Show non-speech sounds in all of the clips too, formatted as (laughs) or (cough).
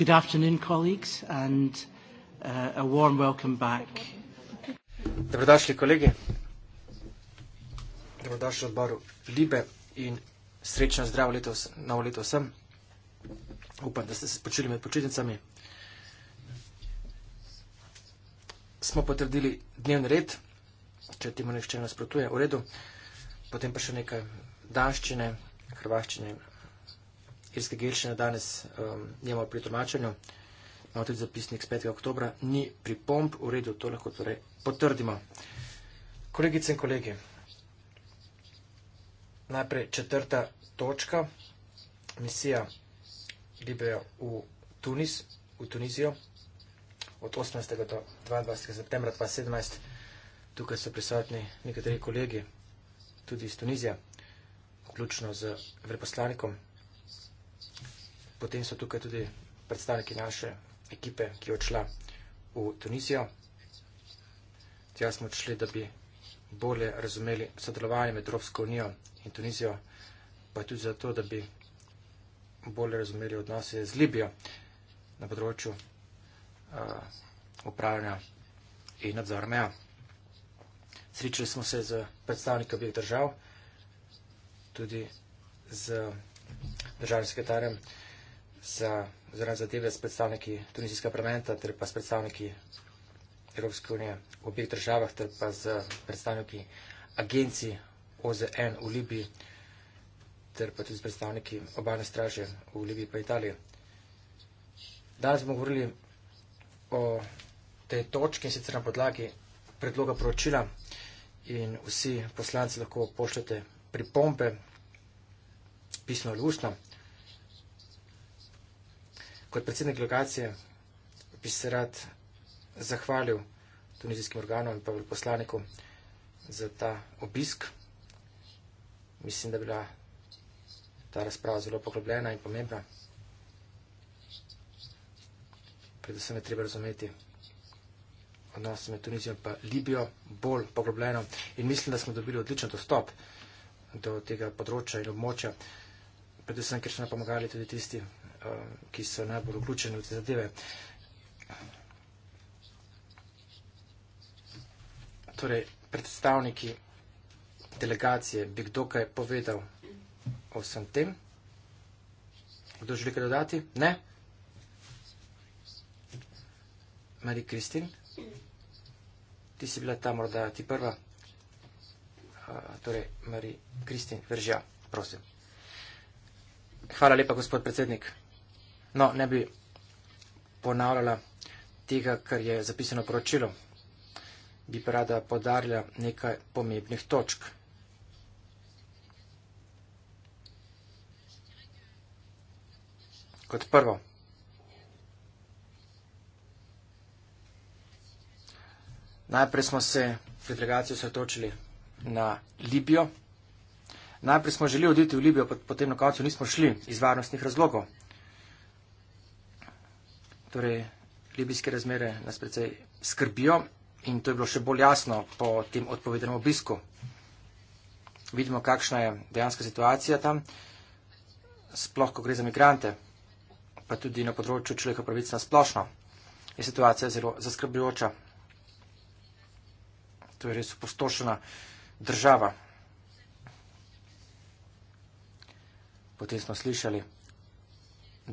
Good afternoon, colleagues, and uh, a warm welcome back. Dobrodošli, kolegi. Dobrodošli v odboru Libe in srečno zdravo leto, novo leto vsem. Upam, da ste se počuli med počitnicami. Smo potrdili dnevni red, če temu nišče nasprotuje, v redu. Potem pa še nekaj danščine, hrvaščine, irske gelščine danes um, njemo pri tolmačenju, imamo tudi zapisnik z 5. oktobra, ni pripomp, v redu, to lahko torej potrdimo. Kolegice in kolegi, najprej četrta točka, misija Libijo v Tunis, v Tunizijo, od 18. do 22. septembra 2017. Tukaj so prisotni nekateri kolegi, tudi iz Tunizije, vključno z veleposlanikom Potem so tukaj tudi predstavniki naše ekipe, ki je odšla v Tunizijo. Tja smo odšli, da bi bolje razumeli sodelovanje med Evropsko unijo in Tunizijo, pa tudi zato, da bi bolje razumeli odnose z Libijo na področju uh, upravljanja in nadzora meja. Sričali smo se z predstavniki obih držav, tudi z državnim sekretarjem. Uh, zraven zadeve s predstavniki tunizijskega parlamenta ter pa s predstavniki Evropske unije v obeh državah ter pa z predstavniki agencij OZN v Libiji ter pa tudi s predstavniki obalne straže v Libiji pa Italiji. Danes bomo govorili o tej točki in sicer na podlagi predloga poročila in vsi poslanci lahko pošljete pripombe pisno ali ustno. Kot predsednik delegacije bi se rad zahvalil tunizijskim organom in pa veljposlaniku za ta obisk. Mislim, da bila ta razprava zelo poglobljena in pomembna. Predvsem je treba razumeti odnose med Tunizijo in Libijo bolj poglobljeno in mislim, da smo dobili odličen dostop do tega področja in območja, predvsem, ker so nam pomagali tudi tisti Eh, ki so najbolj vključeni v te zadeve. Torej, predstavniki delegacije bi kdo kaj povedal o vsem tem? Kdo želi kaj dodati? Ne? Marie Kristin, ti si bila ta morda ti prva. Eh, torej, Marie Kristin, vržja, prosim. Hvala lepa, gospod predsednik. No, ne bi ponavljala tega, kar je zapisano poročilo. Bi pa rada podarila nekaj pomembnih točk. Kot prvo. Najprej smo se v delegacijo sotočili na Libijo. Najprej smo želeli oditi v Libijo, potem na koncu nismo šli iz varnostnih razlogov. Torej, libijske razmere nas precej skrbijo in to je bilo še bolj jasno po tem odpovedanem obisku. Vidimo, kakšna je dejanska situacija tam, sploh, ko gre za migrante, pa tudi na področju človeka pravic na splošno. Je situacija zelo zaskrbljujoča. To je res upostošena država. Potem smo slišali,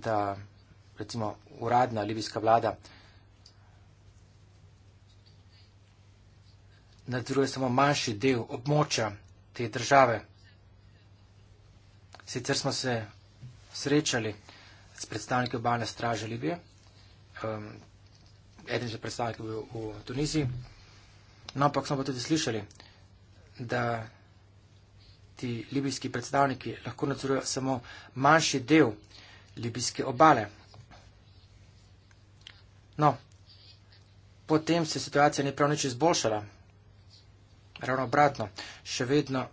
da recimo uradna libijska vlada nadzoruje samo manjši del območja te države. Sicer smo se srečali s predstavniki obalne straže Libije, um, eden že predstavnik je bil v Tuniziji, no ampak smo pa tudi slišali, da ti libijski predstavniki lahko nadzorujejo samo manjši del libijske obale. No, potem se situacija ni prav nič izboljšala. Ravno obratno, še vedno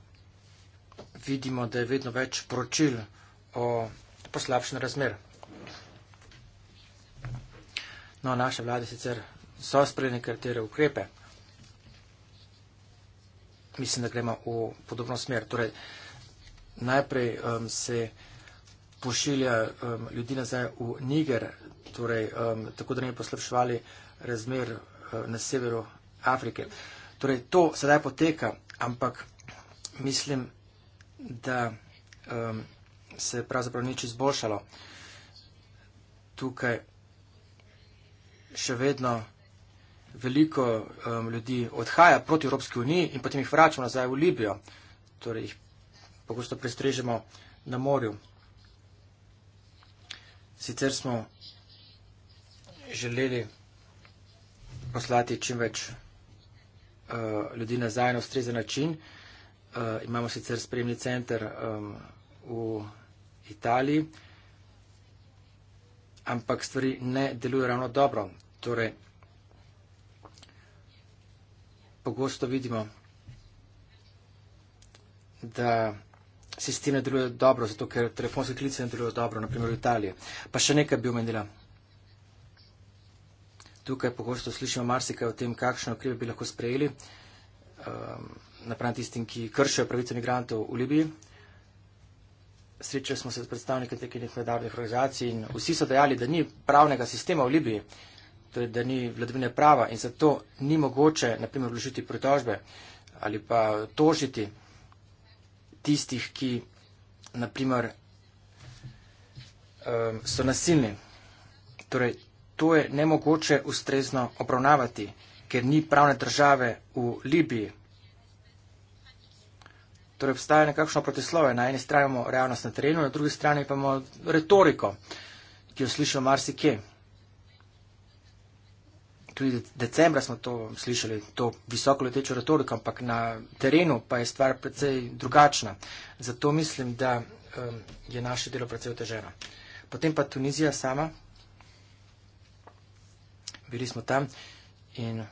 vidimo, da je vedno več poročil o poslabšanju razmer. No, naše vlade sicer so sprejeli nekatere ukrepe. Mislim, da gremo v podobno smer. Torej, najprej um, se pošilja um, ljudi nazaj v Niger, torej, um, tako da ne bi poslabšvali razmer uh, na severu Afrike. Torej, to sedaj poteka, ampak mislim, da um, se je pravzaprav nič izboljšalo. Tukaj še vedno veliko um, ljudi odhaja proti Evropski uniji in potem jih vračamo nazaj v Libijo, torej jih pogosto prestrežemo na morju. Sicer smo želeli poslati čim več uh, ljudi nazaj na ustreza način. Uh, imamo sicer spremni center um, v Italiji, ampak stvari ne delujejo ravno dobro. Torej, pogosto vidimo, da sistem ne deluje dobro, zato ker telefonske klice ne delujejo dobro, naprimer v Italiji. Pa še nekaj bi omenila. Tukaj pogosto slišimo marsikaj o tem, kakšne okrepe bi lahko sprejeli um, napram tistim, ki kršijo pravice migrantov v Libiji. Srečali smo se s predstavniki nekih mednarodnih organizacij in vsi so dejali, da ni pravnega sistema v Libiji, torej da ni vladavine prava in zato ni mogoče, naprimer, vložiti pritožbe ali pa tožiti tistih, ki naprimer, um, so nasilni. Torej, to je nemogoče ustrezno obravnavati, ker ni pravne države v Libiji. Torej, obstaja nekakšno protislove. Na eni strani imamo realnost na terenu, na drugi strani pa imamo retoriko, ki jo slišimo marsikje tudi decembra smo to slišali, to visoko letečo retoriko, ampak na terenu pa je stvar precej drugačna. Zato mislim, da um, je naše delo precej oteženo. Potem pa Tunizija sama, bili smo tam in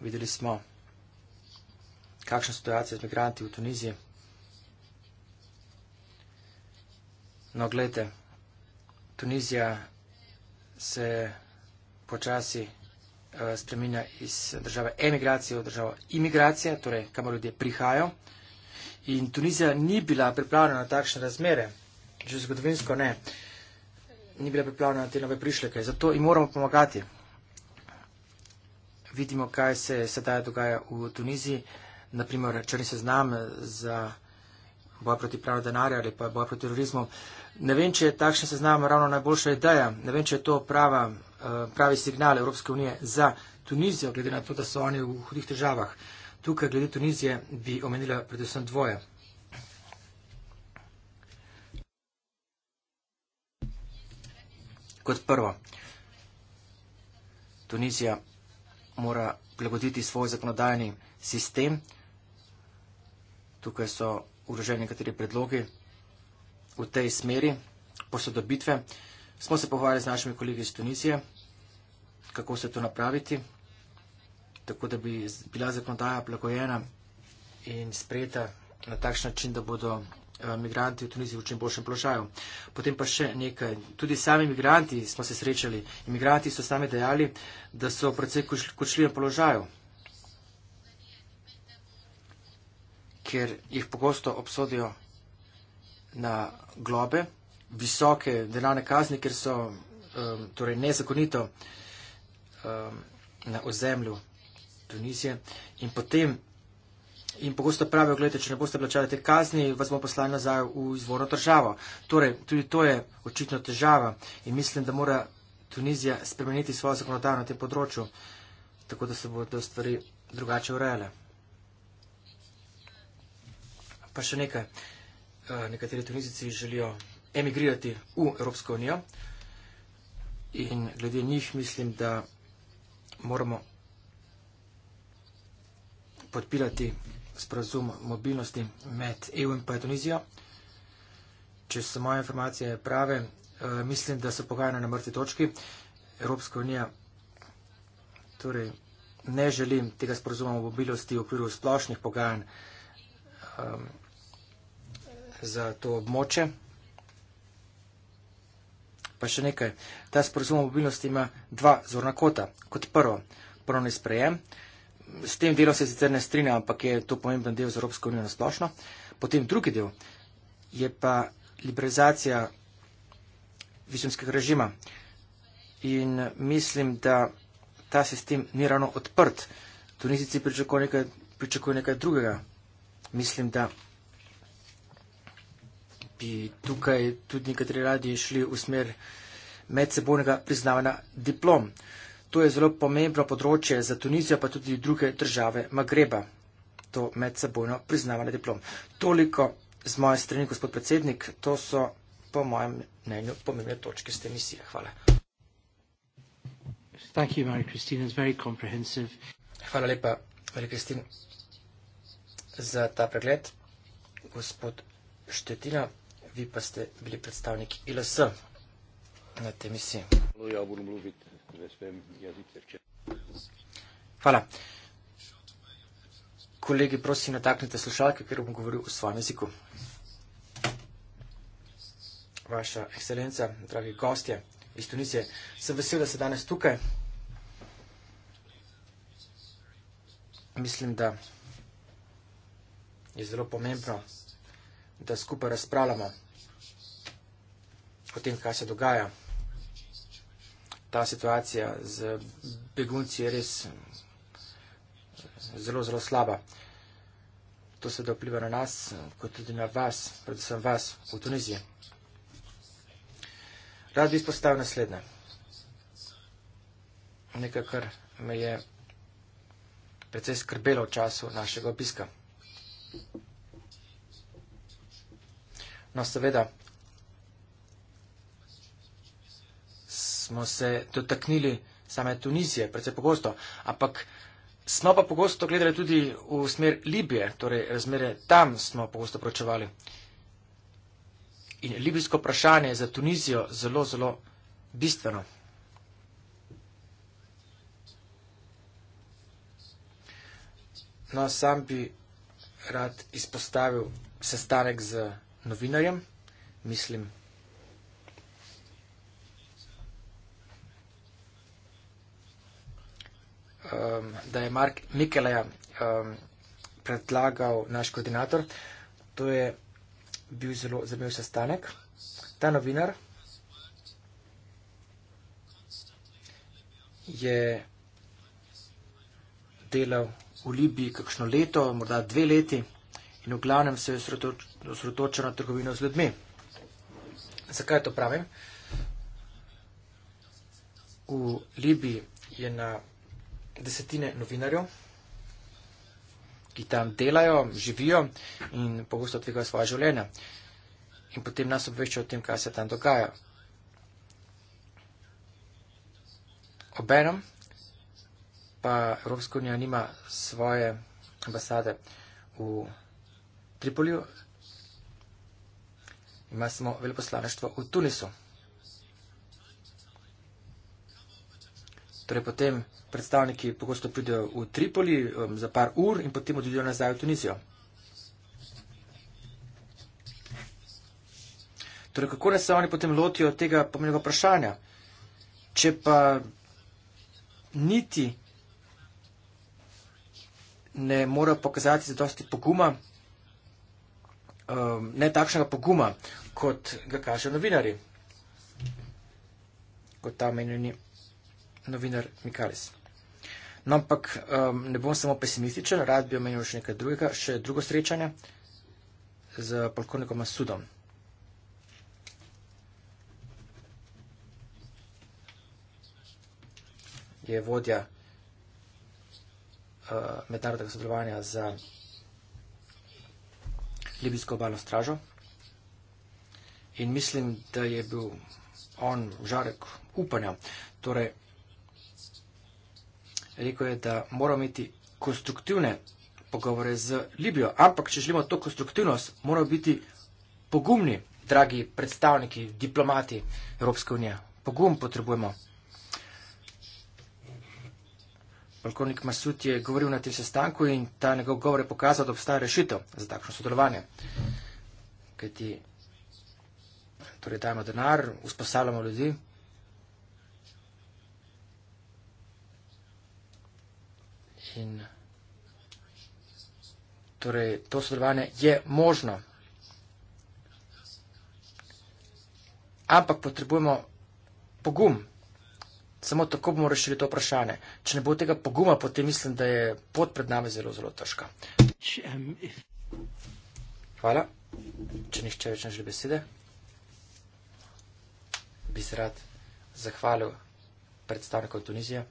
videli smo, kakšna je situacija z migranti v Tuniziji. No, gledajte, Tunizija se počasi eh, spreminja iz države emigracije v državo imigracije, torej kamor ljudje prihajajo. In Tunizija ni bila pripravljena na takšne razmere, že zgodovinsko ne, ni bila pripravljena na te nove prišleke, zato jim moramo pomagati. Vidimo, kaj se sedaj dogaja v Tuniziji, naprimer črni seznam za boja proti pranju denarja ali pa boja proti terorizmu. Ne vem, če je takšen seznam ravno najboljša ideja, ne vem, če je to prava, eh, pravi signal Evropske unije za Tunizijo, glede na to, da so oni v hudih težavah. Tukaj, glede Tunizije, bi omenila predvsem dvoje. Kot prvo, Tunizija mora prilagoditi svoj zakonodajni sistem. Tukaj so uloženi nekateri predlogi v tej smeri posodobitve. Smo se pogovarjali z našimi kolegi iz Tunizije, kako se to napraviti, tako da bi bila zakonodaja plagojena in sprejeta na takšen način, da bodo eh, migranti v Tuniziji v čim boljšem plošaju. Potem pa še nekaj. Tudi sami migranti smo se srečali. Imigranti so sami dejali, da so predvsej kočljivem položaju. ker jih pogosto obsodijo na globe, visoke denarne kazni, ker so um, torej nezakonito um, na ozemlju Tunizije. In potem jim pogosto pravijo, gledajte, če ne boste plačali te kazni, vas bomo poslali nazaj v izvorno državo. Torej, tudi to je očitno težava in mislim, da mora Tunizija spremeniti svojo zakonodajo na tem področju, tako da se bodo stvari drugače urejale. Pa še nekaj. Eh, nekateri Tunizici želijo emigrirati v Evropsko unijo in glede njih mislim, da moramo podpirati sprazum mobilnosti med EU in pa Tunizijo. Če so moje informacije prave, eh, mislim, da so pogajane na mrtvi točki. Evropska unija torej ne želim tega sprazuma mobilnosti v okviru splošnih pogajanj ehm, za to območje. Pa še nekaj. Ta sporozum o mobilnosti ima dva zorna kota. Kot prvo, ponovni sprejem. S tem delom se sicer ne strinja, ampak je to pomemben del z Evropsko unijo nasplošno. Potem drugi del je pa liberalizacija visumskega režima. In mislim, da ta sistem ni ravno odprt. Tunizici pričakujejo nekaj, pričakuje nekaj drugega. Mislim, da bi tukaj tudi nekateri radi šli v smer medsebojnega priznavanja diplom. To je zelo pomembno področje za Tunizijo, pa tudi druge države Magreba, to medsebojno priznavanje diplom. Toliko z moje strani, gospod predsednik, to so po mojem mnenju pomembne točke s te misije. Hvala. Hvala lepa, Marija Kristina, za ta pregled. Gospod Štetina, vi pa ste bili predstavniki ILS na tej misiji. Hvala. Kolegi, prosim, nataknite slušalke, ker bom govoril v svojem jeziku. Vaša ekscelenca, dragi gostje iz Tunizije, sem vesel, da ste danes tukaj. Mislim, da je zelo pomembno, da skupaj razpravljamo o tem, kaj se dogaja. Ta situacija z begunci je res zelo, zelo slaba. To se da vpliva na nas, kot tudi na vas, predvsem vas v Tuniziji. Rad bi izpostavil naslednje. Nekaj, kar me je precej skrbelo v času našega obiska. No, seveda, smo se dotaknili same Tunizije, predvsej pogosto, ampak smo pa pogosto gledali tudi v smer Libije, torej razmere tam smo pogosto pročevali. In libijsko vprašanje je za Tunizijo zelo, zelo bistveno. No, sam bi rad izpostavil sestanek z novinarjem, mislim, um, da je Mark Mikeleja um, predlagal naš koordinator. To je bil zelo zanimiv sestanek. Ta novinar je delal v Libiji kakšno leto, morda dve leti in v glavnem se je osredotočil na trgovino z ljudmi. Zakaj to pravim? V Libiji je na desetine novinarjev, ki tam delajo, živijo in pogosto tvegajo svoje življenje. In potem nas obveščajo o tem, kaj se tam dogaja. Obenem pa Evropska unija nima svoje ambasade v Tripoliju, ima samo veleposlaništvo v Tunisu. Torej, potem predstavniki pogosto pridejo v Tripoli um, za par ur in potem odidejo nazaj v Tunizijo. Torej, kako naj se oni potem lotijo tega pomenega vprašanja? Če pa niti ne mora pokazati zadosti poguma, um, ne takšnega poguma, kot ga kažejo novinari, kot ta menjeni novinar Mikalis. No, ampak um, ne bom samo pesimističen, rad bi omenil še nekaj drugega, še drugo srečanje z polkovnikom Sudom. Je vodja uh, mednarodnega sodelovanja za Libijsko obalno stražo in mislim, da je bil on žarek upanja. Torej, rekel je, da moramo imeti konstruktivne pogovore z Libijo, ampak če želimo to konstruktivnost, moramo biti pogumni, dragi predstavniki, diplomati Evropske unije. Pogum potrebujemo. Polkovnik Masut je govoril na tem sestanku in ta njegov govor je pokazal, da obstaja rešitev za takšno sodelovanje. Kaj ti, torej dajmo denar, usposabljamo ljudi. In torej, to sodelovanje je možno. Ampak potrebujemo pogum. Samo tako bomo rešili to vprašanje. Če ne bo tega poguma, potem mislim, da je pot pred nami zelo, zelo težka. Hvala. Če nihče več ne želi besede, bi se rad zahvalil predstavnikom Tunizije.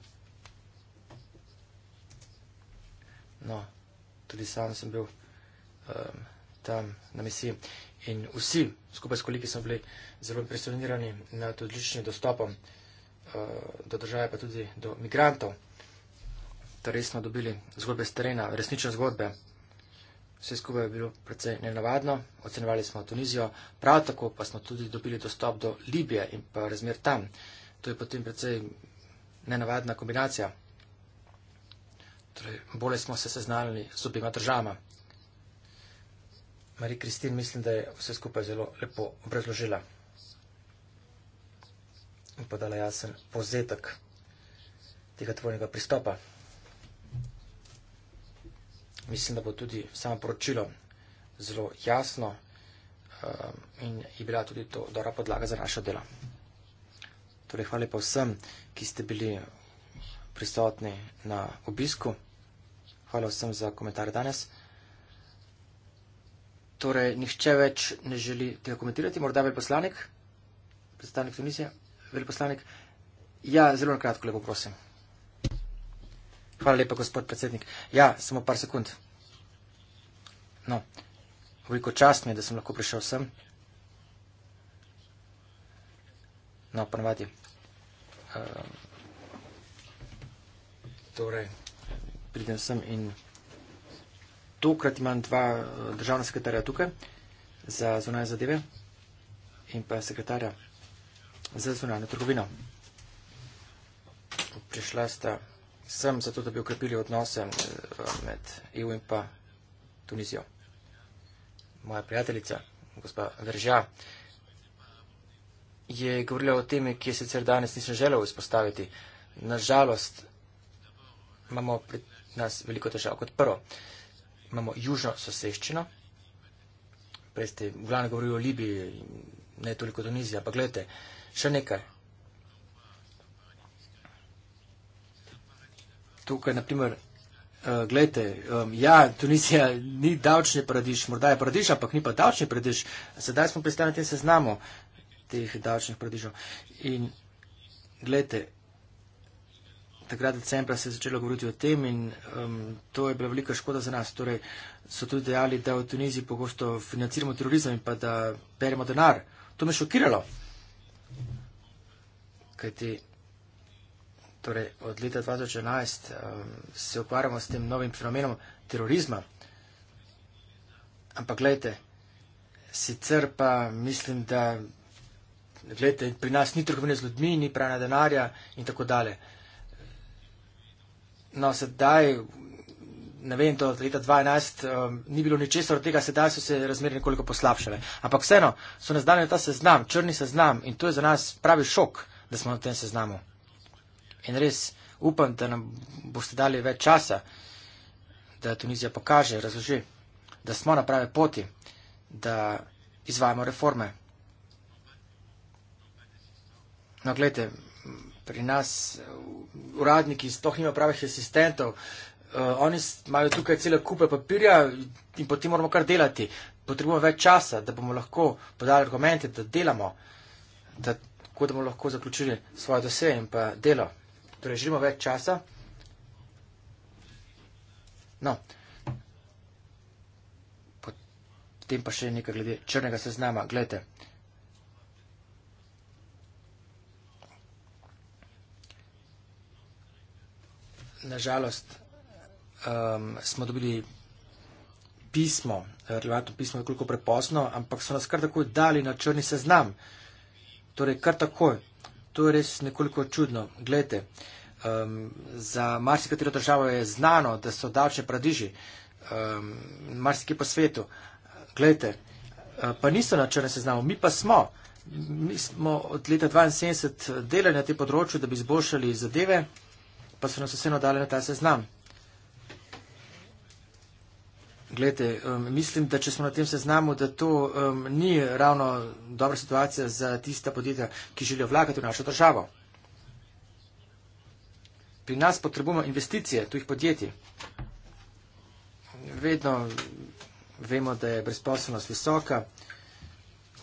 No, tudi sam sem bil um, tam na misiji in vsi skupaj s koliki smo bili zelo impresionirani nad odličnim dostopom uh, do države, pa tudi do migrantov. Torej smo dobili zgodbe z terena, resnične zgodbe. Vse skupaj je bilo precej nenavadno, ocenjevali smo Tunizijo, prav tako pa smo tudi dobili dostop do Libije in pa razmer tam. To je potem precej nenavadna kombinacija torej bolje smo se seznanili s obima državama. Marija Kristin mislim, da je vse skupaj zelo lepo obrazložila in podala jasen povzetek tega tvojega pristopa. Mislim, da bo tudi samo poročilo zelo jasno um, in je bila tudi to dobra podlaga za naša dela. Torej, hvala pa vsem, ki ste bili prisotni na obisku. Hvala vsem za komentar danes. Torej, nihče več ne želi tega komentirati. Morda veljposlanik, predstavnik Tunizije, veljposlanik. Ja, zelo nakratko, lepo prosim. Hvala lepa, gospod predsednik. Ja, samo par sekund. No, veliko čast mi je, da sem lahko prišel sem. No, ponavadi. Um, torej pridem sem in tokrat imam dva eh, državna sekretarja tukaj za zunanje zadeve in pa sekretarja za zunanje trgovino. Prišla sta sem zato, da bi ukrepili odnose eh, med EU in pa Tunizijo. Moja prijateljica, gospa Verža, je govorila o temi, ki je sicer danes nisem želel izpostaviti. Nažalost, imamo pred nas veliko težav. Kot prvo, imamo južno soseščino, prej ste v glavnem govorili o Libiji, ne toliko Tunizija, pa gledajte, še nekaj. Tukaj, na primer, uh, gledajte, um, ja, Tunizija (laughs) ni davčni paradiž, morda je paradiž, ampak ni pa davčni paradiž. Sedaj smo pristali na tem seznamu teh davčnih paradižov. In gledajte, takrat decembra se je začelo govoriti o tem in um, to je bila velika škoda za nas. Torej, so tudi dejali, da v Tuniziji pogosto financiramo terorizem in pa da beremo denar. To me šokiralo. Kajti, torej, od leta 2011 um, se ukvarjamo s tem novim fenomenom terorizma. Ampak gledajte, sicer pa mislim, da gledajte, pri nas ni trgovine z ljudmi, ni prana denarja in tako dalje. No, sedaj, ne vem, to leta 2012 um, ni bilo ničesar od tega, sedaj so se razmeri nekoliko poslabšale. Ampak vseeno so nas dali na ta seznam, črni seznam in to je za nas pravi šok, da smo na tem seznamu. In res upam, da nam boste dali več časa, da Tunizija pokaže, razloži, da smo na pravi poti, da izvajamo reforme. No, gledajte, pri nas uradniki sploh nima pravih asistentov. Uh, oni imajo tukaj cele kupe papirja in potem moramo kar delati. Potrebujemo več časa, da bomo lahko podali argumente, da delamo, da, tako da bomo lahko zaključili svoje dose in pa delo. Torej, želimo več časa. No. Potem pa še nekaj glede črnega seznama. Gledajte. nažalost, um, smo dobili pismo, relevantno pismo, nekoliko prepozno, ampak so nas kar takoj dali na črni seznam. Torej, kar takoj. To je res nekoliko čudno. Glejte, um, za marsikatero državo je znano, da so davčne pradiži, um, marsikje po svetu. Glejte, uh, pa niso na črnem seznamu, mi pa smo. Mi smo od leta 1972 delali na tem področju, da bi izboljšali zadeve pa so nas vseeno dali na ta seznam. Glede, um, mislim, da če smo na tem seznamu, da to um, ni ravno dobra situacija za tista podjetja, ki želijo vlagati v našo državo. Pri nas potrebujemo investicije tujih podjetij. Vedno vemo, da je brezposobnost visoka.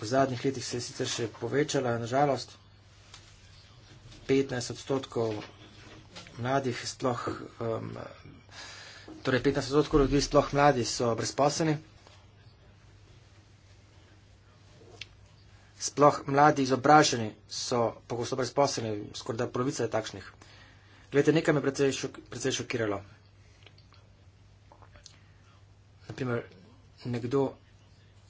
V zadnjih letih se je sicer še povečala, nažalost. 15 odstotkov mladih sploh, um, torej 15 odstotkov ljudi sploh mladi so brezposleni. Sploh mladi izobraženi so pogosto brezposleni, skoraj da polovica je takšnih. Glede, nekaj me je precej, šok, precej šokiralo. Naprimer, nekdo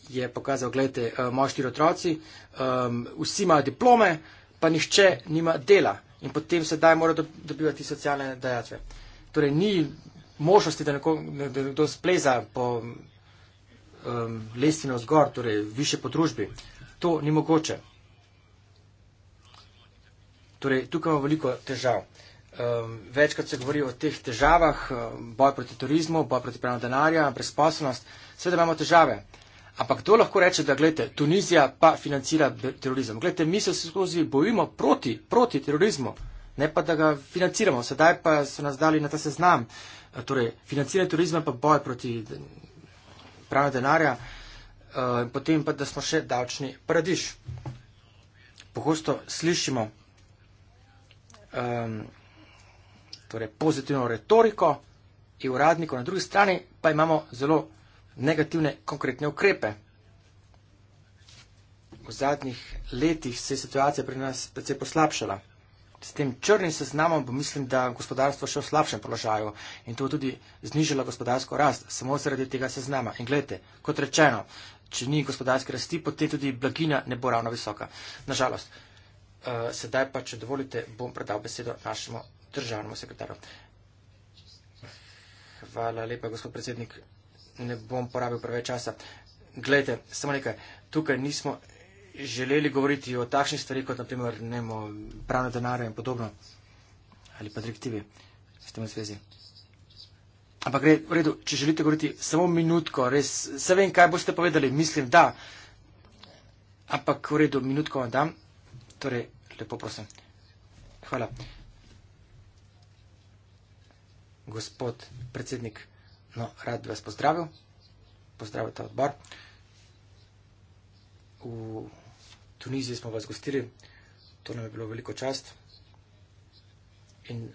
je pokazal, gledajte, eh, moj štiri otroci, um, vsi imajo diplome, pa nihče nima dela in potem sedaj mora dobivati socialne dajatve. Torej, ni možnosti, da nekdo spleza po um, lestvino zgor, torej više po družbi. To ni mogoče. Torej, tukaj imamo veliko težav. Um, večkrat se govori o teh težavah, um, boj proti turizmu, boj proti pranju denarja, brezposobnost. Sveda imamo težave. Ampak kdo lahko reče, da gledajte, Tunizija pa financira terorizem? Gledajte, mi se skozi bojimo proti, proti terorizmu, ne pa da ga financiramo. Sedaj pa so nas dali na ta seznam. E, torej, financiranje terorizma pa boj proti pranju denarja, uh, potem pa, da smo še davčni paradiž. Pogosto slišimo um, torej pozitivno retoriko in uradniko, na drugi strani pa imamo zelo negativne konkretne ukrepe. V zadnjih letih se je situacija pri nas precej poslabšala. S tem črnim seznamom pa mislim, da gospodarstvo še v slabšem položaju in to tudi znižalo gospodarsko rast samo zaradi tega seznama. In gledajte, kot rečeno, če ni gospodarske rasti, potem tudi blagina ne bo ravno visoka. Nažalost, uh, eh, sedaj pa, če dovolite, bom predal besedo našemu državnemu sekretarju. Hvala lepa, gospod predsednik ne bom porabil preveč časa. Glejte, samo nekaj, tukaj nismo želeli govoriti o takšnih stvarih, kot naprimer nemo pravne denare in podobno. Ali pa direktive s tem zvezi. Ampak gre, v redu, če želite govoriti samo minutko, res se vem, kaj boste povedali, mislim, da. Ampak v redu, minutko vam dam. Torej, lepo prosim. Hvala. Gospod predsednik но рад вас поздравил. Поздравил этот бар. У Тунизии мы вас гостили. То нам было велико част. И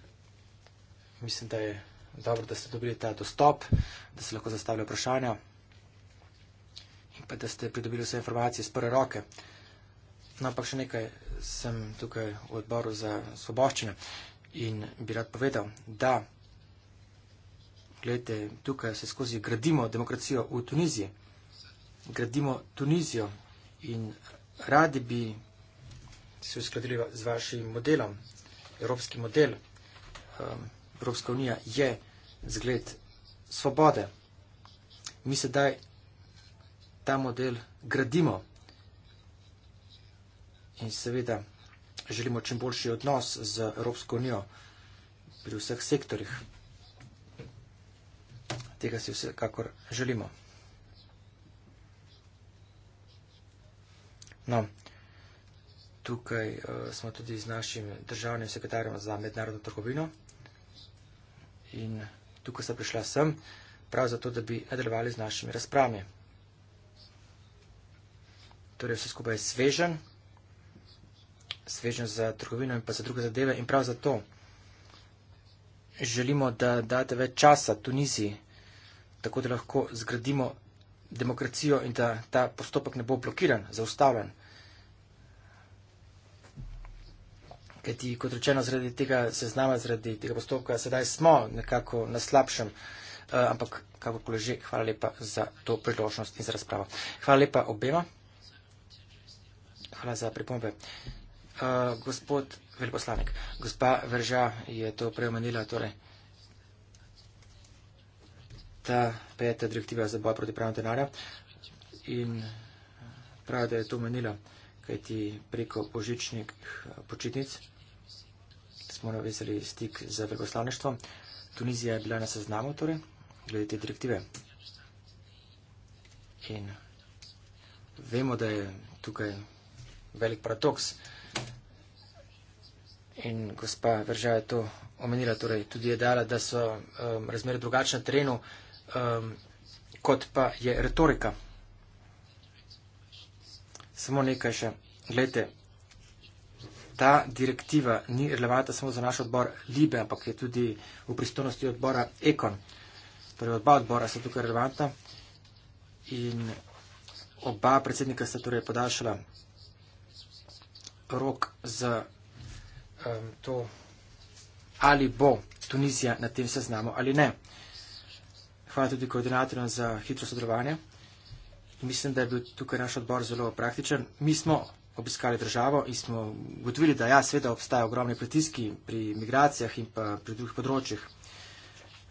мислим, да е добро да сте добили тая достоп, да се легко заставили прошания. И па да сте придобили все информации с първи роке. Но пак ще некай съм тук в отбору за свободщина. И би рад поведал, да, да, Glede, tukaj se skozi gradimo demokracijo v Tuniziji. Gradimo Tunizijo in radi bi se uskladili z vašim modelom, evropski model. Um, Evropska unija je zgled svobode. Mi sedaj ta model gradimo in seveda želimo čim boljši odnos z Evropsko unijo pri vseh sektorjih tega si vsekakor želimo. No, tukaj uh, smo tudi z našim državnim sekretarjem za mednarodno trgovino in tukaj sem prišla sem prav zato, da bi nadaljevali z našimi razpravami. Torej vse skupaj je svežen, svežen za trgovino in pa za druge zadeve in prav zato želimo, da date več časa Tuniziji tako da lahko zgradimo demokracijo in da ta postopek ne bo blokiran, zaustavljen. Kajti, kot rečeno, zaradi tega seznama, zaradi tega postopka, sedaj smo nekako na slabšem, eh, ampak kako koli že, hvala lepa za to priložnost in za razpravo. Hvala lepa obema. Hvala za pripombe. Eh, gospod veliposlanik, gospa Verža je to preomenila, torej ta peta direktiva za boj proti pravnemu denarju in eh, pravi, da je to menila, kajti preko božičnih eh, počitnic smo navezali stik za vegoslavništvo. Tunizija je bila na seznamu, torej, glede te direktive. In vemo, da je tukaj velik paradoks. In gospa Vržaja je to omenila, torej tudi je dala, da so um, razmere drugačne na terenu, uh, um, kot pa je retorika. Samo nekaj še. Glejte, ta direktiva ni relevanta samo za naš odbor Libe, ampak je tudi v pristojnosti odbora Ekon. Torej, oba odbora so tukaj relevanta in oba predsednika sta torej podaljšala rok za um, to, ali bo Tunizija na tem seznamu ali ne hvala tudi koordinatorjem za hitro sodelovanje. Mislim, da je bil tukaj naš odbor zelo praktičen. Mi smo obiskali državo in smo ugotovili, da ja, sveda obstajajo ogromni pritiski pri migracijah in pa pri drugih področjih.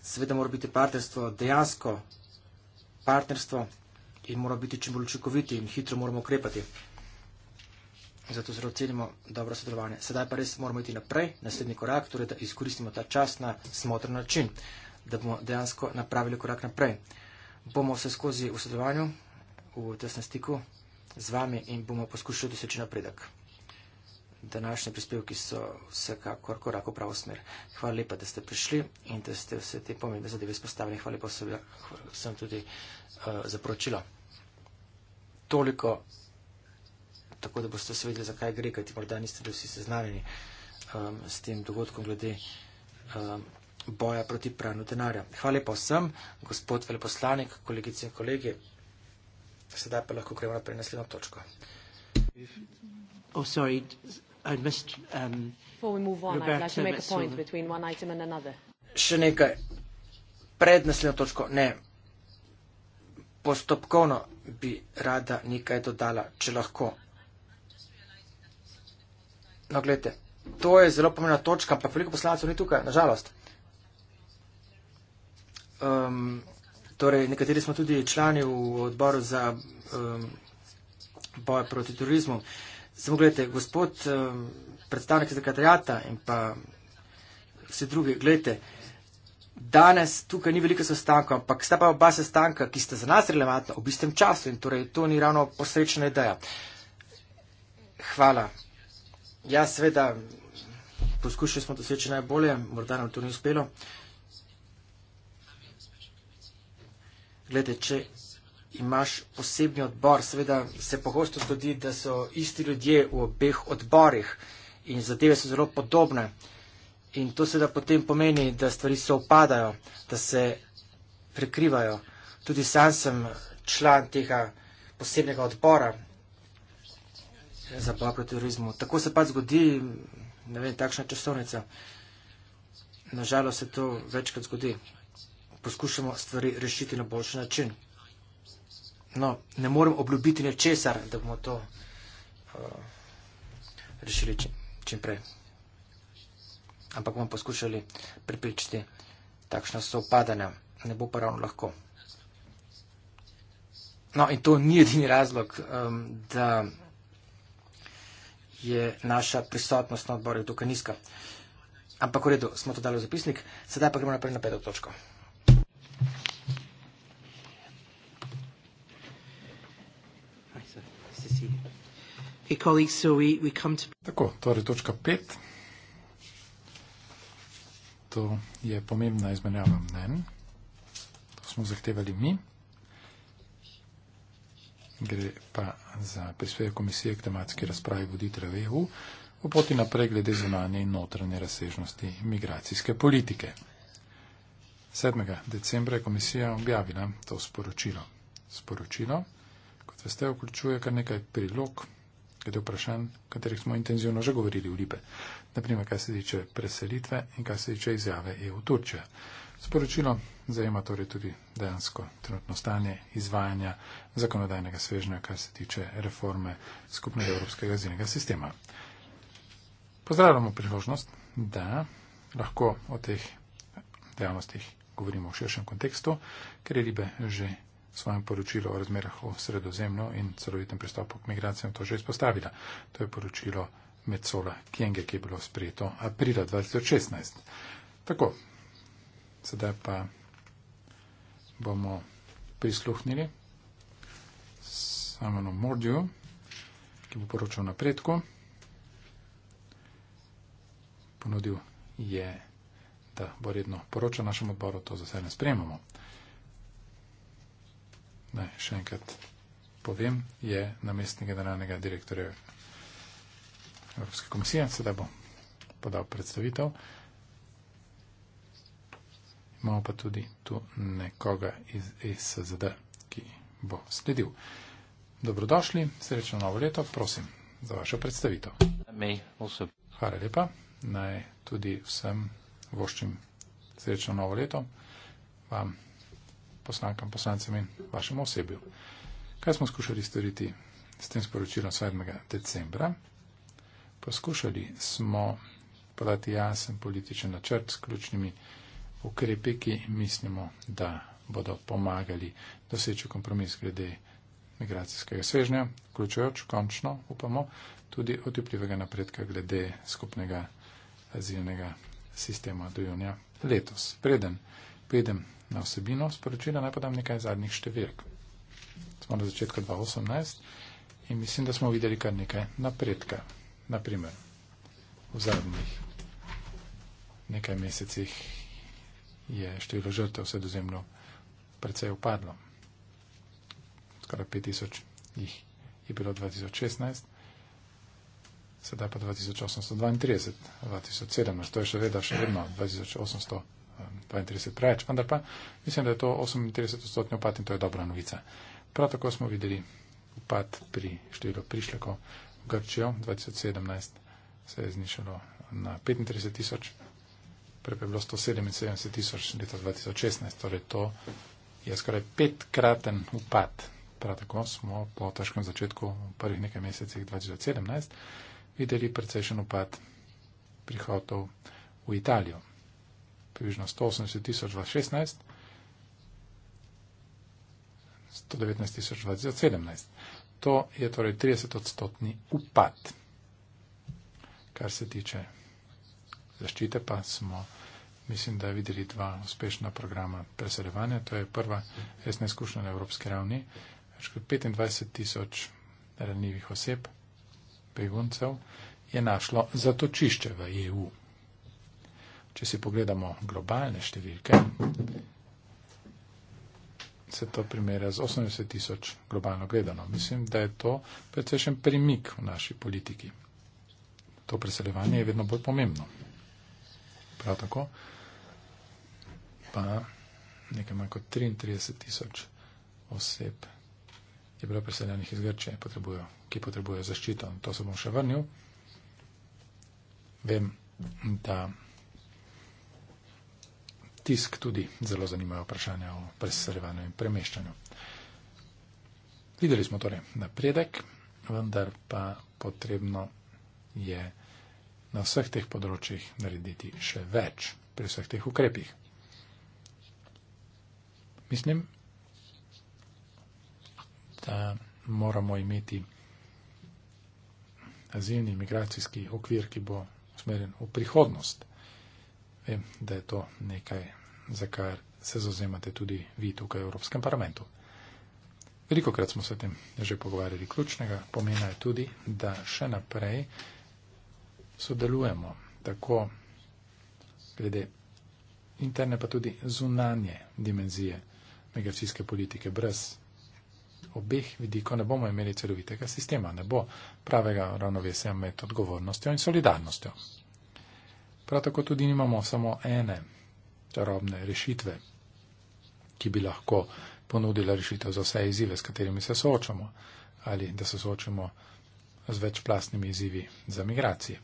Sveda mora biti partnerstvo dejansko partnerstvo in mora biti čim bolj učinkoviti in hitro moramo ukrepati. Zato zelo cenimo dobro sodelovanje. Sedaj pa res moramo iti naprej, naslednji korak, torej da izkoristimo ta čas na smotren način da bomo dejansko napravili korak naprej. Bomo vse skozi v sodelovanju, v tesnem stiku z vami in bomo poskušali doseči napredek. Današnje prispevki so vsekakor korak v pravo smer. Hvala lepa, da ste prišli in da ste vse te pomembne zadeve spostavili. Hvala lepa vsem tudi uh, za poročilo. Toliko, tako da boste svedeli, zakaj gre, kajti morda niste bili vsi seznanjeni um, s tem dogodkom glede. Um, boja proti pranju denarja. Hvala pa vsem, gospod veleposlanik, kolegice in kolegi. Sedaj pa lahko gremo naprej na naslednjo točko. Oh, sorry, missed, um, on, like Še nekaj. Pred naslednjo točko. Ne. Postopkovno bi rada nekaj dodala, če lahko. No, gledajte, to je zelo pomembna točka, pa veliko poslancev ni tukaj, nažalost um, torej nekateri smo tudi člani v odboru za um, boj proti turizmu. Samo gledajte, gospod um, predstavnik zakatrijata in pa vsi drugi, gledajte, danes tukaj ni veliko sestankov, ampak sta pa oba sestanka, ki sta za nas relevantna, ob istem času in torej to ni ravno posrečna ideja. Hvala. Ja, seveda, poskušali smo doseči najbolje, morda nam to ni uspelo. Uh, Glede, če imaš posebni odbor, seveda se pogosto zgodi, da so isti ljudje v obeh odborih in zadeve so zelo podobne. In to seveda potem pomeni, da stvari se upadajo, da se prekrivajo. Tudi sam sem član tega posebnega odbora za boj proti terorizmu. Tako se pa zgodi, ne vem, takšna časovnica. Nažalost se to večkrat zgodi poskušamo stvari rešiti na boljši način. No, ne morem obljubiti nečesar, da bomo to uh, rešili čim, čim prej. Ampak bomo poskušali pripričati takšna sopadanja. Ne bo pa ravno lahko. No, in to ni edini razlog, um, da je naša prisotnost na odborih tukaj nizka. Ampak v redu, smo to dali v zapisnik, sedaj pa gremo naprej na peto točko. Okay, colleagues, so we, we come to... Tako, torej točka pet. To je pomembna izmenjava mnen. To smo zahtevali mi. Gre pa za prispevek komisije k tematski razpravi voditelja EU o poti naprej glede zunanje in notranje razsežnosti migracijske politike. 7. decembra je komisija objavila to sporočilo. Sporočilo, kot veste, vključuje kar nekaj prilog glede vprašanj, o katerih smo intenzivno že govorili v Libe. Naprimer, kaj se tiče preselitve in kaj se tiče izjave EU Turčija. Sporočilo zajema torej tudi dejansko trenutno stanje izvajanja zakonodajnega svežnja, kar se tiče reforme skupnega evropskega zinega sistema. Pozdravljamo priložnost, da lahko o teh dejavnostih govorimo v širšem kontekstu, ker je Libe že svojem poročilu o razmerah v sredozemlju in celovitem pristopu k migracijam to že izpostavila. To je poročilo Metzola Kienge, ki je bilo sprejeto aprila 2016. Tako, sedaj pa bomo prisluhnili Samonu Mordiju, ki bo poročal napredku. Ponudil je, da bo redno poročal našemu odboru, to zase ne spremamo ne, še enkrat povem, je namestnik generalnega direktorja Evropske komisije, sedaj bo podal predstavitev. Imamo pa tudi tu nekoga iz e SZD, ki bo sledil. Dobrodošli, srečno novo leto, prosim za vašo predstavitev. Hvala lepa, naj tudi vsem voščim srečno novo leto. Vam poslankam, poslancem in vašemu osebju. Kaj smo skušali storiti s tem sporočilom 7. decembra? Poskušali smo podati jasen političen načrt s ključnimi ukrepi, ki mislimo, da bodo pomagali doseči kompromis glede migracijskega svežnja, vključujoč končno, upamo, tudi otipljivega napredka glede skupnega azilnega sistema do junija letos. Preden pridem na osebino sporočila, naj podam nekaj zadnjih številk. Smo na začetku 2018 in mislim, da smo videli kar nekaj napredka. Naprimer, v zadnjih nekaj mesecih je število žrtev sredozemno precej upadlo. Skoraj 5000 jih je bilo 2016. Sedaj pa 2832, 2017, to je še vedno, še vedno 2800 32 preveč, vendar pa mislim, da je to 38 odstotni upad in to je dobra novica. Prav tako smo videli upad pri številu prišlekov v Grčijo, 2017 se je znišalo na 35 tisoč, prej je bilo 177 tisoč leta 2016, torej to je skoraj petkraten upad. Prav tako smo po težkem začetku v prvih nekaj mesecih 2017 videli precejšen upad prihodov v Italijo približno 180 tisoč 2016, 119 tisoč 2017. To je torej 30 odstotni upad. Kar se tiče zaščite, pa smo, mislim, da videli dva uspešna programa preseljevanja. To je prva resna izkušnja na evropski ravni. Več kot 25 tisoč ranljivih oseb, beguncev, je našlo zatočišče v EU. Če si pogledamo globalne številke, se to primerja z 80 tisoč globalno gledano. Mislim, da je to precejšen premik v naši politiki. To preseljevanje je vedno bolj pomembno. Prav tako pa nekaj manj kot 33 tisoč oseb je bilo preseljenih iz Grče, potrebujo, ki potrebujejo zaščito. To se bom še vrnil. Vem, da tisk tudi zelo zanimajo vprašanja o preseljevanju in premeščanju. Videli smo torej napredek, vendar pa potrebno je na vseh teh področjih narediti še več pri vseh teh ukrepih. Mislim, da moramo imeti azilni imigracijski okvir, ki bo usmerjen v prihodnost da je to nekaj, za kar se zauzemate tudi vi tukaj v Evropskem parlamentu. Veliko krat smo se o tem že pogovarjali. Ključnega pomena je tudi, da še naprej sodelujemo tako glede interne, pa tudi zunanje dimenzije migracijske politike. Brez obeh vidikov ne bomo imeli celovitega sistema, ne bo pravega ravnovesja med odgovornostjo in solidarnostjo. Prav tako tudi nimamo samo ene čarobne rešitve, ki bi lahko ponudila rešitev za vse izzive, s katerimi se soočamo ali da se soočamo z večplastnimi izzivi za migracije.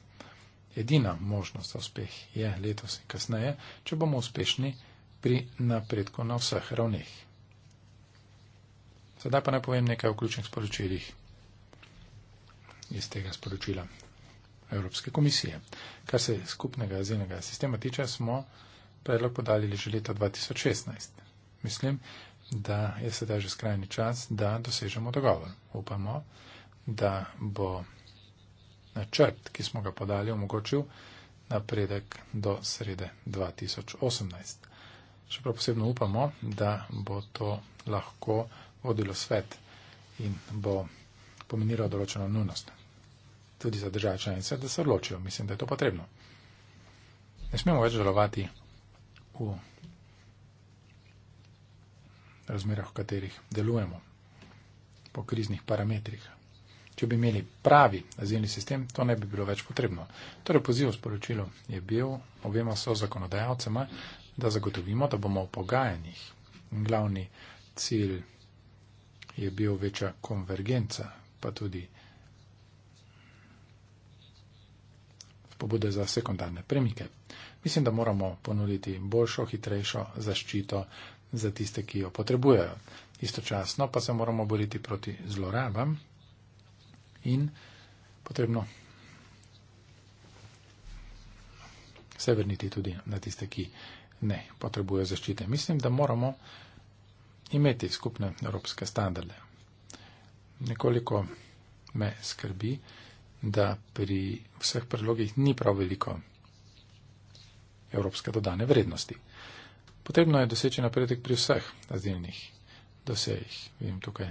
Edina možnost za uspeh je letos in kasneje, če bomo uspešni pri napredku na vseh ravneh. Sedaj pa naj povem nekaj o ključnih sporočilih iz tega sporočila. Evropske komisije. Kar se skupnega azilnega sistema tiče, smo predlog podali že leta 2016. Mislim, da je sedaj že skrajni čas, da dosežemo dogovor. Upamo, da bo načrt, ki smo ga podali, omogočil napredek do srede 2018. Še prav posebno upamo, da bo to lahko vodilo svet in bo pomenilo določeno nujnost tudi za države članice, da se odločijo. Mislim, da je to potrebno. Ne smemo več delovati v razmerah, v katerih delujemo, po kriznih parametrih. Če bi imeli pravi azilni sistem, to ne bi bilo več potrebno. Torej, poziv sporočilo je bil obema so zakonodajalcema, da zagotovimo, da bomo v pogajanjih. Glavni cilj je bil večja konvergenca, pa tudi. pobude za sekundarne premike. Mislim, da moramo ponuditi boljšo, hitrejšo zaščito za tiste, ki jo potrebujejo. Istočasno pa se moramo boriti proti zlorabam in potrebno se vrniti tudi na tiste, ki ne potrebujejo zaščite. Mislim, da moramo imeti skupne evropske standarde. Nekoliko me skrbi, da pri vseh predlogih ni prav veliko evropske dodane vrednosti. Potrebno je doseči napredek pri vseh razdeljenih dosejih. Vidim tukaj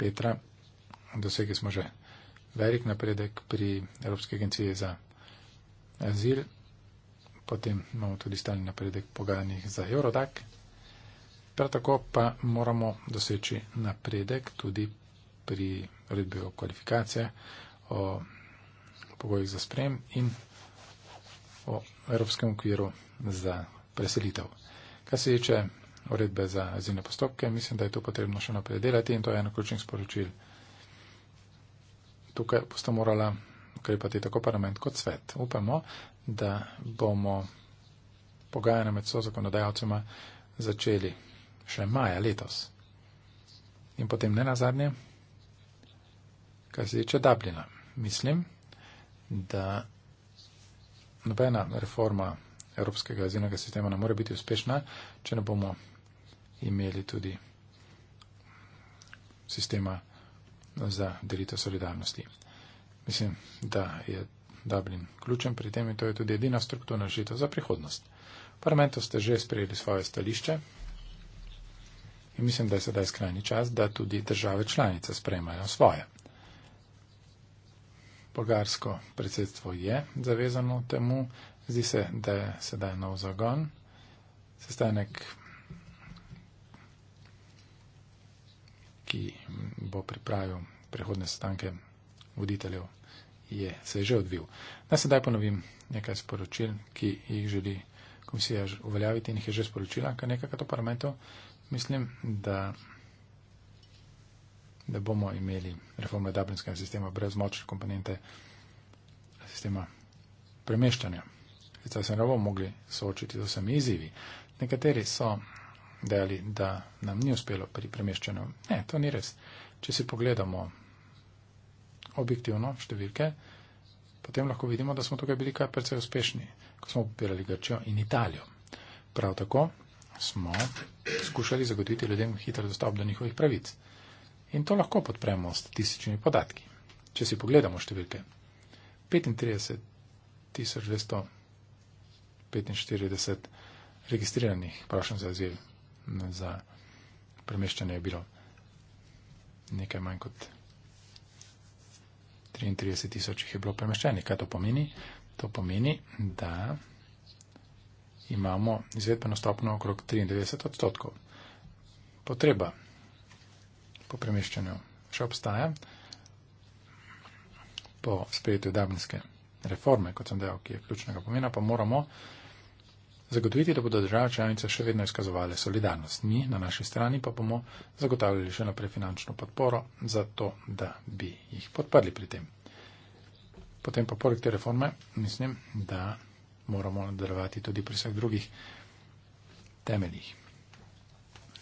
Petra, dosegli smo že velik napredek pri Evropske agencije za azil, potem imamo tudi stalni napredek pogajanjih za Eurodak. Prav tako pa moramo doseči napredek tudi pri uredbi o kvalifikacijah, o pogojih za sprem in o Evropskem okviru za preselitev. Kar se tiče uredbe za azilne postopke, mislim, da je to potrebno še naprej delati in to je eno ključnih sporočil. Tukaj boste morala ukrepati tako parlament kot svet. Upamo, da bomo pogajanja med so zakonodajalcema začeli še maja letos. In potem ne nazadnje. Kar se tiče Dublina, mislim, da nobena reforma Evropskega azilnega sistema ne more biti uspešna, če ne bomo imeli tudi sistema za delitev solidarnosti. Mislim, da je Dublin ključen pri tem in to je tudi edina strukturna žita za prihodnost. V parlamentu ste že sprejeli svoje stališče in mislim, da je sedaj skrajni čas, da tudi države članice sprejmajo svoje bolgarsko predsedstvo je zavezano temu, zdi se, da je sedaj nov zagon. Sestanek, ki bo pripravil prehodne sestanke voditeljev, je, se je že odvil. Naj sedaj ponovim nekaj sporočil, ki jih želi komisija uveljaviti in jih je že sporočila, kar nekaj kot v parlamentu. Mislim, da ne bomo imeli reforme dublinskega sistema brez močne komponente sistema premeščanja. Sicer se ne bomo mogli soočiti z vsemi izzivi. Nekateri so dejali, da nam ni uspelo pri premeščanju. Ne, to ni res. Če si pogledamo objektivno številke, potem lahko vidimo, da smo tukaj bili kar precej uspešni, ko smo podpirali Grčijo in Italijo. Prav tako smo skušali zagotoviti ljudem hiter dostop do njihovih pravic. In to lahko podpremo s statističnimi podatki. Če si pogledamo številke, 35,245 registriranih prošenj za azil za premeščanje je bilo nekaj manj kot 33 tisoč jih je bilo premeščenih. Kaj to pomeni? To pomeni, da imamo izvedbeno stopno okrog 93 odstotkov. Potreba po premeščanju še obstaja. Po sprejetju dablinske reforme, kot sem dejal, ki je ključnega pomena, pa moramo zagotoviti, da bodo države članice še vedno izkazovale solidarnost. Mi na naši strani pa bomo zagotavljali še naprej finančno podporo za to, da bi jih podprli pri tem. Potem pa poleg te reforme mislim, da moramo nadaljevati tudi pri vseh drugih temeljih,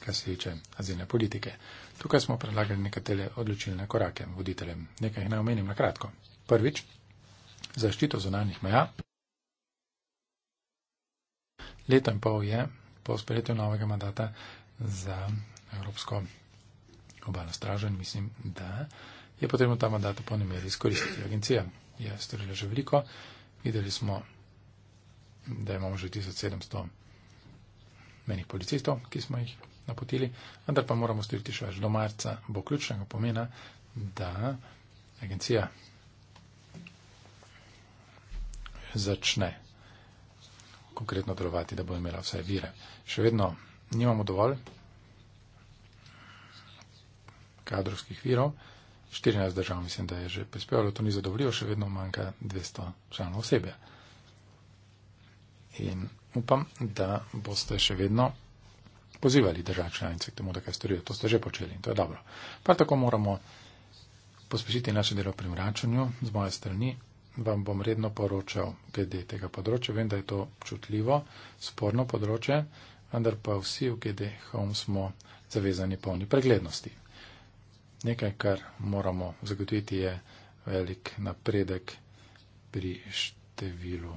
kar se tiče azilne politike. Tukaj smo predlagali nekatere odločilne korake voditeljem. Nekaj jih naj omenim na kratko. Prvič, zaščito zonalnih meja. Leto in pol je po sprejetju novega mandata za Evropsko obalno stražo in mislim, da je potrebno ta mandat po nemeri izkoristiti. Agencija je storila že veliko. Videli smo, da imamo že 1700 menih policistov, ki smo jih napotili, vendar pa moramo storiti še več. Do marca bo ključnega pomena, da agencija začne konkretno delovati, da bo imela vse vire. Še vedno nimamo dovolj kadrovskih virov. 14 držav mislim, da je že prispevalo, to ni zadovoljivo, še vedno manjka 200 članov osebja. In upam, da boste še vedno pozivali držav članice k temu, da kaj storijo. To ste že počeli in to je dobro. Prav tako moramo pospešiti naše delo pri mračanju. Z moje strani vam bom redno poročal glede tega področja. Vem, da je to čutljivo, sporno področje, vendar pa vsi v GD Home smo zavezani polni preglednosti. Nekaj, kar moramo zagotoviti, je velik napredek pri številu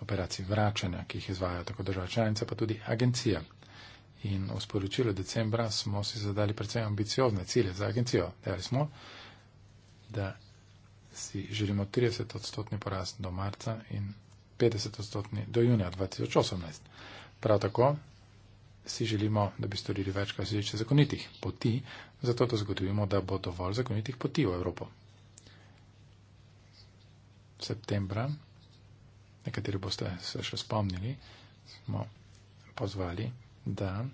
operacij vračanja, ki jih izvajajo tako država članica, pa tudi agencija. In v sporočilu decembra smo si zadali predvsem ambiciozne cilje za agencijo. Dejali smo, da si želimo 30 odstotni porast do marca in 50 odstotni do junija 2018. Prav tako si želimo, da bi storili več, kar se tiče zakonitih poti, zato da zagotovimo, da bo dovolj zakonitih poti v Evropo. Septembra, nekateri boste se še spomnili, smo pozvali da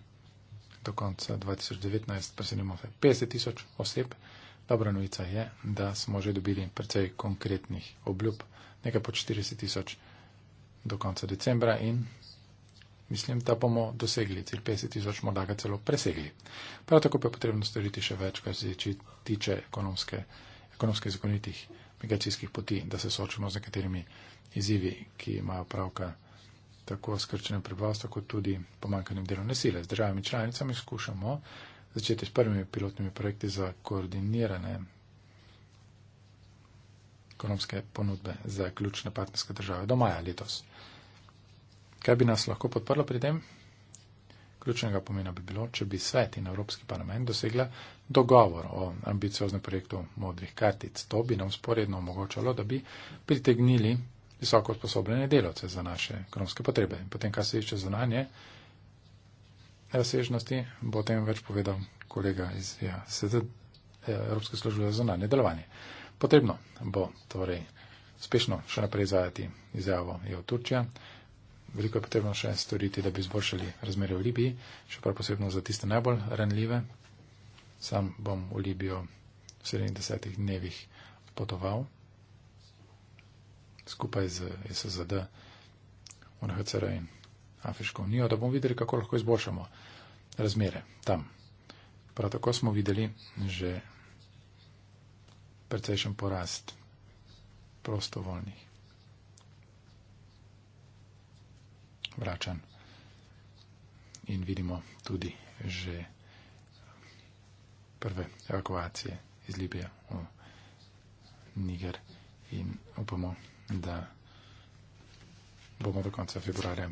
do konca 2019 preselimo 50 tisoč oseb. Dobra novica je, da smo že dobili precej konkretnih obljub, nekaj pod 40 tisoč do konca decembra in mislim, da bomo dosegli cilj 50 tisoč, morda ga celo presegli. Prav tako pa je potrebno storiti še več, kar se tiče ekonomske, ekonomske zakonitih migracijskih poti, da se soočimo z nekaterimi izzivi, ki imajo pravka tako skrčenem prebivalstvu, kot tudi pomankanjem delovne sile. Z državami članicami skušamo začeti s prvimi pilotnimi projekti za koordinirane ekonomske ponudbe za ključne partnerske države do maja letos. Kaj bi nas lahko podprlo pri tem? Ključnega pomena bi bilo, če bi svet in Evropski parlament dosegla dogovor o ambicioznem projektu modrih kartic. To bi nam sporedno omogočalo, da bi pritegnili visoko usposobljene delavce za naše ekonomske potrebe. Potem, kar se išče zunanje razsežnosti, bo o tem več povedal kolega iz ja, eh, Evropske službe za zunanje delovanje. Potrebno bo torej spešno še naprej izvajati izjavo EU Turčija. Veliko je potrebno še storiti, da bi izboljšali razmere v Libiji, še prav posebno za tiste najbolj ranljive. Sam bom v Libijo v srednjih desetih dnevih potoval skupaj z SSD, UNHCR in Afriško unijo, da bomo videli, kako lahko izboljšamo razmere tam. Prav tako smo videli že precejšen porast prostovoljnih vračanj in vidimo tudi že prve evakuacije iz Libije v Niger in upamo da bomo do konca februarja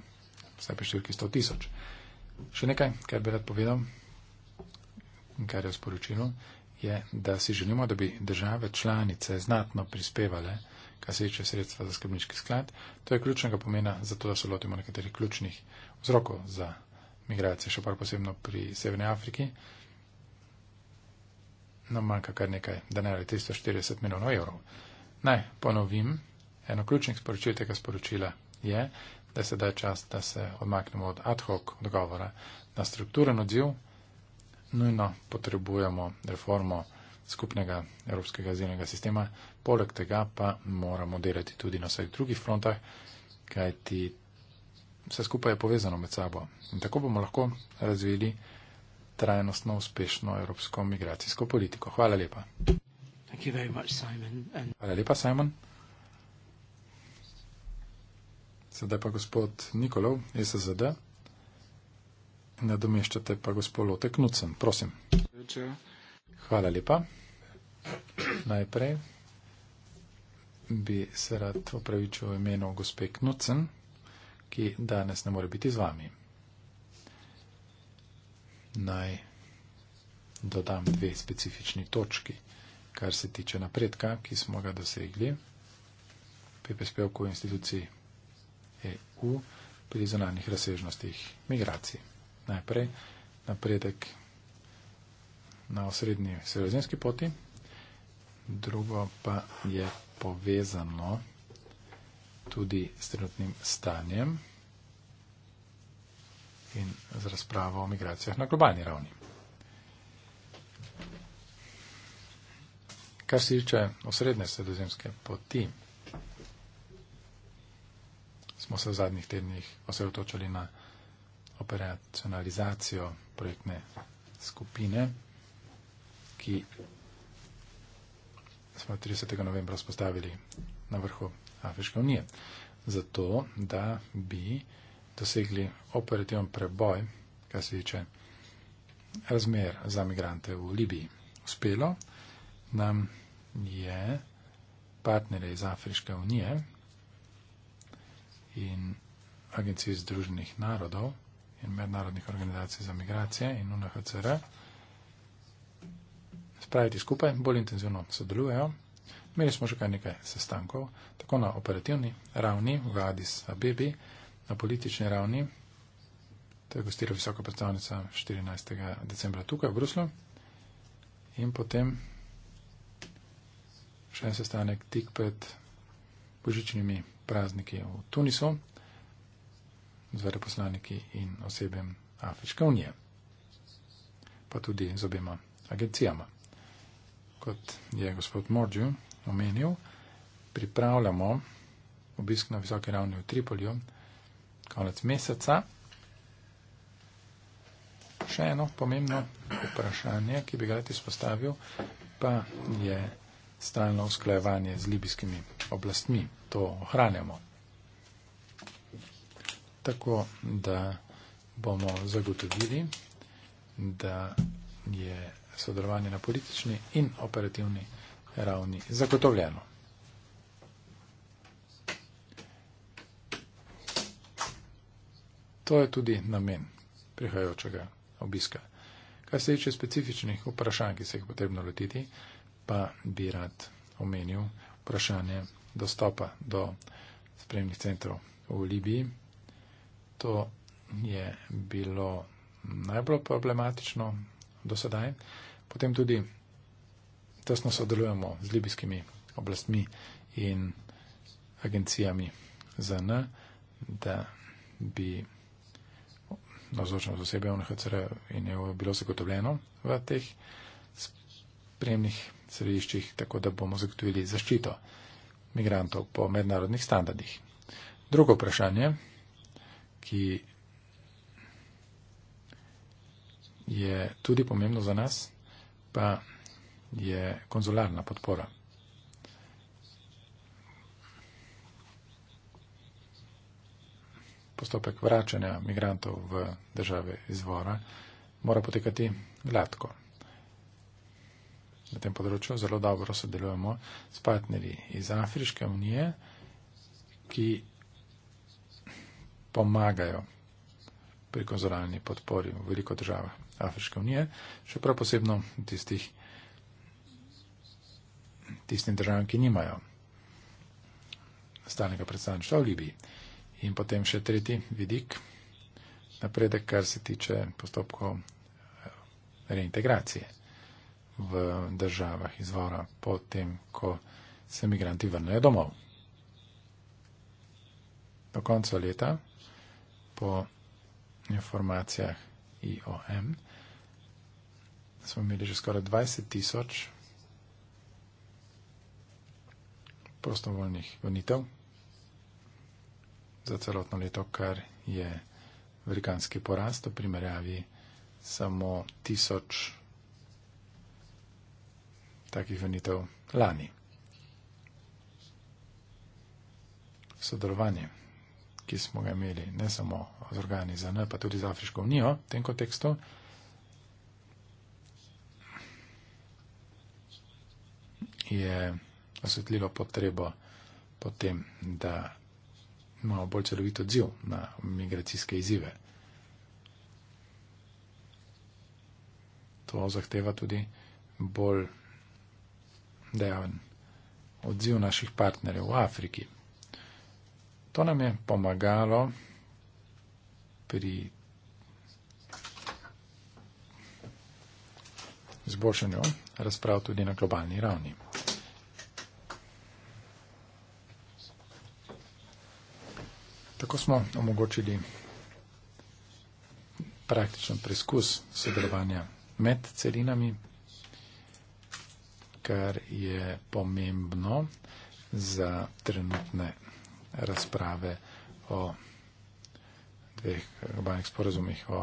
vse prišli 100 tisoč. Še nekaj, kar bi rad povedal, kar je v sporočilu, je, da si želimo, da bi države članice znatno prispevale, kar se tiče sredstva za skrbniški sklad. To je ključnega pomena, zato da se lotimo nekaterih ključnih vzrokov za migracije, še par posebno pri Severni Afriki. Nam manjka kar nekaj denarja, 340 milijonov evrov. Naj ponovim. Eno ključnih sporočil tega sporočila je, da se da čas, da se odmaknemo od ad hoc dogovora na strukturen odziv. Nujno potrebujemo reformo skupnega evropskega azilnega sistema, poleg tega pa moramo delati tudi na vseh drugih frontah, kajti vse skupaj je povezano med sabo. In tako bomo lahko razvili trajnostno uspešno evropsko migracijsko politiko. Hvala lepa. Hvala lepa, Simon. Sedaj pa gospod Nikolov, SSD. Nadomeščate pa gospod Lotek Nucen, prosim. Hvala lepa. Najprej bi se rad opravičil imenu gospe Knudsen, ki danes ne more biti z vami. Naj dodam dve specifični točki, kar se tiče napredka, ki smo ga dosegli pri prispevku institucij EU pri zonalnih razsežnostih migracij. Najprej napredek na osrednji sredozemski poti, drugo pa je povezano tudi s trenutnim stanjem in z razpravo o migracijah na globalni ravni. Kar se tiče osrednje sredozemske poti, smo se v zadnjih tednih osredotočali na operacionalizacijo projektne skupine, ki smo 30. novembra spostavili na vrhu Afriške unije, zato da bi dosegli operativen preboj, kar se tiče razmer za migrante v Libiji. Uspelo nam je partnere iz Afriške unije in Agencij Združenih narodov in mednarodnih organizacij za migracije in UNHCR spraviti skupaj, bolj intenzivno sodelujejo. Imeli smo že kar nekaj sestankov, tako na operativni ravni v Addis Abebi, na politični ravni, to je gostila visoka predstavnica 14. decembra tukaj v Bruslu in potem še en sestanek tik pred božičnimi prazniki v Tunisu z veleposlaniki in osebem Afriške unije, pa tudi z obema agencijama. Kot je gospod Mordžu omenil, pripravljamo obisk na visoki ravni v Tripolju konec meseca. Še eno pomembno vprašanje, ki bi ga rad izpostavil, pa je stalno usklajevanje z libijskimi oblastmi. To ohranjamo. Tako, da bomo zagotovili, da je sodelovanje na politični in operativni ravni zagotovljeno. To je tudi namen prihajajočega obiska. Kar se tiče specifičnih vprašanj, ki se jih potrebno lotiti, pa bi rad omenil vprašanje dostopa do spremnih centrov v Libiji. To je bilo najbolj problematično do sedaj. Potem tudi tesno sodelujemo z libijskimi oblastmi in agencijami za N, da bi nazočno z osebe UNHCR in EU bilo zagotovljeno v teh spremnih centrov središčih, tako da bomo zagotovili zaščito migrantov po mednarodnih standardih. Drugo vprašanje, ki je tudi pomembno za nas, pa je konzularna podpora. Postopek vračanja migrantov v države izvora mora potekati gladko na tem področju, zelo dobro sodelujemo s partnerji iz Afriške unije, ki pomagajo pri konzularni podpori v veliko država Afriške unije, še prav posebno tistih, tistih držav, ki nimajo stalnega predstavništva v Libiji. In potem še tretji vidik, napredek, kar se tiče postopkov eh, reintegracije v državah izvora, potem, ko se imigranti vrnejo domov. Do konca leta, po informacijah IOM, smo imeli že skoraj 20 tisoč prostovoljnih vrnitev za celotno leto, kar je velikanski porast v primerjavi samo tisoč takih vrnitev lani. Sodelovanje, ki smo ga imeli ne samo z organi ZN, pa tudi z Afriško unijo v tem kontekstu, je osvetlilo potrebo potem, da imamo bolj celovit odziv na migracijske izzive. To zahteva tudi bolj dejaven odziv naših partnerjev v Afriki. To nam je pomagalo pri izboljšanju razprav tudi na globalni ravni. Tako smo omogočili praktičen preizkus sodelovanja med celinami, kar je pomembno za trenutne razprave o dveh globalnih sporazumih o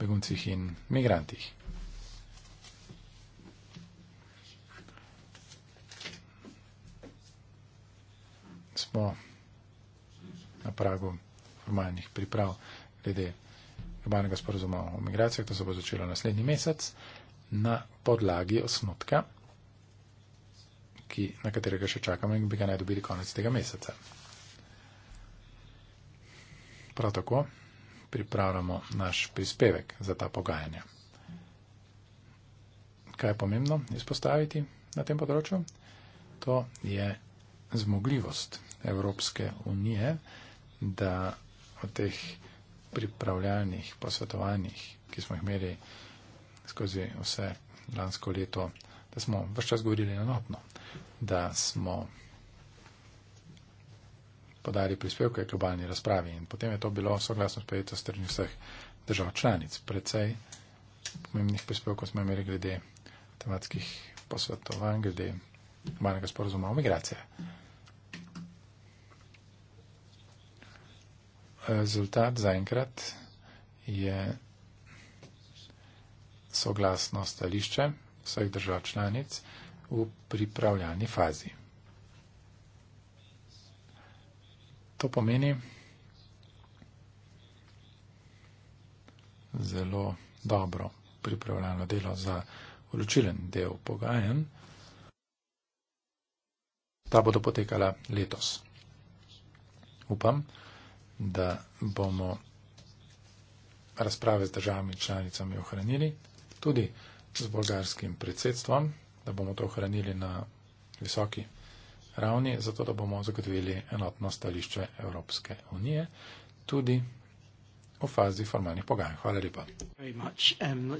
beguncih in migrantih. Smo na pragu formalnih priprav glede globalnega sporazuma o migracijah, to se bo začelo naslednji mesec na podlagi osnotka ki, na katerega še čakamo in bi ga naj dobili konec tega meseca. Prav tako pripravljamo naš prispevek za ta pogajanja. Kaj je pomembno izpostaviti na tem področju? To je zmogljivost Evropske unije, da o teh pripravljalnih posvetovanjih, ki smo jih imeli skozi vse lansko leto, da smo vse čas govorili enotno, da smo podali prispevke globalni razpravi in potem je to bilo soglasno sprejeto strani vseh držav članic. Predvsej pomembnih prispevkov smo imeli glede tematskih posvetovanj, glede malega sporozuma o migracije. Rezultat zaenkrat je soglasno stališče vseh držav članic v pripravljalni fazi. To pomeni zelo dobro pripravljalno delo za odločilen del pogajanj. Ta bodo potekala letos. Upam, da bomo razprave z državami članicami ohranili, tudi z bolgarskim predsedstvom da bomo to ohranili na visoki ravni, zato da bomo zagotovili enotno stališče Evropske unije tudi v fazi formalnih pogajanj. Hvala lepa. Um,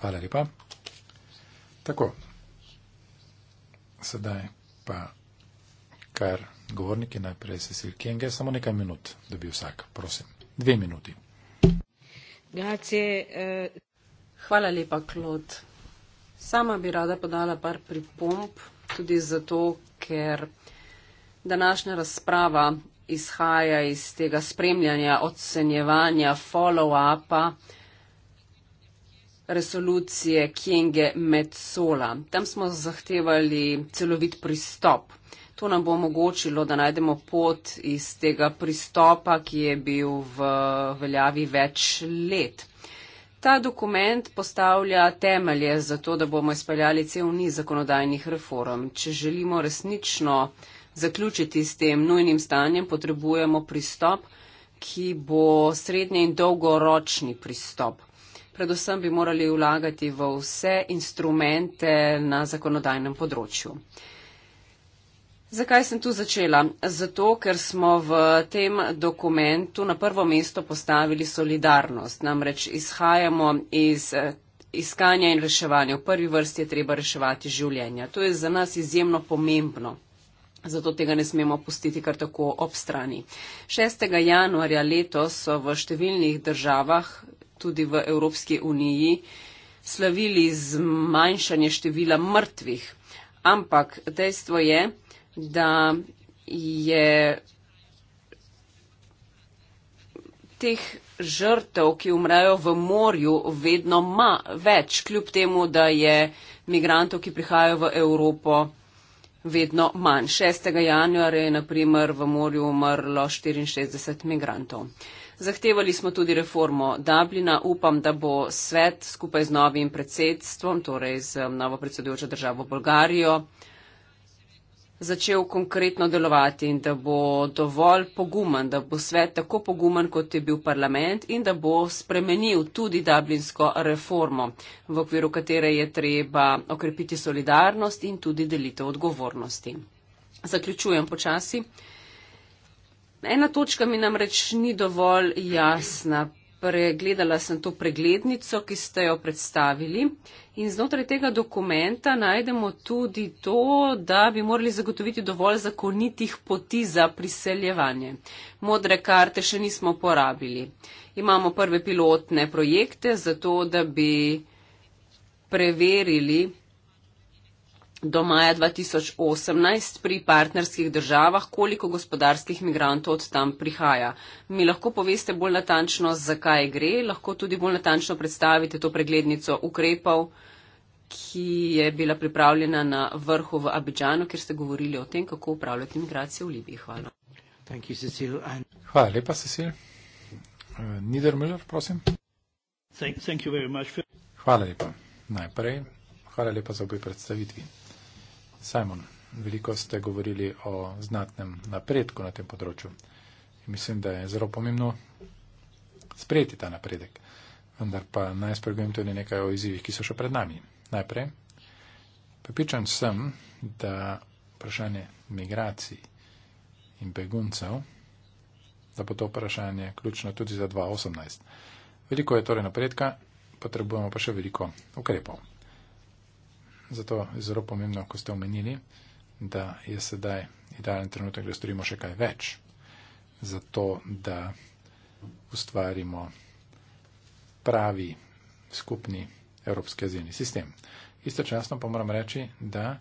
Hvala lepa. Tako, sedaj pa kar govorniki, najprej Cecil Kenge, samo nekaj minut, da bi vsak, prosim, dve minuti. Grazie, eh... Hvala lepa, Klod. Sama bi rada podala par pripomp, tudi zato, ker današnja razprava izhaja iz tega spremljanja, ocenjevanja, follow-upa resolucije Kienge Metsola. Tam smo zahtevali celovit pristop. To nam bo omogočilo, da najdemo pot iz tega pristopa, ki je bil v veljavi več let ta dokument postavlja temelje za to, da bomo izpeljali cel niz zakonodajnih reform. Če želimo resnično zaključiti s tem nujnim stanjem, potrebujemo pristop, ki bo srednje in dolgoročni pristop. Predvsem bi morali vlagati v vse instrumente na zakonodajnem področju. Zakaj sem tu začela? Zato, ker smo v tem dokumentu na prvo mesto postavili solidarnost. Namreč izhajamo iz eh, iskanja in reševanja. V prvi vrsti je treba reševati življenja. To je za nas izjemno pomembno. Zato tega ne smemo pustiti kar tako ob strani. 6. januarja letos so v številnih državah, tudi v Evropski uniji, slavili zmanjšanje števila mrtvih. Ampak dejstvo je, da je teh žrtev, ki umrejo v morju, vedno ma, več, kljub temu, da je migrantov, ki prihajajo v Evropo, vedno manj. 6. januarja je naprimer v morju umrlo 64 migrantov. Zahtevali smo tudi reformo Dublina. Upam, da bo svet skupaj z novim predsedstvom, torej z novo predsedujočo državo Bolgarijo, začel konkretno delovati in da bo dovolj pogumen, da bo svet tako pogumen, kot je bil parlament in da bo spremenil tudi dublinsko reformo, v okviru katere je treba okrepiti solidarnost in tudi delitev odgovornosti. Zaključujem počasi. Ena točka mi namreč ni dovolj jasna. Pregledala sem to preglednico, ki ste jo predstavili in znotraj tega dokumenta najdemo tudi to, da bi morali zagotoviti dovolj zakonitih poti za priseljevanje. Modre karte še nismo porabili. Imamo prve pilotne projekte za to, da bi preverili do maja 2018 pri partnerskih državah, koliko gospodarskih migrantov od tam prihaja. Mi lahko poveste bolj natančno, zakaj gre, lahko tudi bolj natančno predstavite to preglednico ukrepov, ki je bila pripravljena na vrhu v Abidžanu, ker ste govorili o tem, kako upravljati migracije v Libiji. Hvala. Hvala lepa, Cecil. Eh, Niedermüller, prosim. Hvala lepa. Najprej. Hvala lepa za obe predstavitvi. Simon, veliko ste govorili o znatnem napredku na tem področju. In mislim, da je zelo pomembno sprejeti ta napredek. Vendar pa naj spregovorim tudi nekaj o izzivih, ki so še pred nami. Najprej, pripričan sem, da vprašanje migracij in beguncev, da bo to vprašanje ključno tudi za 2018. Veliko je torej napredka, potrebujemo pa še veliko ukrepov zato je zelo pomembno, ko ste omenili, da je sedaj idealen trenutek, da storimo še kaj več, zato da ustvarimo pravi skupni evropski azilni sistem. Istočasno pa moram reči, da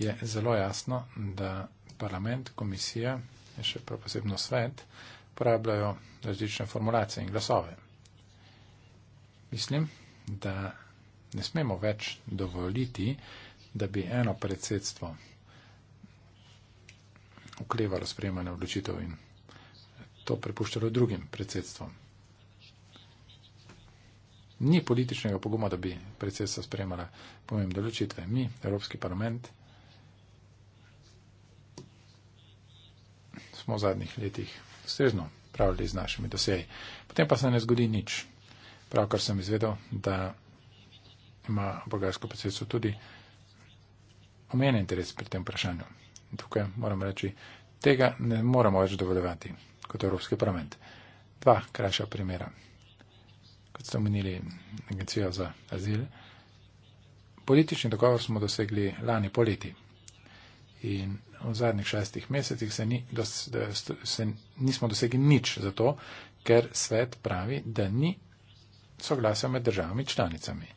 je zelo jasno, da parlament, komisija in še prav posebno svet uporabljajo različne formulacije in glasove. Mislim, da ne smemo več dovoliti, da bi eno predsedstvo oklevalo sprejemanje odločitev in to prepuščalo drugim predsedstvom. Ni političnega poguma, da bi predsedstvo sprejemala pomembne odločitve. Mi, Evropski parlament, smo v zadnjih letih strezno pravili z našimi doseji. Potem pa se ne zgodi nič. Pravkar sem izvedel, da ima bogarsko predsedstvo tudi omenjen interes pri tem vprašanju. In tukaj moram reči, tega ne moramo več dovoljevati kot Evropski parlament. Dva krajša primera. Kot ste omenili, agencija za azil. Politični dogovor smo dosegli lani poleti in v zadnjih šestih mesecih se, ni, se nismo dosegli nič zato, ker svet pravi, da ni soglasja med državami članicami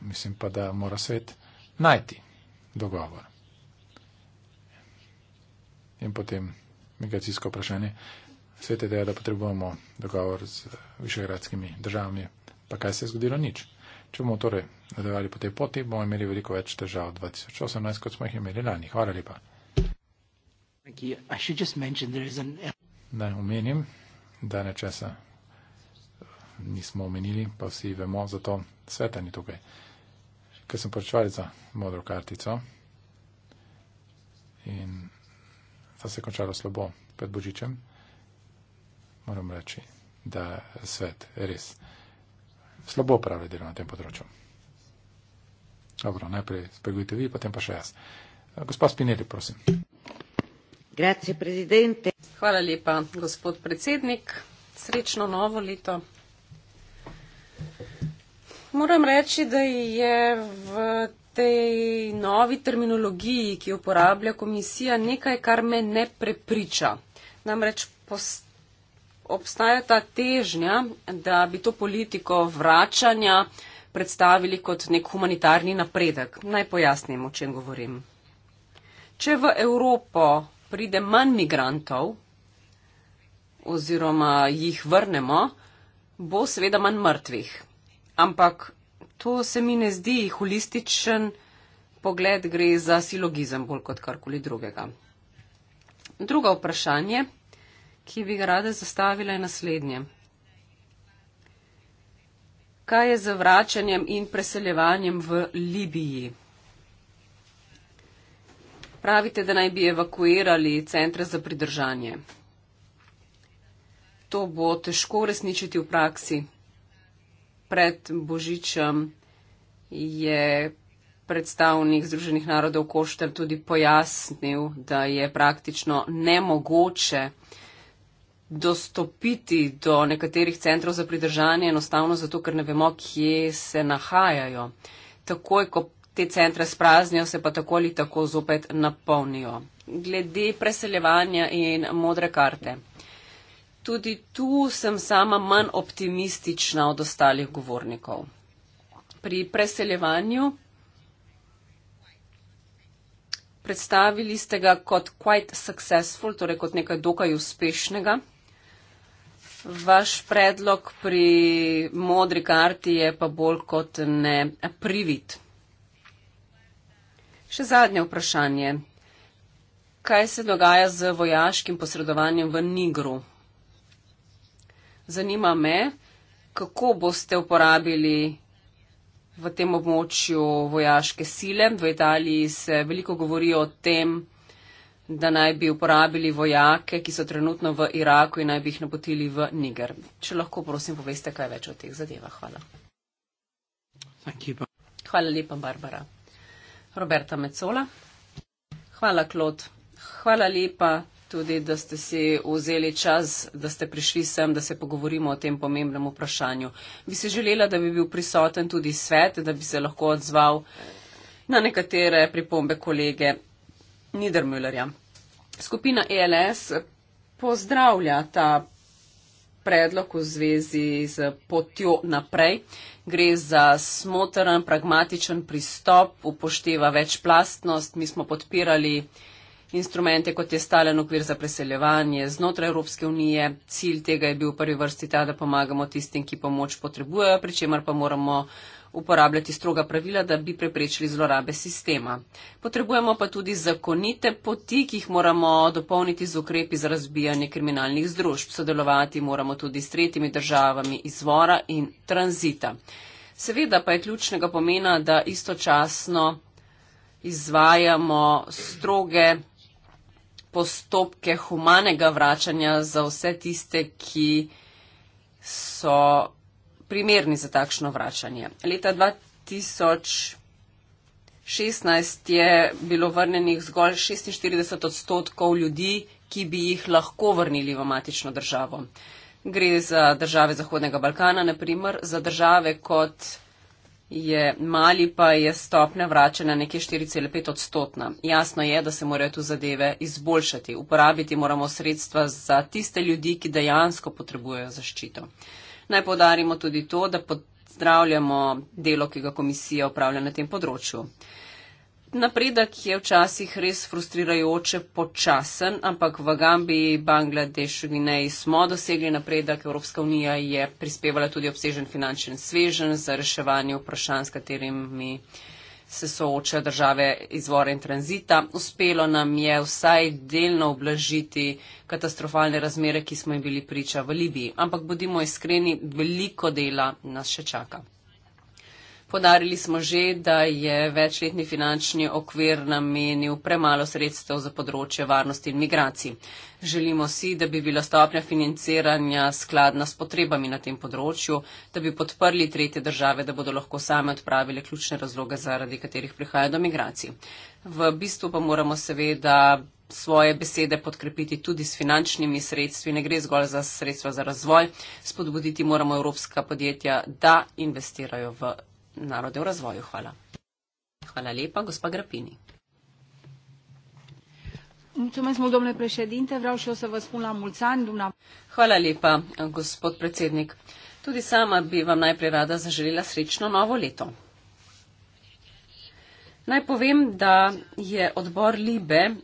mislim pa, da mora svet najti dogovor. In potem migracijsko vprašanje. Svet je dejal, da potrebujemo dogovor z višegradskimi državami, pa kaj se je zgodilo? Nič. Če bomo torej nadaljevali po tej poti, bomo imeli veliko več težav 2018, kot smo jih imeli lani. Hvala lepa. Da, omenim, da nečesa nismo omenili, pa vsi vemo, zato sveta ni tukaj ker sem počvali za modro kartico. In to se je končalo slabo pred Božičem. Moram reči, da svet res slabo pravi delo na tem področju. Dobro, najprej spregovite vi, potem pa še jaz. Gospa Spinelli, prosim. Grazie, Hvala lepa, gospod predsednik. Srečno novo leto. Moram reči, da je v tej novi terminologiji, ki jo uporablja komisija, nekaj, kar me ne prepriča. Namreč obstaja ta težnja, da bi to politiko vračanja predstavili kot nek humanitarni napredek. Naj pojasnim, o čem govorim. Če v Evropo pride manj migrantov oziroma jih vrnemo, bo seveda manj mrtvih ampak to se mi ne zdi holističen pogled, gre za silogizem bolj kot karkoli drugega. Drugo vprašanje, ki bi ga rade zastavila, je naslednje. Kaj je z vračanjem in preseljevanjem v Libiji? Pravite, da naj bi evakuirali centre za pridržanje. To bo težko uresničiti v praksi pred Božičem je predstavnik Združenih narodov Košter tudi pojasnil, da je praktično nemogoče dostopiti do nekaterih centrov za pridržanje, enostavno zato, ker ne vemo, kje se nahajajo. Takoj, ko te centre spraznijo, se pa tako ali tako zopet napolnijo. Glede preseljevanja in modre karte tudi tu sem sama manj optimistična od ostalih govornikov. Pri preseljevanju predstavili ste ga kot quite successful, torej kot nekaj dokaj uspešnega. Vaš predlog pri modri karti je pa bolj kot ne privit. Še zadnje vprašanje. Kaj se dogaja z vojaškim posredovanjem v Nigru? Zanima me, kako boste uporabili v tem območju vojaške sile. V Italiji se veliko govori o tem, da naj bi uporabili vojake, ki so trenutno v Iraku in naj bi jih napotili v Niger. Če lahko, prosim, poveste kaj več o teh zadevah. Hvala. Hvala lepa, Barbara. Roberta Mecola. Hvala, Klod. Hvala lepa, tudi, da ste si vzeli čas, da ste prišli sem, da se pogovorimo o tem pomembnem vprašanju. Bi se želela, da bi bil prisoten tudi svet, da bi se lahko odzval na nekatere pripombe kolege Niedermüllerja. Skupina ELS pozdravlja ta predlog v zvezi z potjo naprej. Gre za smotren, pragmatičen pristop, upošteva večplastnost. Mi smo podpirali instrumente, kot je stalen okvir za preseljevanje znotraj Evropske unije. Cilj tega je bil v prvi vrsti ta, da pomagamo tistim, ki pomoč potrebujejo, pri čemer pa moramo uporabljati stroga pravila, da bi preprečili zlorabe sistema. Potrebujemo pa tudi zakonite poti, ki jih moramo dopolniti z ukrepi za razbijanje kriminalnih združb. Sodelovati moramo tudi s tretjimi državami izvora in tranzita. Seveda pa je ključnega pomena, da istočasno izvajamo stroge postopke humanega vračanja za vse tiste, ki so primerni za takšno vračanje. Leta 2016 je bilo vrnenih zgolj 46 odstotkov ljudi, ki bi jih lahko vrnili v matično državo. Gre za države Zahodnega Balkana, naprimer, za države kot je mali, pa je stopnja vračanja nekje 4,5 odstotna. Jasno je, da se morajo tu zadeve izboljšati. Uporabiti moramo sredstva za tiste ljudi, ki dejansko potrebujejo zaščito. Naj podarimo tudi to, da pozdravljamo delo, ki ga komisija upravlja na tem področju. Napredek je včasih res frustrirajoče počasen, ampak v Gambiji, Bangladešu, Gvineji smo dosegli napredek. Evropska unija je prispevala tudi obsežen finančen svežen za reševanje vprašanj, s katerimi se soočajo države izvora in tranzita. Uspelo nam je vsaj delno oblažiti katastrofalne razmere, ki smo jim bili priča v Libiji. Ampak bodimo iskreni, veliko dela nas še čaka. Podarili smo že, da je večletni finančni okvir namenil premalo sredstev za področje varnosti in migracij. Želimo si, da bi bila stopnja financiranja skladna s potrebami na tem področju, da bi podprli tretje države, da bodo lahko same odpravile ključne razloge, zaradi katerih prihaja do migracij. V bistvu pa moramo seveda svoje besede podkrepiti tudi s finančnimi sredstvi, ne gre zgolj za sredstva za razvoj, spodbuditi moramo evropska podjetja, da investirajo v narode v razvoju. Hvala. Hvala lepa, gospa Grapini. Hvala lepa, gospod predsednik. Tudi sama bi vam najprej rada zaželila srečno novo leto. Naj povem, da je odbor Libe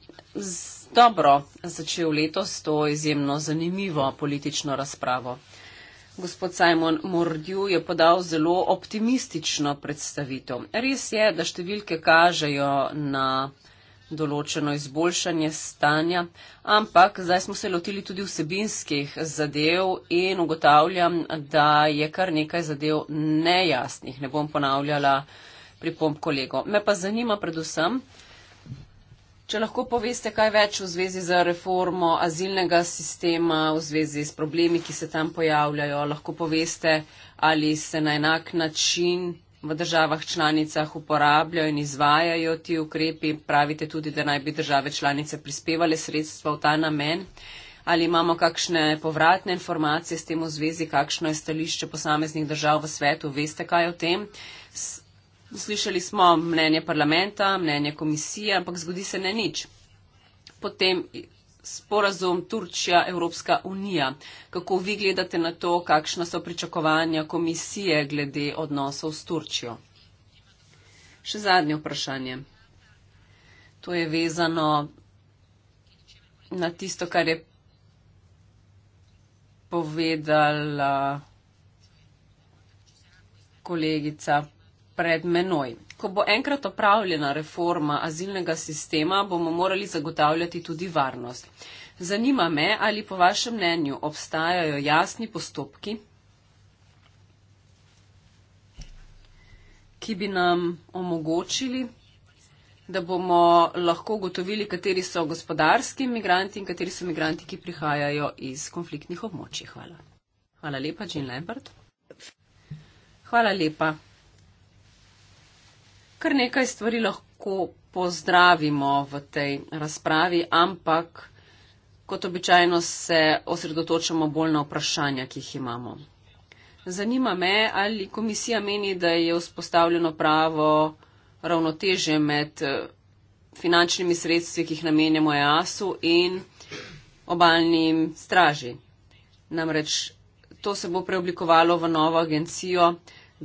dobro začel letos to izjemno zanimivo politično razpravo. Gospod Simon Mordju je podal zelo optimistično predstavitev. Res je, da številke kažejo na določeno izboljšanje stanja, ampak zdaj smo se lotili tudi vsebinskih zadev in ugotavljam, da je kar nekaj zadev nejasnih. Ne bom ponavljala pripomb kolego. Me pa zanima predvsem, Če lahko poveste kaj več v zvezi z reformo azilnega sistema, v zvezi s problemi, ki se tam pojavljajo, lahko poveste, ali se na enak način v državah članicah uporabljajo in izvajajo ti ukrepi. Pravite tudi, da naj bi države članice prispevali sredstva v ta namen. Ali imamo kakšne povratne informacije s tem v zvezi, kakšno je stališče posameznih držav v svetu, veste kaj o tem? Slišali smo mnenje parlamenta, mnenje komisije, ampak zgodi se ne nič. Potem sporazum Turčija-Evropska unija. Kako vi gledate na to, kakšna so pričakovanja komisije glede odnosov s Turčijo? Še zadnje vprašanje. To je vezano na tisto, kar je povedala kolegica pred menoj. Ko bo enkrat opravljena reforma azilnega sistema, bomo morali zagotavljati tudi varnost. Zanima me, ali po vašem mnenju obstajajo jasni postopki, ki bi nam omogočili, da bomo lahko gotovili, kateri so gospodarski imigranti in kateri so imigranti, ki prihajajo iz konfliktnih območij. Hvala. Hvala lepa, Jean Lambert. Hvala lepa kar nekaj stvari lahko pozdravimo v tej razpravi, ampak kot običajno se osredotočamo bolj na vprašanja, ki jih imamo. Zanima me, ali komisija meni, da je vzpostavljeno pravo ravnoteže med eh, finančnimi sredstvi, ki jih namenjamo EAS-u in obaljnim straži. Namreč to se bo preoblikovalo v novo agencijo,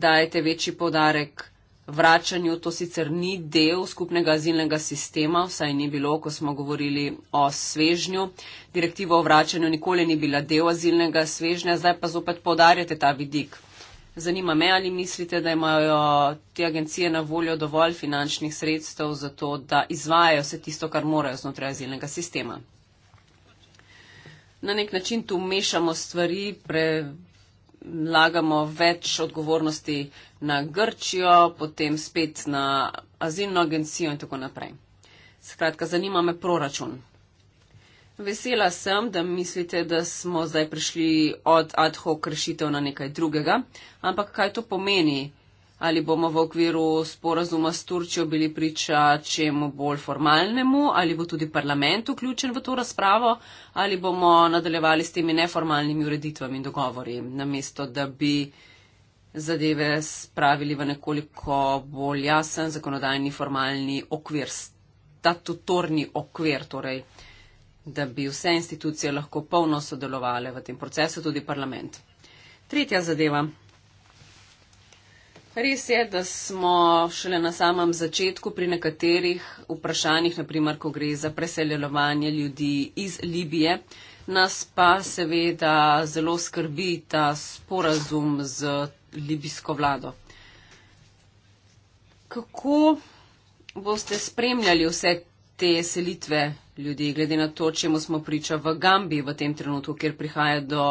dajete večji podarek vračanju to sicer ni del skupnega azilnega sistema, vsaj ni bilo, ko smo govorili o svežnju. Direktiva o vračanju nikoli ni bila del azilnega svežnja, zdaj pa zopet podarjate ta vidik. Zanima me, ali mislite, da imajo te agencije na voljo dovolj finančnih sredstev za to, da izvajajo vse tisto, kar morajo znotraj azilnega sistema. Na nek način tu mešamo stvari, pre, lagamo več odgovornosti na Grčijo, potem spet na azilno agencijo in tako naprej. Skratka, zanima me proračun. Vesela sem, da mislite, da smo zdaj prišli od ad hoc rešitev na nekaj drugega, ampak kaj to pomeni? ali bomo v okviru sporazuma s Turčjo bili priča čemu bolj formalnemu, ali bo tudi parlament vključen v to razpravo, ali bomo nadaljevali s temi neformalnimi ureditvami in dogovori, namesto da bi zadeve spravili v nekoliko bolj jasen zakonodajni formalni okvir, statutorni okvir, torej, da bi vse institucije lahko polno sodelovali v tem procesu, tudi parlament. Tretja zadeva. Res je, da smo šele na samem začetku pri nekaterih vprašanjih, naprimer, ko gre za preseljevanje ljudi iz Libije. Nas pa seveda zelo skrbi ta sporazum z libijsko vlado. Kako boste spremljali vse te selitve ljudi, glede na to, čemu smo priča v Gambi v tem trenutku, kjer prihaja do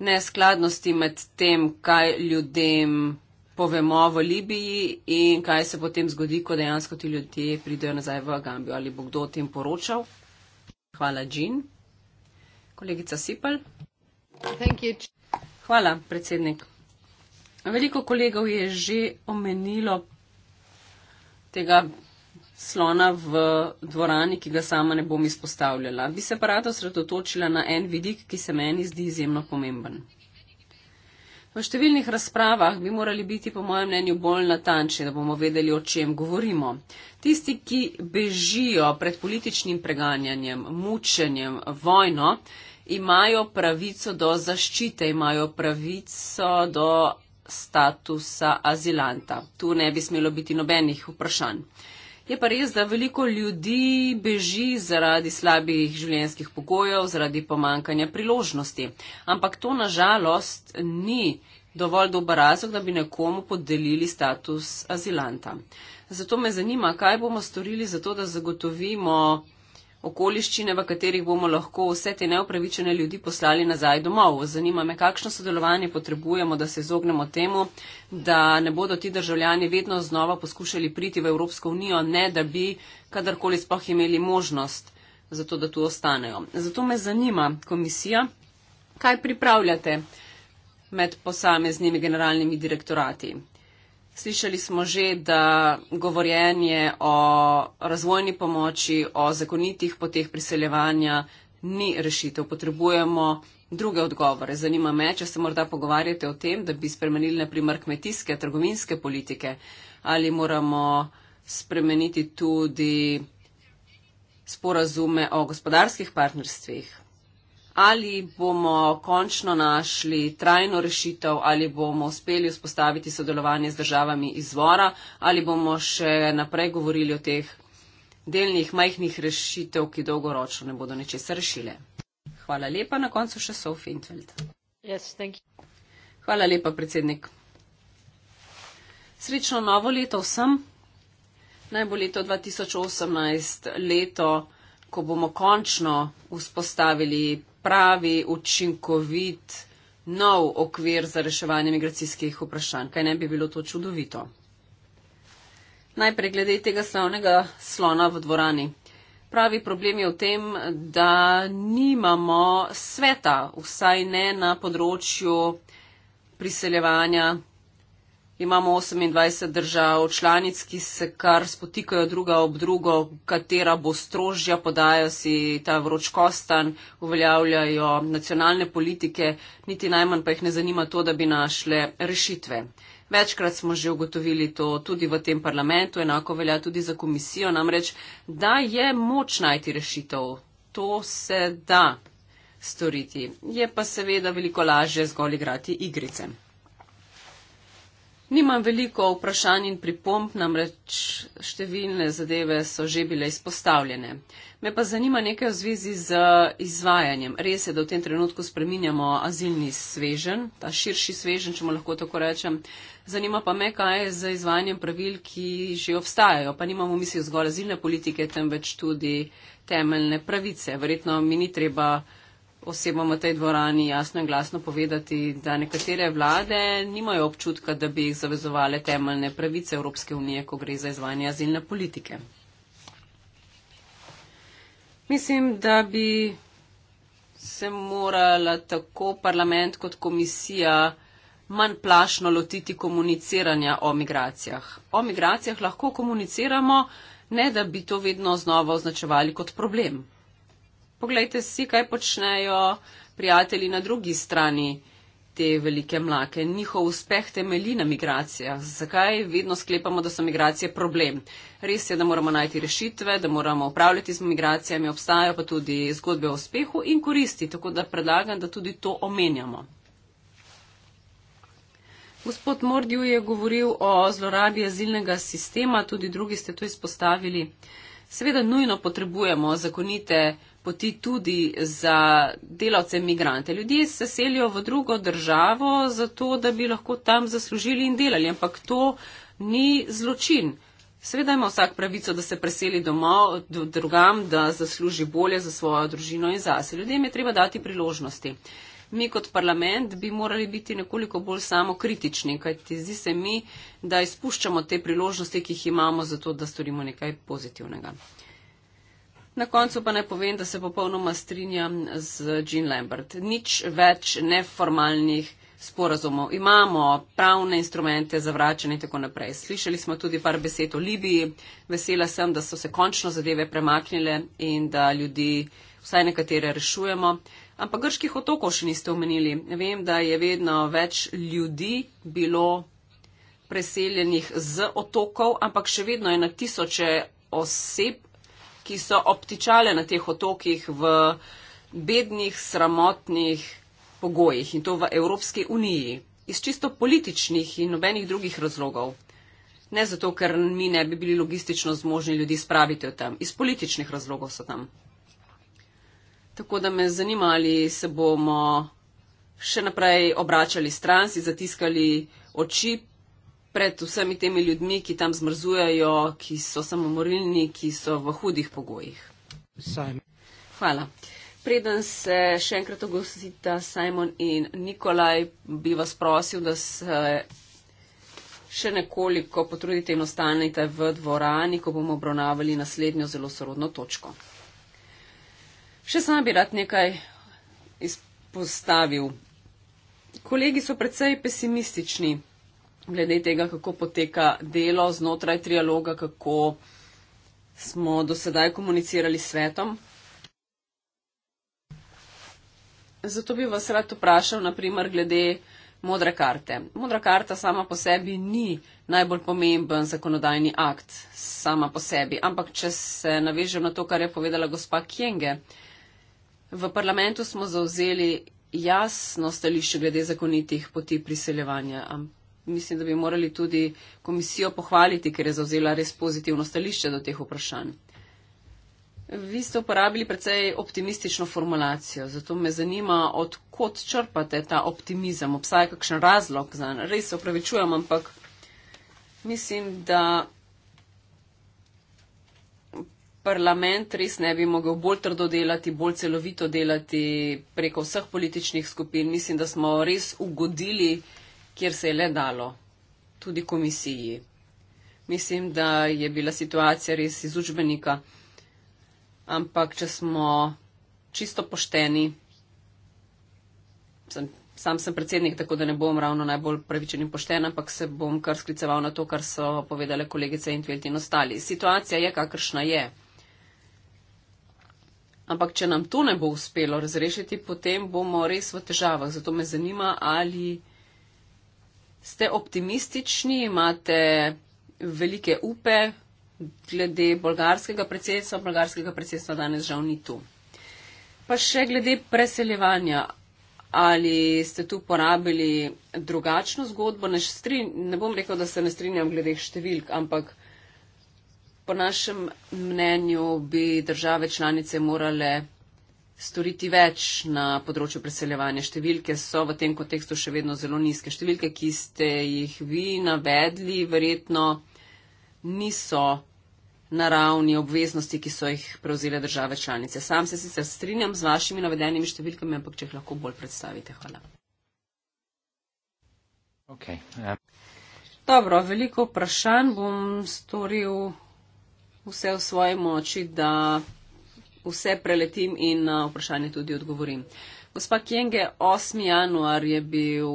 neskladnosti med tem, kaj ljudem povemo v Libiji in kaj se potem zgodi, ko dejansko ti ljudje pridejo nazaj v Gambijo. Ali bo kdo o tem poročal? Hvala, Džin. Kolegica Sipel. Hvala, predsednik. Veliko kolegov je že omenilo tega slona v dvorani, ki ga sama ne bom izpostavljala. Bi se pa rada osredotočila na en vidik, ki se meni zdi izjemno pomemben. V številnih razpravah bi morali biti, po mojem mnenju, bolj natančni, da bomo vedeli, o čem govorimo. Tisti, ki bežijo pred političnim preganjanjem, mučenjem, vojno, imajo pravico do zaščite, imajo pravico do statusa azilanta. Tu ne bi smelo biti nobenih vprašanj. Je pa res, da veliko ljudi beži zaradi slabih življenjskih pokojev, zaradi pomankanja priložnosti. Ampak to nažalost ni dovolj dober razlog, da bi nekomu podelili status azilanta. Zato me zanima, kaj bomo storili za to, da zagotovimo okoliščine, v katerih bomo lahko vse te neopravičene ljudi poslali nazaj domov. Zanima me, kakšno sodelovanje potrebujemo, da se izognemo temu, da ne bodo ti državljani vedno znova poskušali priti v Evropsko unijo, ne da bi kadarkoli spoh imeli možnost za to, da tu ostanejo. Zato me zanima, komisija, kaj pripravljate med posameznimi generalnimi direktorati. Slišali smo že, da govorjenje o razvojni pomoči, o zakonitih poteh priseljevanja ni rešitev. Potrebujemo druge odgovore. Zanima me, če se morda pogovarjate o tem, da bi spremenili naprimer kmetijske, trgovinske politike ali moramo spremeniti tudi sporazume o gospodarskih partnerstvih, ali bomo končno našli trajno rešitev, ali bomo uspeli vzpostaviti sodelovanje z državami izvora, ali bomo še naprej govorili o teh delnih majhnih rešitev, ki dolgoročno ne bodo ničesar rešile. Hvala lepa, na koncu še Sophie Intveld. Yes, Hvala lepa, predsednik. Srečno novo leto vsem. Naj bo leto 2018 leto, ko bomo končno vzpostavili pravi, učinkovit, nov okvir za reševanje migracijskih vprašanj. Kaj ne bi bilo to čudovito? Najprej glede tega slavnega slona v dvorani. Pravi problem je v tem, da nimamo sveta, vsaj ne na področju priseljevanja Imamo 28 držav članic, ki se kar spotikajo druga ob drugo, katera bo strožja, podajo si ta vroč kostan, uveljavljajo nacionalne politike, niti najmanj pa jih ne zanima to, da bi našle rešitve. Večkrat smo že ugotovili to tudi v tem parlamentu, enako velja tudi za komisijo, namreč, da je moč najti rešitev. To se da storiti. Je pa seveda veliko lažje zgolj igrati igricem. Nimam veliko vprašanj in pripomp, namreč številne zadeve so že bile izpostavljene. Me pa zanima nekaj v zvezi z izvajanjem. Res je, da v tem trenutku spreminjamo azilni svežen, ta širši svežen, če mu lahko tako rečem. Zanima pa me, kaj je z izvajanjem pravil, ki že obstajajo. Pa nimamo misli zgolj azilne politike, temveč tudi temeljne pravice. Verjetno mi ni treba osebam v tej dvorani jasno in glasno povedati, da nekatere vlade nimajo občutka, da bi jih zavezovale temeljne pravice Evropske unije, ko gre za izvanje azilne politike. Mislim, da bi se morala tako parlament kot komisija manj plašno lotiti komuniciranja o migracijah. O migracijah lahko komuniciramo, ne da bi to vedno znova označevali kot problem. Poglejte si, kaj počnejo prijatelji na drugi strani te velike mlake. Njihov uspeh temelji na migracijah. Zakaj vedno sklepamo, da so migracije problem? Res je, da moramo najti rešitve, da moramo upravljati z migracijami, obstajajo pa tudi zgodbe o uspehu in koristi, tako da predlagam, da tudi to omenjamo. Gospod Mordju je govoril o zlorabi azilnega sistema, tudi drugi ste to izpostavili. Seveda nujno potrebujemo zakonite poti tudi za delavce imigrante. Ljudje se selijo v drugo državo zato, da bi lahko tam zaslužili in delali, ampak to ni zločin. Seveda ima vsak pravico, da se preseli domov, drugam, da zasluži bolje za svojo družino in zase. Ljudem je treba dati priložnosti. Mi kot parlament bi morali biti nekoliko bolj samokritični, kajti zdi se mi, da izpuščamo te priložnosti, ki jih imamo, zato da storimo nekaj pozitivnega. Na koncu pa naj povem, da se popolnoma strinjam z Jean Lambert. Nič več neformalnih. Sporazumov. Imamo pravne instrumente za vračanje in tako naprej. Slišali smo tudi par besed o Libiji. Vesela sem, da so se končno zadeve premaknile in da ljudi vsaj nekatere rešujemo. Ampak grških otokov še niste omenili. Vem, da je vedno več ljudi bilo preseljenih z otokov, ampak še vedno je na tisoče oseb ki so obtičale na teh otokih v bednih, sramotnih pogojih in to v Evropski uniji, iz čisto političnih in nobenih drugih razlogov. Ne zato, ker mi ne bi bili logistično zmožni ljudi spraviti od tam, iz političnih razlogov so tam. Tako da me zanima, ali se bomo še naprej obračali stran, si zatiskali oči, pred vsemi temi ljudmi, ki tam zmrzujejo, ki so samomorilni, ki so v hudih pogojih. Simon. Hvala. Preden se še enkrat ogosita Simon in Nikolaj, bi vas prosil, da se še nekoliko potrudite in ostanete v dvorani, ko bomo obravnavali naslednjo zelo sorodno točko. Še sam bi rad nekaj izpostavil. Kolegi so precej pesimistični glede tega, kako poteka delo znotraj trialoga, kako smo do sedaj komunicirali s svetom. Zato bi vas rad vprašal, naprimer, glede modre karte. Modra karta sama po sebi ni najbolj pomemben zakonodajni akt sama po sebi, ampak če se navežem na to, kar je povedala gospa Kjenge, v parlamentu smo zauzeli jasno stališče glede zakonitih poti priseljevanja, mislim, da bi morali tudi komisijo pohvaliti, ker je zauzela res pozitivno stališče do teh vprašanj. Vi ste uporabili precej optimistično formulacijo, zato me zanima, odkot črpate ta optimizem, obstaja kakšen razlog za njega. Res se opravičujem, ampak mislim, da parlament res ne bi mogel bolj trdo delati, bolj celovito delati preko vseh političnih skupin. Mislim, da smo res ugodili uh, kjer se je le dalo, tudi komisiji. Mislim, da je bila situacija res iz učbenika, ampak če smo čisto pošteni, sem, sam sem predsednik, tako da ne bom ravno najbolj pravičen in pošten, ampak se bom kar skliceval na to, kar so povedale kolegice in tveti in ostali. Situacija je, kakršna je. Ampak, če nam to ne bo uspelo razrešiti, potem bomo res v težavah. Zato me zanima, ali Ste optimistični, imate velike upe glede bolgarskega predsedstva, bolgarskega predsedstva danes žal ni tu. Pa še glede preseljevanja. Ali ste tu porabili drugačno zgodbo? Ne, strin, ne bom rekel, da se ne strinjam glede številk, ampak po našem mnenju bi države članice morale storiti več na področju preseljevanja. Številke so v tem kontekstu še vedno zelo nizke. Številke, ki ste jih vi navedli, verjetno niso na ravni obveznosti, ki so jih prevzele države članice. Sam se sicer strinjam z vašimi navedenimi številkami, ampak če jih lahko bolj predstavite. Hvala. Okay, um... Dobro, veliko vprašanj bom storil vse v svoji moči, da vse preletim in na eh, vprašanje tudi odgovorim. Gospa Kjenge, 8. januar je bil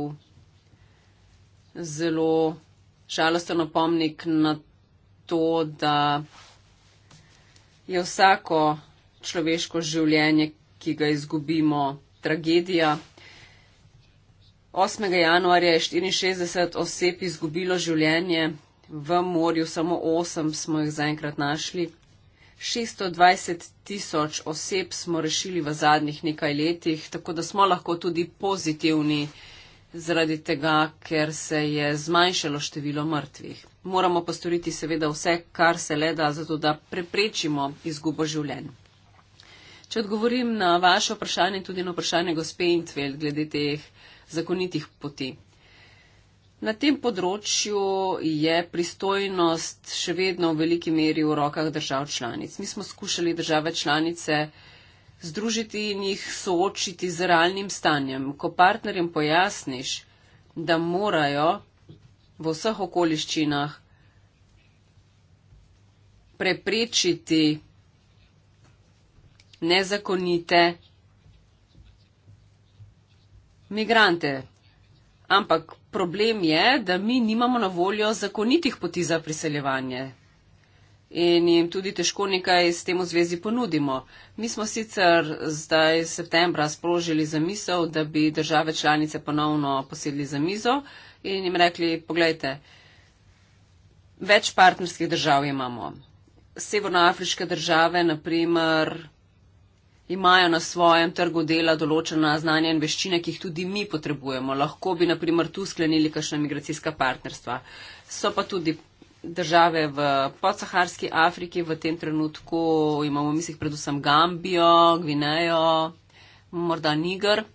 zelo žalosten opomnik na to, da je vsako človeško življenje, ki ga izgubimo, tragedija. 8. januarja je 64 oseb izgubilo življenje v morju, samo 8 smo jih zaenkrat našli. 620 tisoč oseb smo rešili v zadnjih nekaj letih, tako da smo lahko tudi pozitivni zaradi tega, ker se je zmanjšalo število mrtvih. Moramo postoriti seveda vse, kar se le da, zato da preprečimo izgubo življenj. Če odgovorim na vaše vprašanje, tudi na vprašanje gospe Intveld glede teh zakonitih poti. Na tem področju je pristojnost še vedno v veliki meri v rokah držav članic. Mi smo skušali države članice združiti in jih soočiti z realnim stanjem. Ko partnerjem pojasniš, da morajo v vseh okoliščinah preprečiti nezakonite migrante, Ampak problem je, da mi nimamo na voljo zakonitih poti za priseljevanje in jim tudi težko nekaj s tem v zvezi ponudimo. Mi smo sicer zdaj septembra sprožili za misel, da bi države članice ponovno posedli za mizo in jim rekli, pogledajte, več partnerskih držav imamo. Severnoafriške države, naprimer, imajo na svojem trgu dela določena znanja in veščine, ki jih tudi mi potrebujemo. Lahko bi, naprimer, tu sklenili kakšna migracijska partnerstva. So pa tudi države v podsaharski Afriki v tem trenutku, imamo v mislih predvsem Gambijo, Gvinejo, morda Niger.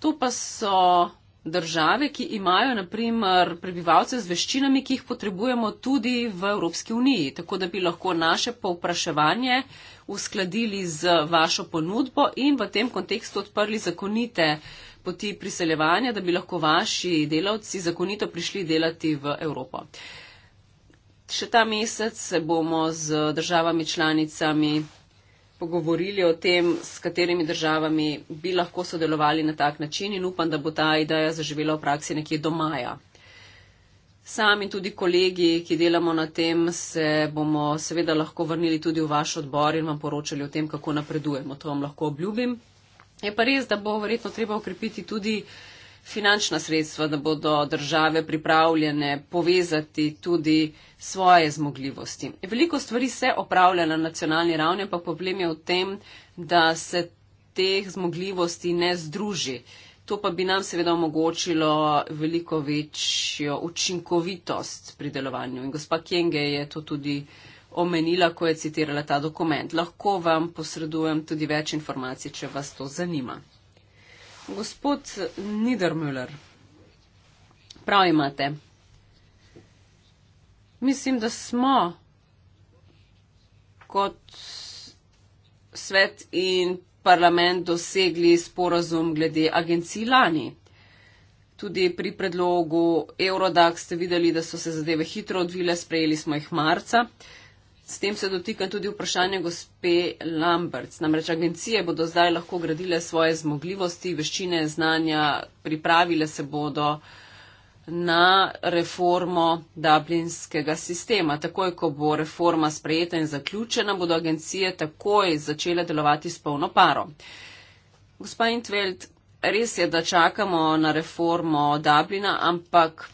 To pa so države, ki imajo, naprimer, prebivalce z veščinami, ki jih potrebujemo tudi v Evropski uniji, tako da bi lahko naše povpraševanje uskladili z vašo ponudbo in v tem kontekstu odprli zakonite poti priseljevanja, da bi lahko vaši delavci zakonito prišli delati v Evropo. Še ta mesec se bomo z državami članicami pogovorili o tem, s katerimi državami bi lahko sodelovali na tak način in upam, da bo ta ideja zaživela v praksi nekje do maja. Sam in tudi kolegi, ki delamo na tem, se bomo seveda lahko vrnili tudi v vaš odbor in vam poročali o tem, kako napredujemo. To vam lahko obljubim. Je pa res, da bo verjetno treba okrepiti tudi uh, finančna sredstva, da bodo države pripravljene povezati tudi svoje zmogljivosti. Veliko stvari se opravlja na nacionalni ravni, ampak problem je v tem, da se teh zmogljivosti ne združi. To pa bi nam seveda omogočilo veliko večjo učinkovitost pri delovanju. In gospa Kenge je to tudi omenila, ko je citirala ta dokument. Lahko vam posredujem tudi več informacij, če vas to zanima. Gospod Niedermüller, prav imate. Mislim, da smo kot svet in parlament dosegli sporazum glede agencij lani. Tudi pri predlogu Eurodax ste videli, da so se zadeve hitro odvile, sprejeli smo jih marca. Uh, S tem se dotika tudi vprašanje gospe Lamberts. Namreč agencije bodo zdaj lahko gradile svoje zmogljivosti, veščine, znanja, pripravile se bodo na reformo dublinskega sistema. Takoj, ko bo reforma sprejeta in zaključena, bodo agencije takoj začele delovati s polno paro. Gospa Intveld, res je, da čakamo na reformo Dublina, ampak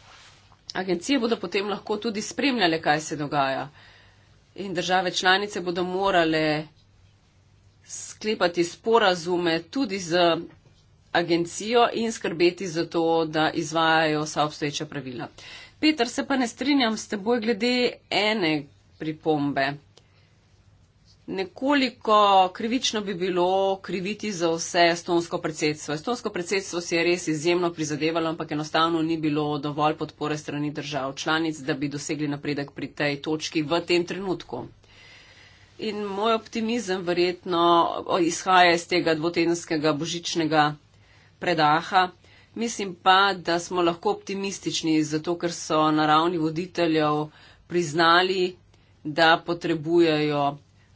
agencije bodo potem lahko tudi spremljale, kaj se dogaja in države članice bodo morale sklepati sporazume tudi z agencijo in skrbeti za to, da izvajajo vsa obstoječa pravila. Peter, se pa ne strinjam s teboj glede ene pripombe. Nekoliko krivično bi bilo kriviti za vse estonsko predsedstvo. Estonsko predsedstvo si je res izjemno prizadevalo, ampak enostavno ni bilo dovolj podpore strani držav članic, da bi dosegli napredek pri tej točki v tem trenutku. In moj optimizem verjetno izhaja iz tega dvotedenskega božičnega predaha. Mislim pa, da smo lahko optimistični, zato ker so na ravni voditeljev priznali, da potrebujejo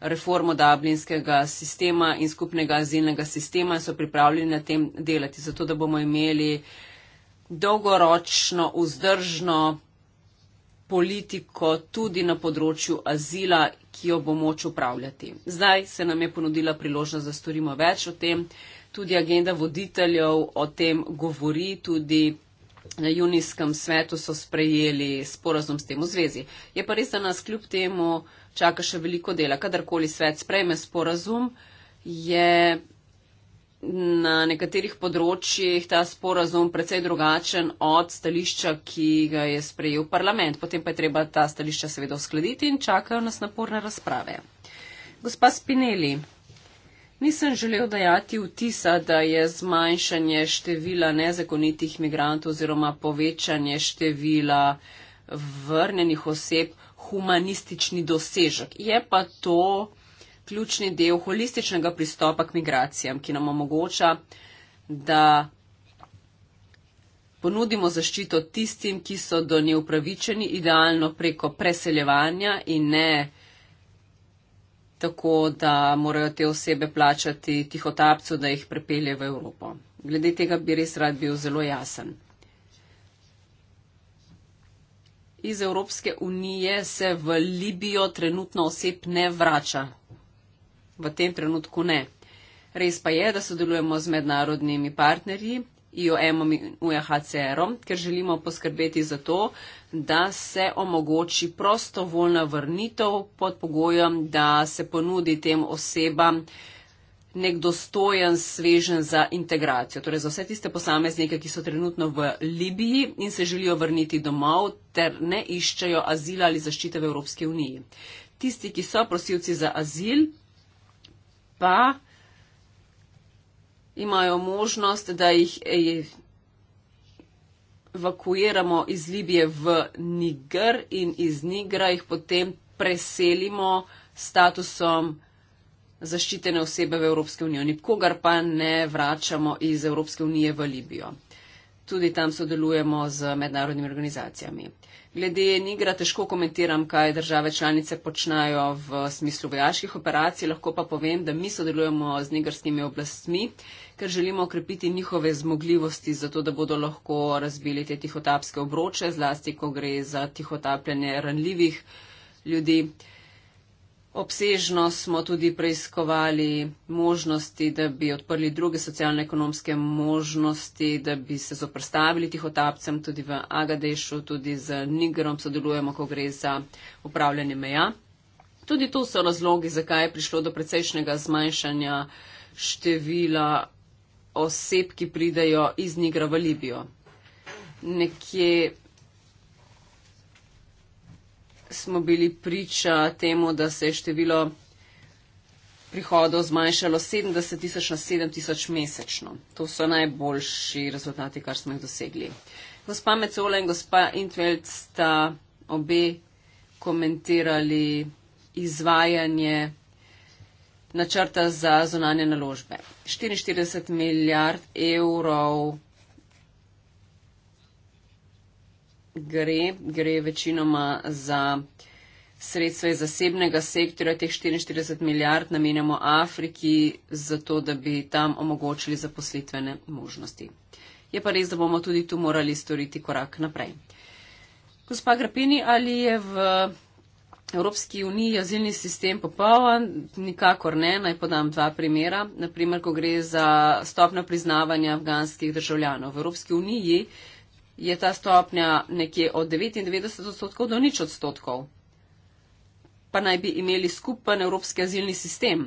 reformo dublinskega sistema in skupnega azilnega sistema in so pripravljeni na tem delati, zato da bomo imeli dolgoročno vzdržno politiko tudi na področju azila, ki jo bo moč upravljati. Zdaj se nam je ponudila priložnost, da storimo več o tem. Tudi agenda voditeljev o tem govori, tudi na junijskem svetu so sprejeli sporazum s tem v zvezi. Je pa res, da nas kljub temu čaka še veliko dela. Kadarkoli svet sprejme sporazum, je na nekaterih področjih ta sporazum precej drugačen od stališča, ki ga je sprejel parlament. Potem pa je treba ta stališča seveda uskladiti in čakajo nas naporne razprave. Gospa Spinelli. Nisem želel dajati vtisa, da je zmanjšanje števila nezakonitih migrantov oziroma povečanje števila vrnenih oseb humanistični dosežek. Je pa to ključni del holističnega pristopa k migracijam, ki nam omogoča, da ponudimo zaščito tistim, ki so do nje upravičeni, idealno preko preseljevanja in ne tako, da morajo te osebe plačati tihotapcu, da jih prepelje v Evropo. Glede tega bi res rad bil zelo jasen. iz Evropske unije se v Libijo trenutno oseb ne vrača. V tem trenutku ne. Res pa je, da sodelujemo z mednarodnimi partnerji, IOM-om in UHCR-om, ker želimo poskrbeti za to, da se omogoči prostovoljna vrnitev pod pogojem, da se ponudi tem osebam, nek dostojen svežen za integracijo, torej za vse tiste posameznike, ki so trenutno v Libiji in se želijo vrniti domov ter ne iščejo azila ali zaščite v Evropski uniji. Tisti, ki so prosilci za azil, pa imajo možnost, da jih eh, evakuiramo iz Libije v Niger in iz Nigra jih potem preselimo statusom zaščitene osebe v Evropske unije. Nikogar pa ne vračamo iz Evropske unije v Libijo. Tudi tam sodelujemo z mednarodnimi organizacijami. Glede Nigra težko komentiram, kaj države članice počnajo v smislu vojaških operacij, lahko pa povem, da mi sodelujemo z nigrskimi oblastmi, ker želimo okrepiti njihove zmogljivosti, zato da bodo lahko razbili te tihotapske obroče, zlasti, ko gre za tihotapljanje ranljivih ljudi. Obsežno smo tudi preiskovali možnosti, da bi odprli druge socialno-ekonomske možnosti, da bi se zoprstavili tih otapcem tudi v Agadešu, tudi z Nigerom sodelujemo, ko gre za upravljanje meja. Tudi to so razlogi, zakaj je prišlo do precejšnjega zmanjšanja števila oseb, ki pridejo iz Nigra v Libijo. Nekje smo bili priča temu, da se je število prihodov zmanjšalo 70 tisoč na 7 tisoč mesečno. To so najboljši rezultati, kar smo jih dosegli. Gospa Mecola in gospa Intveld sta obe komentirali izvajanje načrta za zonanje naložbe. 44 milijard evrov gre, gre večinoma za sredstva iz zasebnega sektorja, teh 44 milijard namenjamo Afriki, zato da bi tam omogočili zaposlitvene možnosti. Je pa res, da bomo tudi tu morali storiti korak naprej. Gospa Grapini, ali je v Evropski uniji jazilni sistem popoln? Nikakor ne, naj podam dva primera. Naprimer, ko gre za stopno priznavanja afganskih državljanov. V Evropski uniji je ta stopnja nekje od 99 odstotkov do nič odstotkov. Pa naj bi imeli skupen evropski azilni sistem.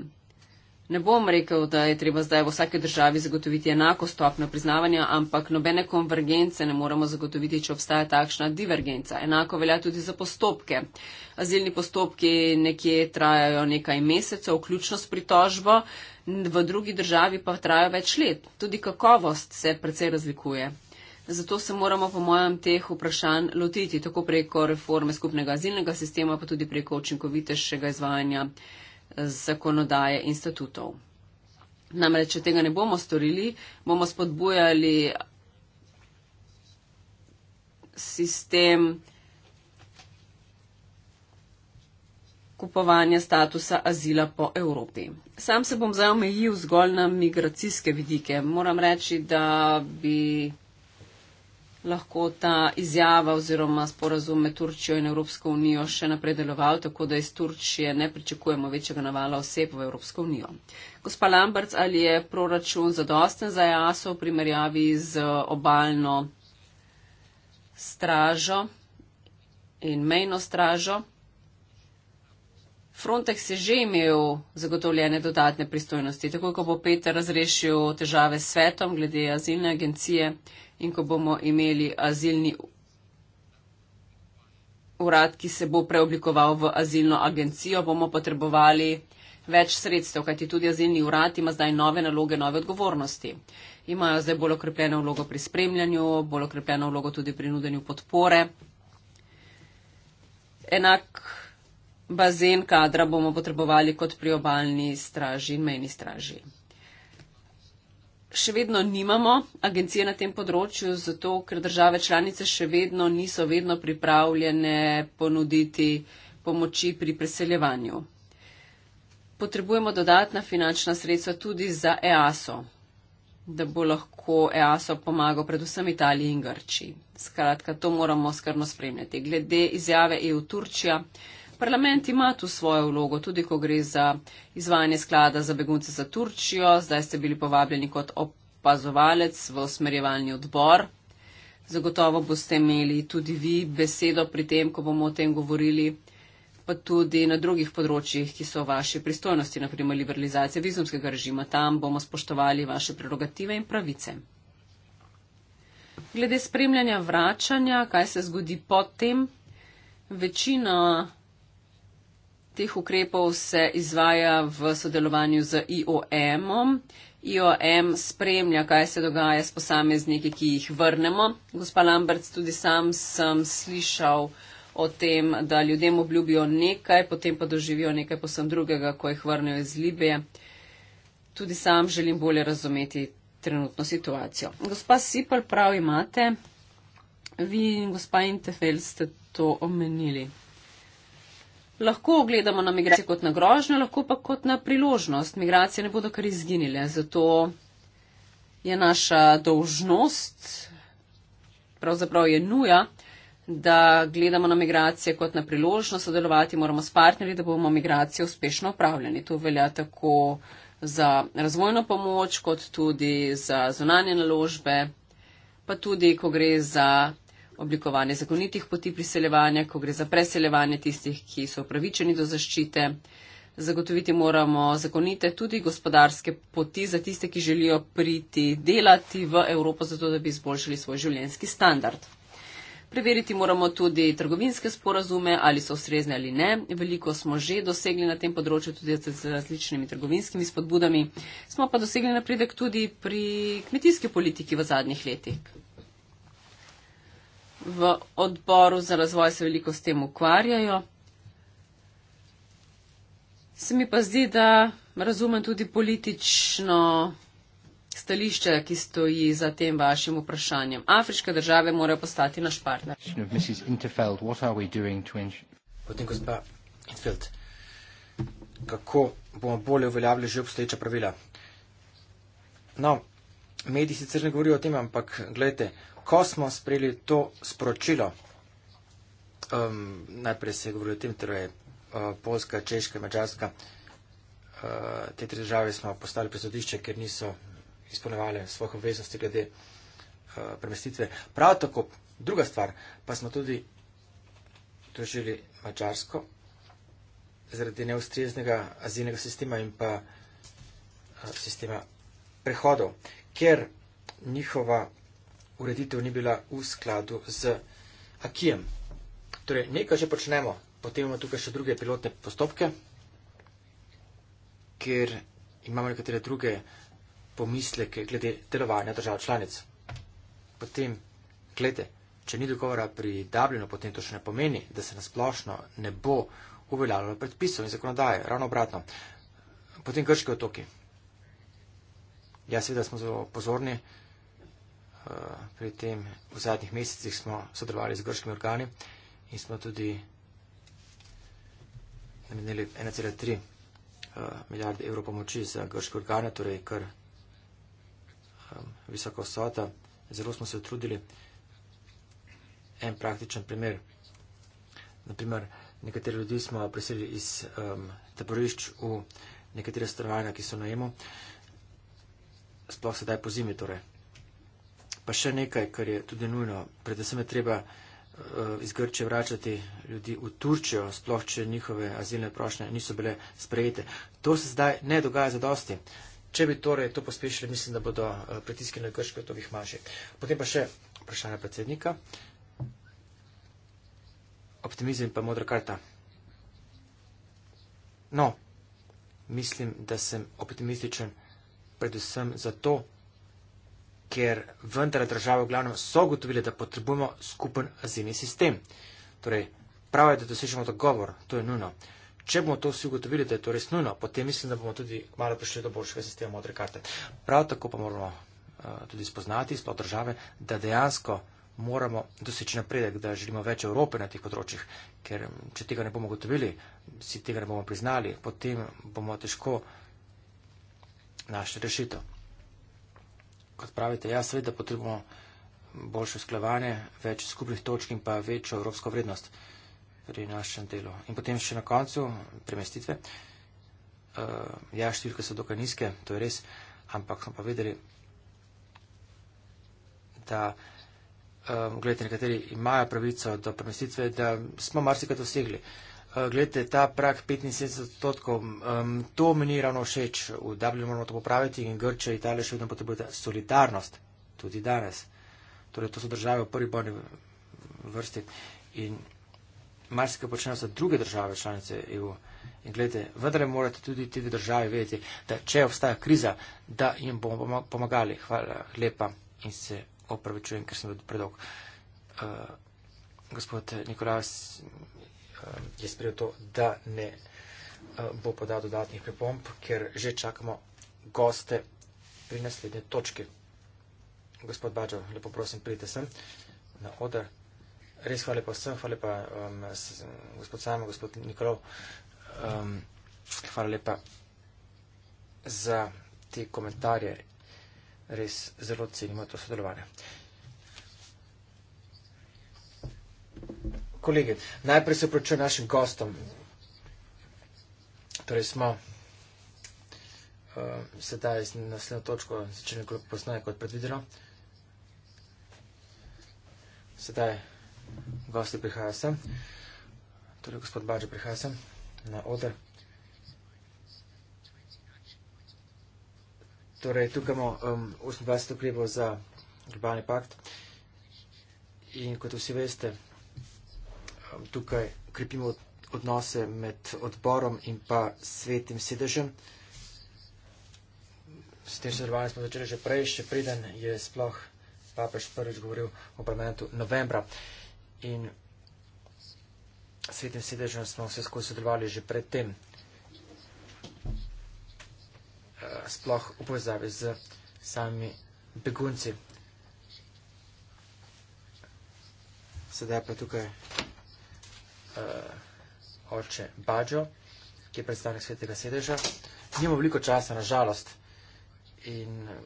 Ne bom rekel, da je treba zdaj v vsaki državi zagotoviti enako stopnjo priznavanja, ampak nobene konvergence ne moremo zagotoviti, če obstaja takšna divergenca. Enako velja tudi za postopke. Azilni postopki nekje trajajo nekaj mesecev, vključno s pritožbo, v drugi državi pa trajajo več let. Tudi kakovost se precej razlikuje. Zato se moramo, po mojem, teh vprašanj lotiti tako preko reforme skupnega azilnega sistema, pa tudi preko učinkovitejšega izvajanja eh, zakonodaje in statutov. Namreč, če tega ne bomo storili, bomo spodbujali sistem kupovanja statusa azila po Evropi. Sam se bom zdaj omejil zgolj na migracijske vidike. Moram reči, da bi lahko ta izjava oziroma sporazum med Turčijo in Evropsko unijo še naprej deloval, tako da iz Turčije ne pričakujemo večjega navala oseb v Evropsko unijo. Gospa Lambert, ali je proračun zadosten za jaso e v primerjavi z eh, obaljno stražo in mejno stražo? Frontex je že imel zagotovljene dodatne pristojnosti, tako kot bo Peter razrešil težave s svetom glede azilne agencije in ko bomo imeli azilni urad, ki se bo preoblikoval v azilno agencijo, bomo potrebovali več sredstev, kajti tudi azilni urad ima zdaj nove naloge, nove odgovornosti. Imajo zdaj bolj okrepljeno vlogo pri spremljanju, bolj okrepljeno vlogo tudi pri nudenju podpore. Enak bazen kadra bomo potrebovali kot pri obaljni straži in mejni straži še vedno nimamo agencije na tem področju, zato ker države članice še vedno niso vedno pripravljene ponuditi pomoči pri preseljevanju. Potrebujemo dodatna finančna sredstva tudi za EASO, da bo lahko EASO pomagal predvsem Italiji in Grči. Skratka, to moramo skrbno spremljati. Glede izjave EU Turčija. Parlament ima tu svojo vlogo, tudi ko gre za izvajanje sklada za begunce za Turčijo. Zdaj ste bili povabljeni kot opazovalec v osmerjevalni odbor. Zagotovo boste imeli tudi vi besedo pri tem, ko bomo o tem govorili, pa tudi na drugih področjih, ki so vaše pristojnosti, naprimer liberalizacija vizumskega režima. Tam bomo spoštovali vaše prerogative in pravice. Glede spremljanja vračanja, kaj se zgodi potem, večina teh ukrepov se izvaja v sodelovanju z IOM-om. IOM spremlja, kaj se dogaja s posamezniki, ki jih vrnemo. Gospa Lambert, tudi sam sem slišal o tem, da ljudem obljubijo nekaj, potem pa doživijo nekaj posem drugega, ko jih vrnejo iz Libije. Tudi sam želim bolje razumeti trenutno situacijo. Gospa Sipal, prav imate. Vi in gospa Intefel ste to omenili. Lahko gledamo na migracije kot na grožnjo, lahko pa kot na priložnost. Migracije ne bodo kar izginile, zato je naša dolžnost, pravzaprav je nuja, da gledamo na migracije kot na priložnost, sodelovati moramo s partnerji, da bomo migracije uspešno upravljali. To velja tako za razvojno pomoč, kot tudi za zunanje naložbe, pa tudi, ko gre za oblikovanje zakonitih poti priseljevanja, ko gre za preseljevanje tistih, ki so upravičeni do zaščite. Zagotoviti moramo zakonite tudi gospodarske poti za tiste, ki želijo priti delati v Evropo, zato da bi izboljšali svoj življenjski standard. Preveriti moramo tudi trgovinske sporazume, ali so ustrezne ali ne. Veliko smo že dosegli na tem področju, tudi z različnimi trgovinskimi spodbudami. Smo pa dosegli napredek tudi pri kmetijski politiki v zadnjih letih v odboru za razvoj se veliko s tem ukvarjajo. Se mi pa zdi, da razumem tudi politično stališče, ki stoji za tem vašim vprašanjem. Afriške države morajo postati naš partner. Potem, gospa Infeld, kako bomo bolje uveljavili že obstoječa pravila? No, mediji sicer ne govorijo o tem, ampak gledajte, ko smo sprejeli to sporočilo, um, najprej se je govorilo o tem, torej uh, Polska, Češka, Mačarska, uh, te tri države smo postali prizadišče, ker niso izpolnevali svojih obveznosti glede uh, premestitve. Prav tako, druga stvar, pa smo tudi tožili Mačarsko zaradi neustreznega azilnega sistema in pa uh, sistema prehodov, ker njihova ureditev ni bila v skladu z akijem. Torej, nekaj že počnemo, potem imamo tukaj še druge pilotne postopke, ker imamo nekatere druge pomisleke glede delovanja držav članic. Potem, gledajte, če ni dogovora pri Dublinu, potem to še ne pomeni, da se nasplošno ne bo uveljavljalo predpisov in zakonodaje, ravno obratno. Potem grški otoki. Ja, seveda smo zelo pozorni, Eh, pri tem v zadnjih mesecih smo sodelovali z grškimi organi in smo tudi namenili 1,3 eh, milijarde evrov pomoči za grške organe, torej kar ehm, visoka vsota. Zelo smo se utrudili. En praktičen primer. Naprimer, nekateri ljudi smo preselili iz um, taborišč v nekatere stanovanja, ki so najemo, sploh sedaj po zimi torej. Pa še nekaj, kar je tudi nujno, predvsem je treba eh, iz Grče vračati ljudi v Turčijo, sploh če njihove azilne prošnje niso bile sprejete. To se zdaj ne dogaja za dosti. Če bi torej to pospešili, mislim, da bodo eh, pritiski na Grčko to bih manjši. Potem pa še vprašanje predsednika. Optimizem pa modra karta. No, mislim, da sem optimističen predvsem zato, ker vendar države v glavnem so ugotovile, da potrebujemo skupen azilni sistem. Torej, prav je, da dosežemo dogovor, to je nujno. Če bomo to vsi ugotovili, da je to res nujno, potem mislim, da bomo tudi malo prišli do boljšega sistema modre karte. Prav tako pa moramo uh, tudi spoznati, sploh države, da dejansko moramo doseči napredek, da želimo več Evrope na teh področjih, ker če tega ne bomo ugotovili, si tega ne bomo priznali, potem bomo težko našli rešitev kot pravite, ja, seveda potrebujemo boljše sklavanje, več skupnih točk in pa večjo evropsko vrednost pri našem delu. In potem še na koncu premestitve. Uh, ja, številke so dokaj nizke, to je res, ampak smo pa vedeli, da um, eh, gledajte, nekateri imajo pravico do premestitve, da smo marsikaj dosegli. Uh, Eh, glede, ta prak 75 odstotkov, to mi ni ravno všeč. V Dublinu moramo to popraviti in Grčija in Italija še vedno potrebujete solidarnost, tudi danes. Torej, to so države v prvi bojni vrsti in marsikaj počnejo za druge države članice EU. In glede, vendar morate tudi te države vedeti, da če obstaja kriza, da jim bomo pomagali. Hvala lepa in se opravičujem, ker sem predolg. Uh, gospod Nikolaj, Eh, je sprejel to, da ne eh, bo podal dodatnih pripomb, ker že čakamo goste pri naslednji točki. Gospod Bađo, lepo prosim, pridite sem na odr. Res hvala lepa vsem, hvala lepa um, gospod Samo, gospod Nikolov. Um, hvala lepa za te komentarje. Res zelo cenimo to sodelovanje. Thank you kolegi. Najprej se pročujem našim gostom. Torej smo uh, sedaj na naslednjo točko, začne nekoliko poznaje kot predvideno. Sedaj gosti prihajajo sem. Torej gospod Bađe prihaja sem na oder. Torej, tukaj imamo um, 28 ukrepov za globalni pakt. In kot vsi veste, Um, tukaj ukrepimo odnose med odborom in pa svetim sedežem. S tem sodelovanjem smo začeli že prej, še preden je sploh papež prvič govoril o parlamentu novembra. In svetim sedežem smo vse skozi sodelovali že predtem. Uh, sploh v povezavi z sami begunci. Sedaj pa tukaj uh, oče Bađo, ki je predstavnik svetega sedeža. Nimamo veliko časa, nažalost. In, um,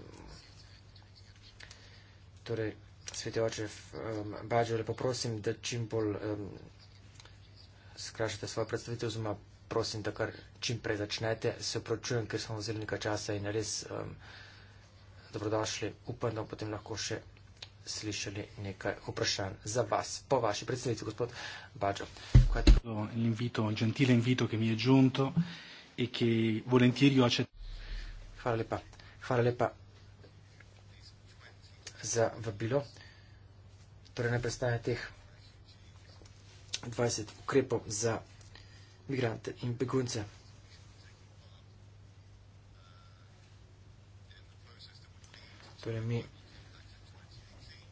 torej, sveti oče um, eh, Bađo, lepo prosim, da čim bolj um, skrašite svojo predstavitev, oziroma prosim, da kar čim prej začnete. Se opročujem, ker smo vzeli nekaj časa in res um, dobrodošli. Upam, da potem lahko še slišali nekaj vprašanj za vas, po vaši predstavitvi, gospod Bađo. E Hvala lepa. Hvala lepa za vabilo. Torej, ne predstavlja teh 20 ukrepov za migrante in begunce. Torej, mi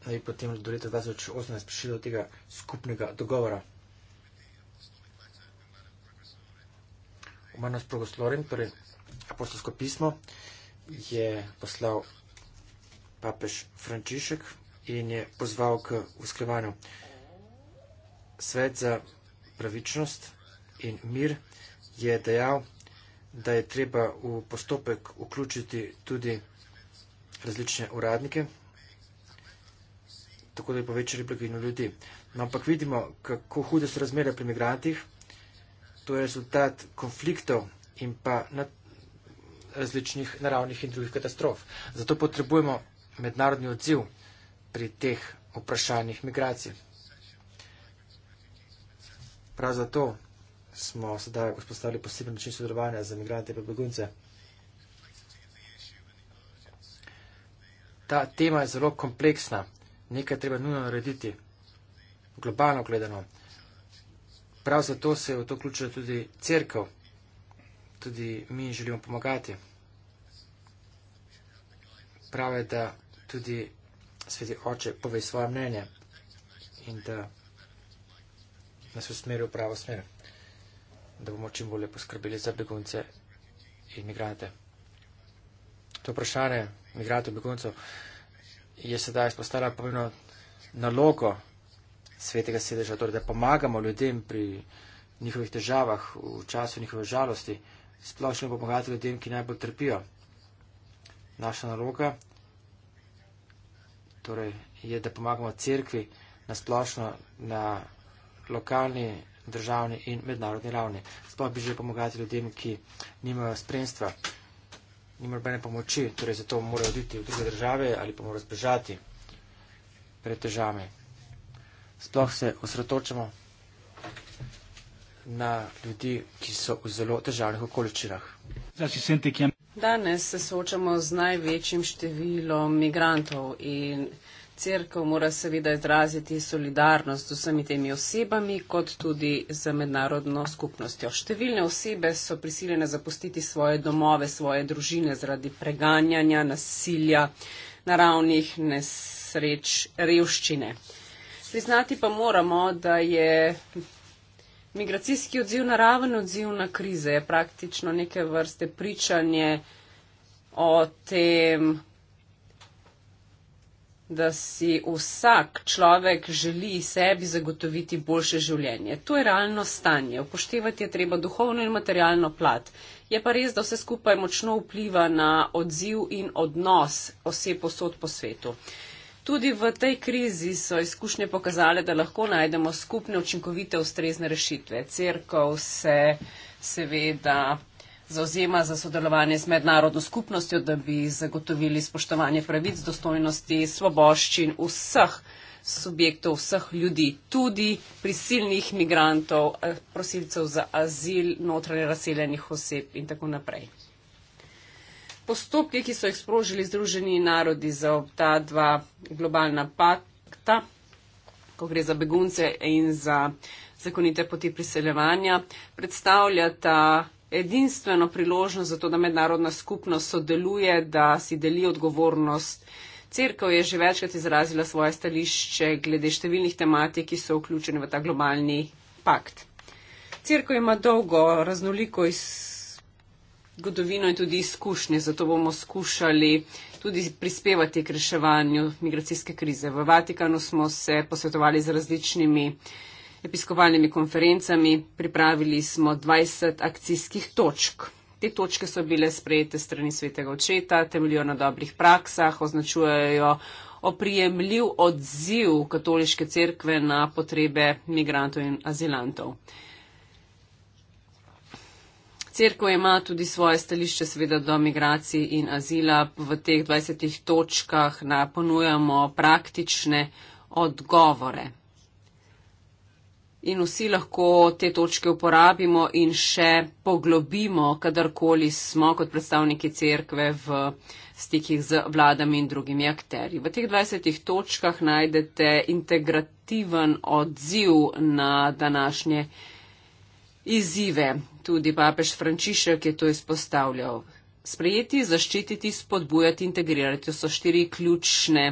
da bi potem do leta 2018 prišli do tega skupnega dogovora. Umanos Progoslorin, torej apostolsko pismo, je poslal papež Frančišek in je pozval k usklevanju. Svet za pravičnost in mir je dejal, da je treba v postopek vključiti tudi različne uradnike, tako da bi povečali blaginjo ljudi. No, ampak vidimo, kako hude so razmere pri migrantih. To je rezultat konfliktov in pa nad različnih naravnih in drugih katastrof. Zato potrebujemo mednarodni odziv pri teh vprašanjih migracij. Prav zato smo sedaj vzpostavili poseben način sodelovanja za migrante in begunce. Ta tema je zelo kompleksna nekaj treba nujno narediti, globalno gledano. Prav zato se je v to vključila tudi crkva, tudi mi želimo pomagati. Prav je, da tudi sveti oče pove svoje mnenje in da nas usmeri v pravo smer, da bomo čim bolje poskrbeli za begunce in migrante. To vprašanje migrantov in beguncev je sedaj izpostavila pomembno nalogo svetega sedeža, torej da pomagamo ljudem pri njihovih težavah, v času njihove žalosti, sploh še ne pomagati ljudem, ki najbolj trpijo. Naša naloga torej, je, da pomagamo crkvi nasplošno na lokalni, državni in mednarodni ravni. Sploh bi že pomagati ljudem, ki nimajo spremstva nima nobene pomoči, torej zato morajo oditi v druge države ali pa morajo zbežati pred težavami. Sploh se osredotočamo na ljudi, ki so v zelo težavnih okoličinah. Danes se soočamo z največjim številom migrantov in Cerkev mora seveda izraziti solidarnost z vsemi temi osebami, kot tudi z mednarodno skupnostjo. Številne osebe so prisiljene zapustiti svoje domove, svoje družine zaradi preganjanja, nasilja, naravnih nesreč, revščine. Priznati pa moramo, da je migracijski odziv naraven odziv na krize, je praktično neke vrste pričanje o tem, da si vsak človek želi sebi zagotoviti boljše življenje. To je realno stanje. Upoštevati je treba duhovno in materialno plat. Je pa res, da vse skupaj močno vpliva na odziv in odnos oseb posod po svetu. Tudi v tej krizi so izkušnje pokazale, da lahko najdemo skupne učinkovite ustrezne rešitve. Cerkov se seveda zauzema za sodelovanje z mednarodno skupnostjo, da bi zagotovili spoštovanje pravic, dostojnosti, svoboščin vseh subjektov, vseh ljudi, tudi prisilnih migrantov, eh, prosilcev za azil, notranje razseljenih oseb in tako naprej. Postopke, ki so jih sprožili Združeni narodi za ta dva globalna pakta, ko gre za begunce in za zakonite poti priseljevanja, predstavljata edinstveno priložnost za to, da mednarodna skupnost sodeluje, da si deli odgovornost. Cerkev je že večkrat izrazila svoje stališče glede številnih tematik, ki so vključene v ta globalni pakt. Cerkev ima dolgo, raznoliko izgodovino in tudi izkušnje, zato bomo skušali tudi prispevati k reševanju migracijske krize. V Vatikanu smo se posvetovali z različnimi episkovalnimi konferencami pripravili smo 20 akcijskih točk. Te točke so bile sprejete strani svetega očeta, temeljijo na dobrih praksah, označujejo oprijemljiv odziv katoliške cerkve na potrebe migrantov in azilantov. Cerkev ima tudi svoje stališče seveda do migracij in azila. V teh 20 točkah ponujamo praktične odgovore in vsi lahko te točke uporabimo in še poglobimo, kadarkoli smo kot predstavniki cerkve v stikih z vladami in drugimi akteri. V teh 20 točkah najdete integrativen odziv na današnje izzive. Tudi papež Frančišek je to izpostavljal sprejeti, zaščititi, spodbujati, integrirati. To so štiri ključne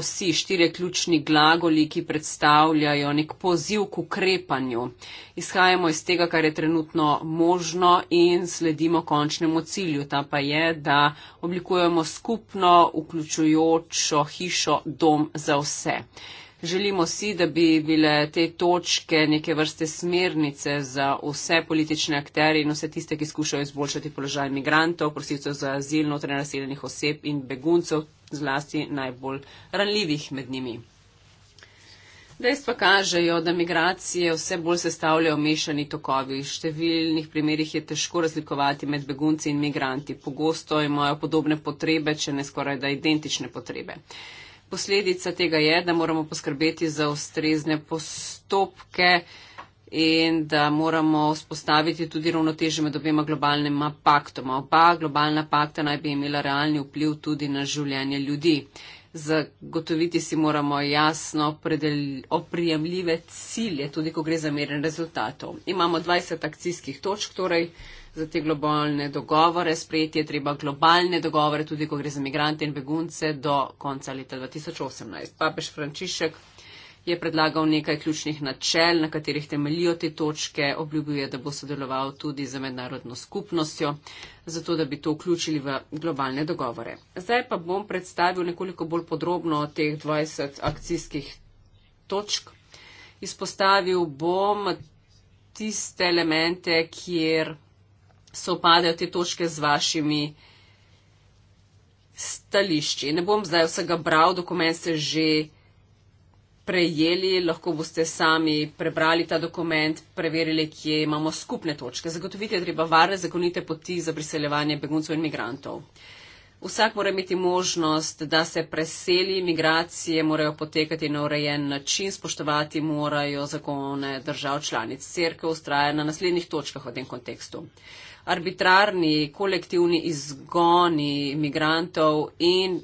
osi, štiri ključni glagoli, ki predstavljajo nek poziv k ukrepanju. Izhajamo iz tega, kar je trenutno možno in sledimo končnemu cilju. Ta pa je, da oblikujemo skupno, vključujočo hišo, dom za vse. Želimo si, da bi bile te točke neke vrste smernice za vse politične akteri in vse tiste, ki skušajo izboljšati položaj imigrantov, prosilcev za azil, notranje naseljenih oseb in beguncev, zlasti najbolj ranljivih med njimi. Dejstva kažejo, da migracije vse bolj sestavljajo mešani tokovi. V številnih primerjih je težko razlikovati med begunci in migranti. Pogosto imajo podobne potrebe, če ne skoraj da identične potrebe. Posledica tega je, da moramo poskrbeti za ustrezne postopke in da moramo vzpostaviti tudi ravnoteže med obema globalnima paktoma. Oba globalna pakta naj bi imela realni vpliv tudi na življenje ljudi. Zagotoviti si moramo jasno oprijemljive cilje, tudi ko gre za meren rezultatov. Imamo 20 akcijskih točk, torej za te globalne dogovore. Sprejeti je treba globalne dogovore, tudi ko gre za migrante in begunce, do konca leta 2018. Papež Frančišek je predlagal nekaj ključnih načel, na katerih temeljijo te točke. Obljubil je, da bo sodeloval tudi za mednarodno skupnostjo, zato da bi to vključili v globalne dogovore. Zdaj pa bom predstavil nekoliko bolj podrobno teh 20 akcijskih točk. Izpostavil bom tiste elemente, kjer sopadajo te točke z vašimi stališči. Ne bom zdaj vsega bral, dokument ste že prejeli, lahko boste sami prebrali ta dokument, preverili, kje imamo skupne točke. Zagotoviti je treba varne, zakonite poti za priseljevanje beguncev in migrantov. Vsak mora imeti možnost, da se preseli, migracije morajo potekati na urejen način, spoštovati morajo zakone držav članic. Cerkev ustraja na naslednjih točkah v tem kontekstu arbitrarni kolektivni izgoni imigrantov in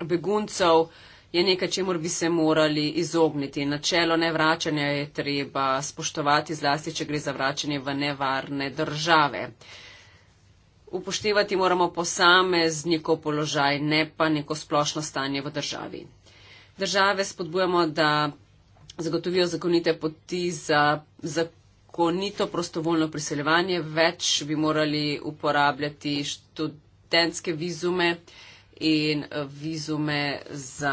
beguncev je nekaj, čemu bi se morali izogniti. Načelo nevračanja je treba spoštovati, zlasti, če gre za vračanje v nevarne države. Upoštevati moramo posameznikov položaj, ne pa neko splošno stanje v državi. Države spodbujamo, da zagotovijo zakonite poti za, za ko ni to prostovoljno priseljevanje, več bi morali uporabljati študentske vizume in eh, vizume za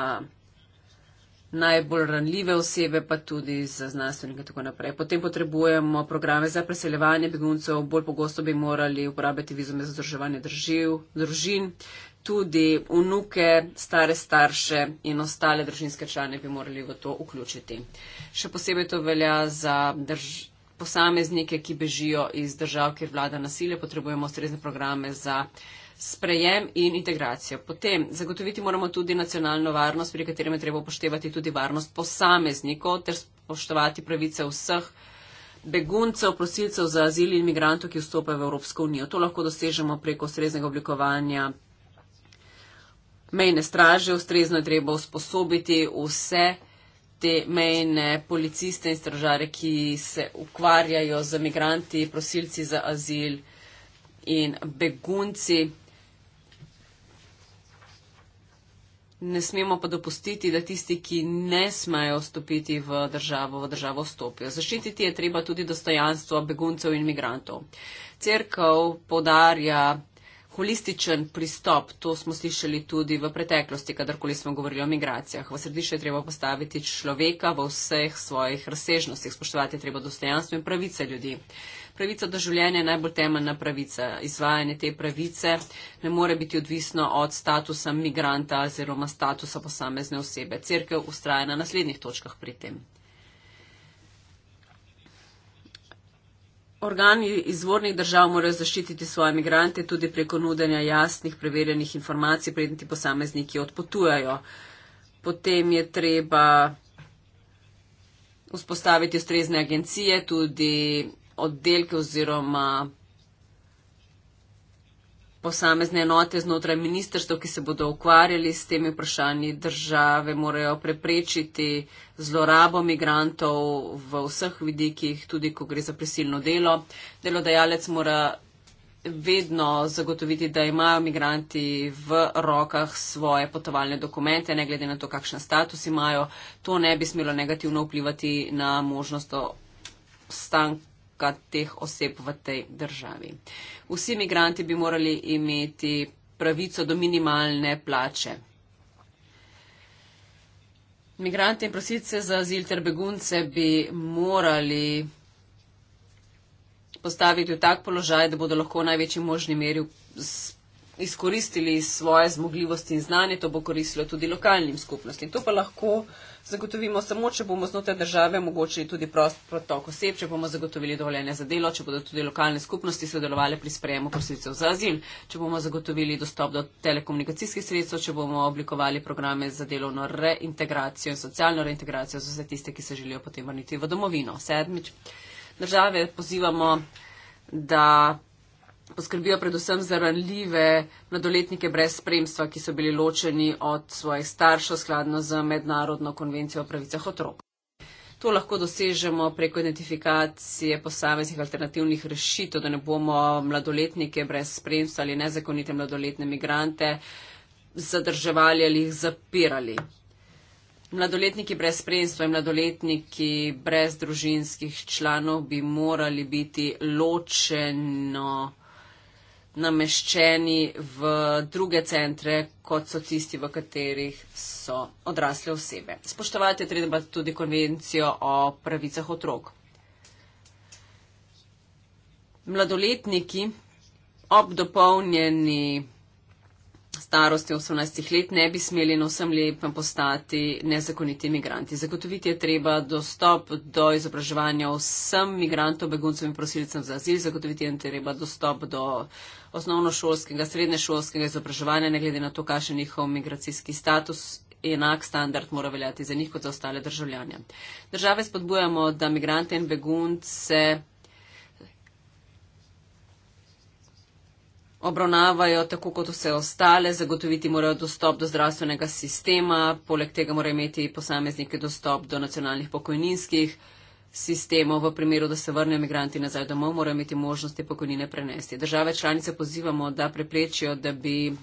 najbolj ranljive osebe, pa tudi za znanstvenike in tako naprej. Potem potrebujemo programe za preseljevanje beguncev, bolj pogosto bi morali uporabljati vizume za združevanje družin, tudi unuke, stare starše in ostale družinske člane bi morali v to vključiti. Še posebej to velja za državljanje posameznike, ki bežijo iz držav, kjer vlada nasilje, potrebujemo ustrezne programe za sprejem in integracijo. Potem zagotoviti moramo tudi nacionalno varnost, pri katerem je treba upoštevati tudi varnost posameznikov ter spoštovati pravice vseh beguncev, prosilcev za azil in imigrantov, ki vstopajo v Evropsko unijo. To lahko dosežemo preko ustreznega oblikovanja mejne straže, ustrezno je treba usposobiti vse te mejne policiste in stražare, ki se ukvarjajo z migranti, prosilci za azil in begunci. Ne smemo pa dopustiti, da tisti, ki ne smejo vstopiti v državo, v državo vstopijo. Zaščititi je treba tudi dostojanstvo beguncev in imigrantov. Cerkev podarja holističen pristop, to smo slišali tudi v preteklosti, kadarkoli smo govorili o migracijah. V središče je treba postaviti človeka v vseh svojih razsežnostih, spoštovati je treba dostojanstvo in pravice ljudi. Pravica do življenja je najbolj temeljna pravica. Izvajanje te pravice ne more biti odvisno od statusa migranta oziroma statusa posamezne osebe. Cerkev ustraja na naslednjih točkah pri tem. Organi izvornih držav morajo zaščititi svoje migrante tudi preko nudenja jasnih, preverjenih informacij, predniti posamezniki odpotujajo. Potem je treba vzpostaviti ustrezne agencije, tudi oddelke oziroma posamezne enote znotraj ministrstva, ki se bodo ukvarjali s temi vprašanji države, morajo preprečiti zlorabo migrantov v vseh vidikih, tudi ko gre za prisilno delo. Delodajalec mora vedno zagotoviti, da imajo migranti v rokah svoje potovalne dokumente, ne glede na to, kakšen status imajo. To ne bi smelo negativno vplivati na možnost ostanka postopka teh oseb v tej državi. Vsi imigranti bi morali imeti pravico do minimalne plače. Migranti in prosilce za azil ter begunce bi morali postaviti v tak položaj, da bodo lahko v največji možni meri izkoristili svoje zmogljivosti in znanje, to bo koristilo tudi lokalnim skupnostim. To pa lahko zagotovimo samo, če bomo znotraj države omogočili tudi prost protok oseb, če bomo zagotovili dovoljenje za delo, če bodo tudi lokalne skupnosti sodelovali pri sprejemu prosilcev za azil, če bomo zagotovili dostop do telekomunikacijskih sredstev, če bomo oblikovali programe za delovno reintegracijo in socialno reintegracijo za vse tiste, ki se želijo potem vrniti v domovino. Sedmič. Države pozivamo, da poskrbijo predvsem za ranljive mladoletnike brez spremstva, ki so bili ločeni od svojih staršev skladno z mednarodno konvencijo o pravicah otrok. To lahko dosežemo preko identifikacije posameznih alternativnih rešitev, da ne bomo mladoletnike brez spremstva ali nezakonite mladoletne migrante zadrževali ali jih zapirali. Mladoletniki brez spremstva in mladoletniki brez družinskih članov bi morali biti ločeno nameščeni v druge centre, kot so tisti, v katerih so odrasle osebe. Spoštovati je treba tudi konvencijo o pravicah otrok. Mladoletniki ob dopolnjeni starosti 18 let ne bi smeli na vsem lepem postati nezakoniti imigranti. Zagotoviti je treba dostop do izobraževanja vsem imigrantom, beguncem in prosilcem za azil, zagotoviti je treba dostop do uh, osnovnošolskega, srednješolskega izobraževanja, ne glede na to, kakšen je njihov migracijski status. Enak standard mora veljati za njih kot za ostale državljanje. Države spodbujamo, da migrante in begunce obravnavajo tako kot vse ostale, zagotoviti morajo dostop do zdravstvenega sistema, poleg tega morajo imeti posamezniki dostop do nacionalnih pokojninskih sistemov, v primeru, da se vrnejo imigranti nazaj domov, morajo imeti možnosti pokojnine prenesti. Države članice pozivamo, da preprečijo, da bi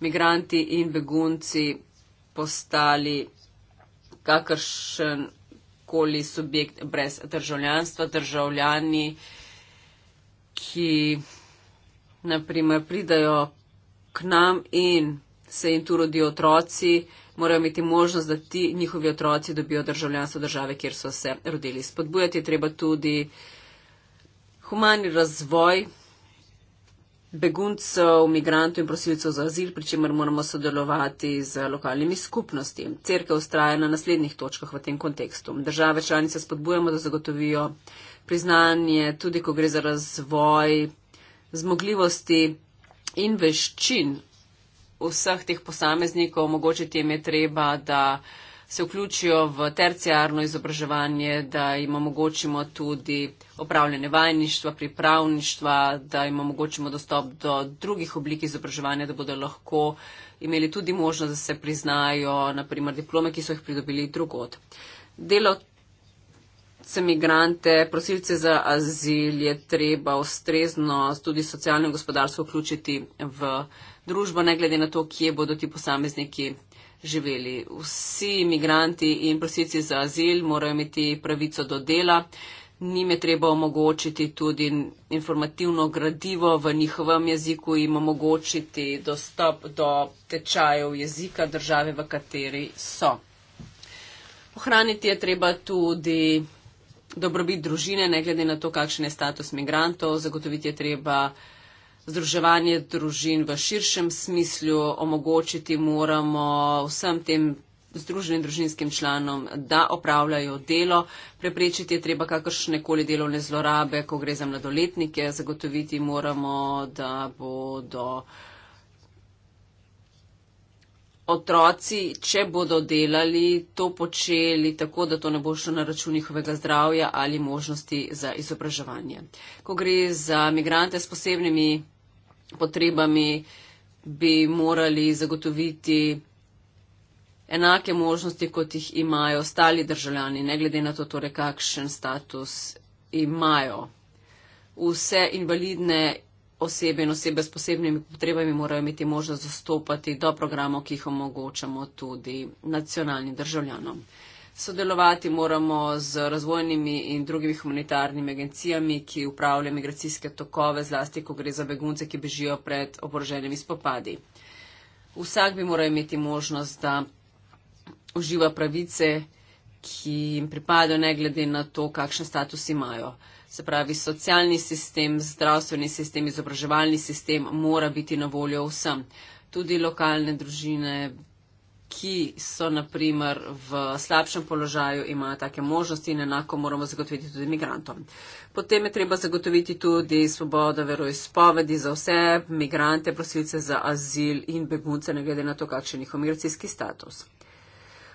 imigranti in begunci postali kakršen koli subjekt brez državljanstva, državljani, ki naprimer pridajo k nam in se jim tu rodijo otroci, morajo imeti možnost, da ti njihovi otroci dobijo državljanstvo države, kjer so se rodili. Spodbujati je treba tudi humani razvoj beguncev, migrantov in prosilcev za azil, pri čemer moramo sodelovati z lokalnimi skupnosti. Cerkev ustraja na naslednjih točkah v tem kontekstu. Države članice spodbujamo, da zagotovijo priznanje, tudi ko gre za razvoj zmogljivosti in veščin vseh teh posameznikov omogočiti jim je treba, da se vključijo v terciarno izobraževanje, da jim omogočimo tudi opravljanje vajništva, pripravništva, da jim omogočimo dostop do drugih oblik izobraževanja, da bodo lahko imeli tudi možnost, da se priznajo, naprimer, diplome, ki so jih pridobili drugod. Delo se migrante, prosilce za azil je treba ustrezno tudi socialno in gospodarsko vključiti v izobraževanje družbo, ne glede na to, kje bodo ti posamezniki živeli. Vsi imigranti in prosici za azil morajo imeti pravico do dela. Nim je treba omogočiti tudi informativno gradivo v njihovem jeziku in omogočiti dostop do tečajev jezika države, v kateri so. Ohraniti je treba tudi dobrobit družine, ne glede na to, kakšen je status migrantov. Zagotoviti je treba uh, združevanje družin v širšem smislu, omogočiti moramo vsem tem združenim družinskim članom, da opravljajo delo, preprečiti je treba kakršnekoli delovne zlorabe, ko gre za mladoletnike, zagotoviti moramo, da bodo. Uh, otroci, če bodo delali, to počeli tako, da to ne bo šlo na račun njihovega zdravja ali možnosti za izobraževanje. Ko gre za migrante s posebnimi potrebami, bi morali zagotoviti enake možnosti, kot jih imajo ostali državljani, ne glede na to, torej, kakšen status imajo. Vse invalidne osebe in osebe s posebnimi potrebami morajo imeti možnost dostopati do programov, ki jih omogočamo tudi nacionalnim državljanom. Sodelovati moramo z razvojnimi in drugimi humanitarnimi agencijami, ki upravljajo migracijske tokove, zlasti, ko gre za begunce, ki bežijo pred oboroženimi spopadi. Vsak bi moral imeti možnost, da uživa pravice, ki jim pripadajo, ne glede na to, kakšen status imajo se pravi socialni sistem, zdravstveni sistem, izobraževalni sistem mora biti na voljo vsem. Tudi lokalne družine, ki so naprimer v slabšem položaju, imajo take možnosti in enako moramo zagotoviti tudi migrantom. Potem je treba zagotoviti tudi svobodo veroizpovedi za vse migrante, prosilce za azil in begunce, ne glede na to, kakšen je njihov migracijski status.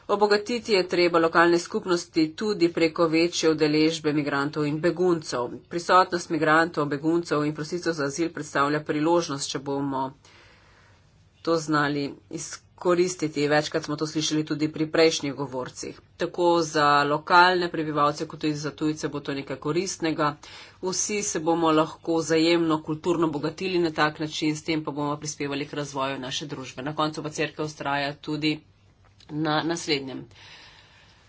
Obogatiti je treba lokalne skupnosti tudi preko večje udeležbe migrantov in beguncev. Prisotnost migrantov, beguncev in prosilcev za azil predstavlja priložnost, če bomo to znali izkoristiti. Večkrat smo to slišali tudi pri prejšnjih govorcih. Tako za lokalne prebivalce, kot tudi za tujce bo to nekaj koristnega. Vsi se bomo lahko zajemno kulturno bogatili na tak način, s tem pa bomo prispevali k razvoju naše družbe. Na koncu pa crkva ustraja tudi na naslednjem.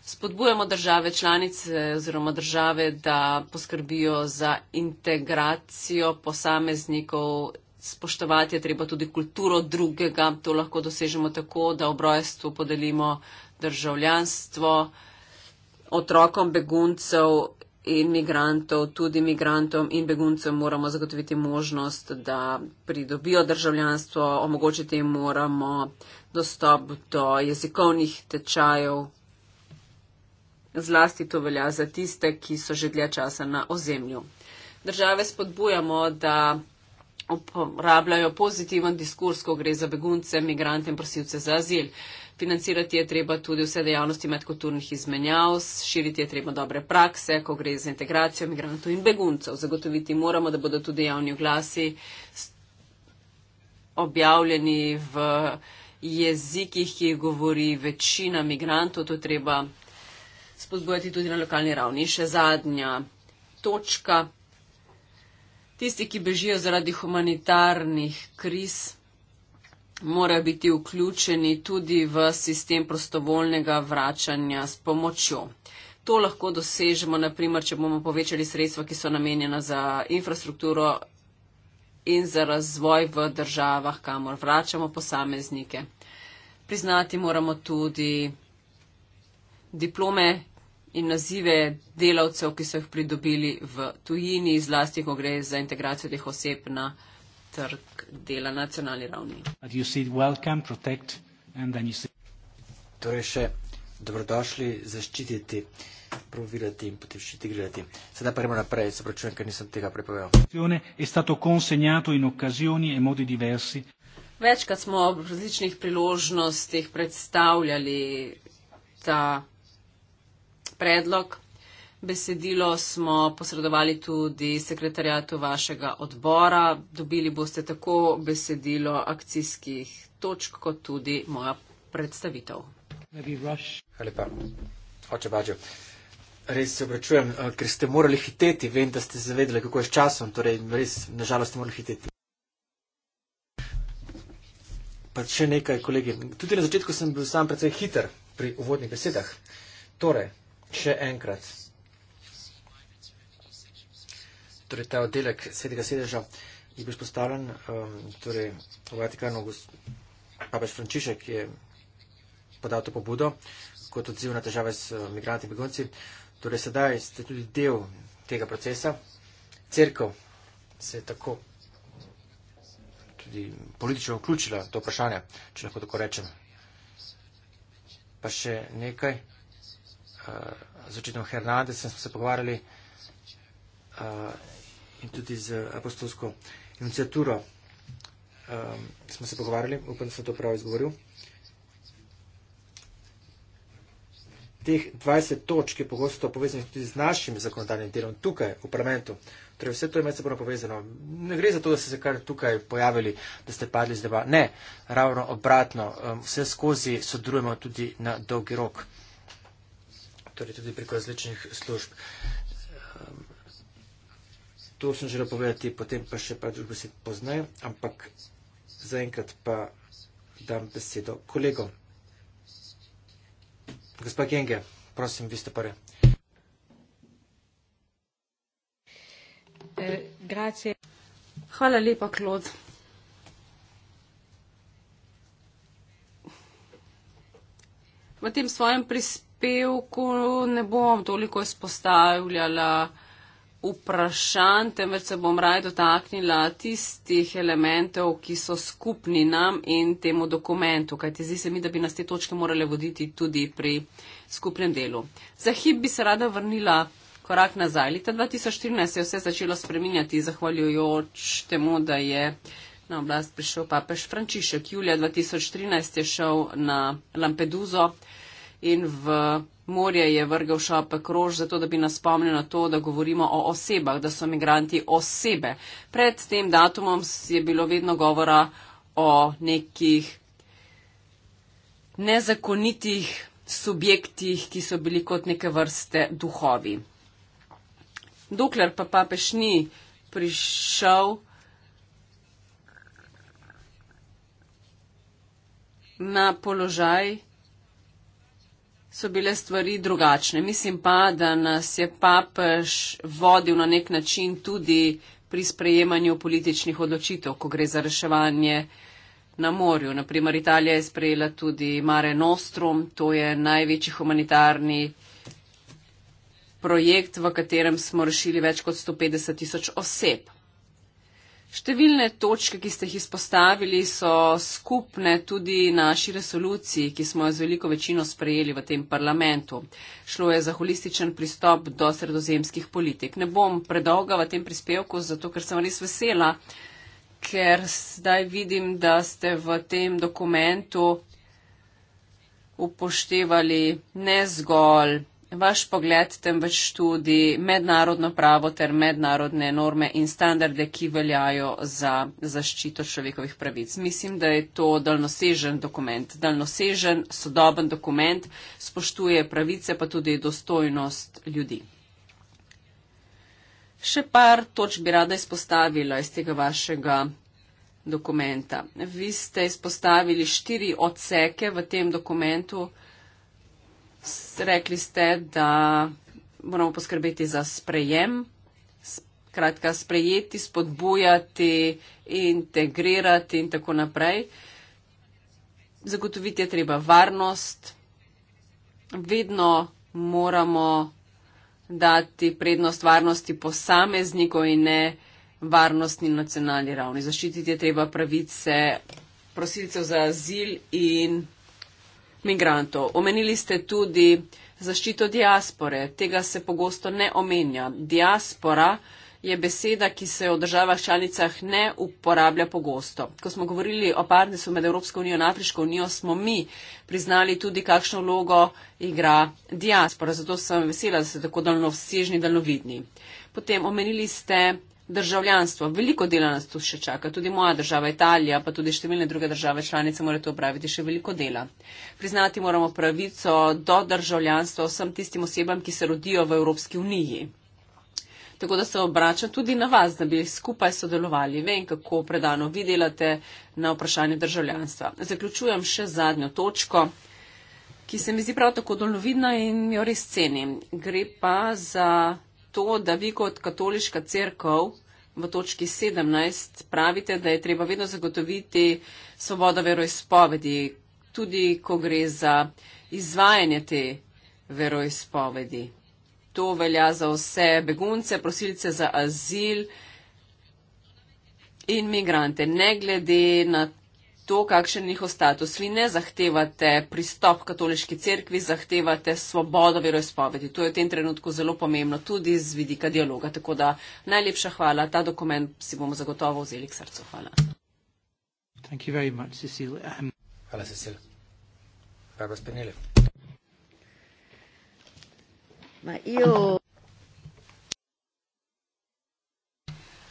Spodbujamo države članice oziroma države, da poskrbijo za integracijo posameznikov. Spoštovati je treba tudi kulturo drugega. To lahko dosežemo tako, da ob rojstvu podelimo državljanstvo otrokom beguncev in migrantov. Tudi migrantom in beguncem moramo zagotoviti možnost, da pridobijo državljanstvo. Omogočiti jim moramo dostop do jezikovnih tečajev. Zlasti to velja za tiste, ki so že dlje časa na ozemlju. Države spodbujamo, da uporabljajo pozitiven diskurs, ko gre za begunce, migrante in prosilce za azil. Financirati je treba tudi vse dejavnosti medkulturnih izmenjav, širiti je treba dobre prakse, ko gre za integracijo migrantov in beguncev. Zagotoviti moramo, da bodo tudi javni glasi objavljeni v jezikih, ki jih govori večina migrantov, to treba spodbojati tudi na lokalni ravni. In še zadnja točka. Tisti, ki bežijo zaradi humanitarnih kriz, morajo biti vključeni tudi v sistem prostovoljnega vračanja s pomočjo. To lahko dosežemo, naprimer, če bomo povečali sredstva, ki so namenjena za infrastrukturo in za razvoj v državah, kamor vračamo posameznike priznati moramo tudi diplome in nazive delavcev, ki so jih pridobili v tujini, zlasti, ko gre za integracijo teh oseb na trg dela na nacionalni ravni. Torej še dobrodošli zaščititi, provirati in potem še integrirati. Sedaj pa gremo naprej, se pravčujem, ker nisem tega prepovedal. Večkrat smo ob različnih priložnostih predstavljali ta predlog. Besedilo smo posredovali tudi sekretarjatu vašega odbora. Dobili boste tako besedilo akcijskih točk, kot tudi moja predstavitev. Hvala lepa. Oče Bađo, res se obračujem, eh, ker ste morali hiteti. Vem, da ste zavedali, kako je s časom. Torej, res, nažalost, ste morali hiteti. Pa še nekaj, kolegi. Tudi na začetku sem bil sam precej hiter pri uvodnih besedah. Torej, še enkrat. Torej, ta oddelek svetega sedeža je bil spostavljen um, torej, v Vatikanu. Papež Frančišek je podal to pobudo kot odziv na težave s uh, migranti in begunci. Torej, sedaj ste tudi del tega procesa. Cerkev se je tako tudi politično vključila to vprašanje, če lahko tako rečem. Pa še nekaj, uh, eh, začetno Hernade sem se pogovarjali uh, in tudi z apostolsko inicijaturo um, eh, smo se pogovarjali, upam, da sem to prav izgovoril. teh 20 točk je pogosto povezanih tudi z našim zakonodajnim delom tukaj v parlamentu. Torej vse to je medsebojno povezano. Ne gre za to, da ste se kar tukaj pojavili, da ste padli z deba. Ne, ravno obratno. Um, vse skozi sodelujemo tudi na dolgi rok. Torej tudi preko različnih služb. Um, to sem želel povedati, potem pa še pa drugo se poznajo, ampak zaenkrat pa dam besedo kolegom. Gospa Kenge, prosim, vi ste prvi. Eh, Hvala lepa, Klod. V tem svojem prispevku ne bom toliko izpostavljala vprašanj, temveč se bom raje dotaknila tistih elementov, ki so skupni nam in temu dokumentu, kajti zdi se mi, da bi nas te točke morale voditi tudi pri skupnem delu. Za hip bi se rada vrnila korak nazaj. Leta 2014 se je vse začelo spreminjati, zahvaljujoč temu, da je na oblast prišel papež Frančišek. Julija 2013 je šel na Lampeduzo in v morje je vrgel šapek rož, zato da bi nas spomnil na to, da govorimo o osebah, da so migranti osebe. Pred tem datumom je bilo vedno govora o nekih nezakonitih subjektih, ki so bili kot neke vrste duhovi. Dokler pa papež ni prišel na položaj, so bile stvari drugačne. Mislim pa, da nas je papež vodil na nek način tudi pri sprejemanju političnih odločitev, ko gre za reševanje na morju. Naprimer, Italija je sprejela tudi Mare Nostrum, to je največji humanitarni projekt, v katerem smo rešili več kot 150 tisoč oseb. Številne točke, ki ste jih izpostavili, so skupne tudi naši resoluciji, ki smo jo z veliko večino sprejeli v tem parlamentu. Šlo je za holističen pristop do sredozemskih politik. Ne bom predolga v tem prispevku, zato ker sem res vesela, ker zdaj vidim, da ste v tem dokumentu upoštevali ne zgolj vaš pogled, temveč tudi mednarodno pravo ter mednarodne norme in standarde, ki veljajo za zaščito človekovih pravic. Mislim, da je to daljnosežen dokument. Daljnosežen, sodoben dokument spoštuje pravice, pa tudi dostojnost ljudi. Še par točk bi rada izpostavila iz tega vašega dokumenta. Vi ste izpostavili štiri odseke v tem dokumentu, Rekli ste, da moramo poskrbeti za sprejem, skratka sprejeti, spodbujati, integrirati in tako naprej. Zagotoviti je treba varnost. Vedno moramo dati prednost varnosti posameznikov in ne varnostni nacionalni ravni. Zaščititi je treba pravice prosilcev za azil in migrantov. Omenili ste tudi zaščito diaspore. Tega se pogosto ne omenja. Diaspora je beseda, ki se v državah članicah ne uporablja pogosto. Ko smo govorili o partnerstvu med Evropsko unijo in Afriško unijo, smo mi priznali tudi, kakšno vlogo igra diaspora. Zato sem vesela, da ste tako daljnovsežni, daljnovidni. Potem omenili ste državljanstvo. Veliko dela nas tu še čaka, tudi moja država Italija, pa tudi številne druge države članice morajo to opraviti še veliko dela. Priznati moramo pravico do državljanstva vsem tistim osebam, ki se rodijo v Evropski uniji. Tako da se obračam tudi na vas, da bi skupaj sodelovali. Vem, kako predano vi delate na vprašanje državljanstva. Zaključujem še zadnjo točko, ki se mi zdi prav tako dolovidna in jo res cenim. Gre pa za to, da vi kot katoliška crkv v točki 17 pravite, da je treba vedno zagotoviti svobodo veroizpovedi, tudi ko gre za izvajanje te veroizpovedi. To velja za vse begunce, prosilce za azil in migrante, ne glede na to, kakšen je njihov status. Vi ne zahtevate pristop katoliški cerkvi, zahtevate svobodo veroizpovedi. To je v tem trenutku zelo pomembno, tudi z vidika dialoga. Tako da najlepša hvala. Ta dokument si bomo zagotovo vzeli k srcu. Hvala. Um, hvala, Cecilia. Hvala, gospodine.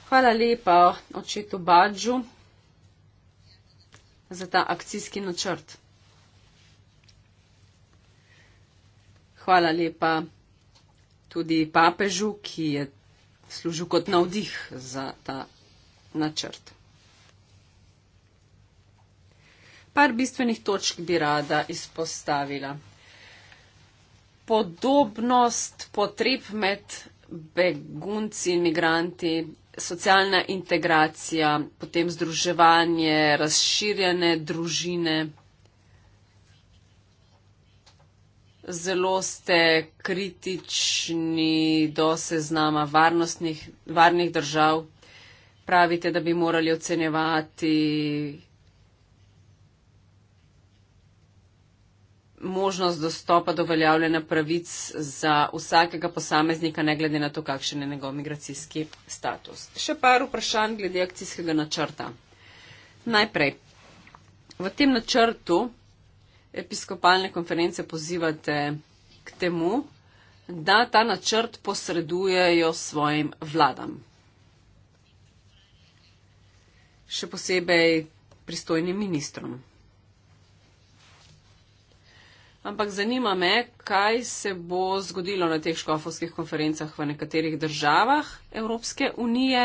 Hvala lepa očetu Badžu za ta akcijski načrt. Hvala lepa tudi papežu, ki je služil kot navdih za ta načrt. Par bistvenih točk bi rada izpostavila. Podobnost potreb med begunci in migranti socialna integracija, potem združevanje, razširjene družine. Zelo ste kritični do seznama varnih držav. Pravite, da bi morali ocenjevati možnost dostopa do uveljavljanja pravic za vsakega posameznika, ne glede na to, kakšen je njegov migracijski status. Še par vprašanj glede akcijskega načrta. Najprej, v tem načrtu episkopalne konference pozivate k temu, da ta načrt posredujejo svojim vladam. Še posebej pristojnim ministrom. Ampak zanima me, kaj se bo zgodilo na teh škofovskih konferencah v nekaterih državah Evropske unije,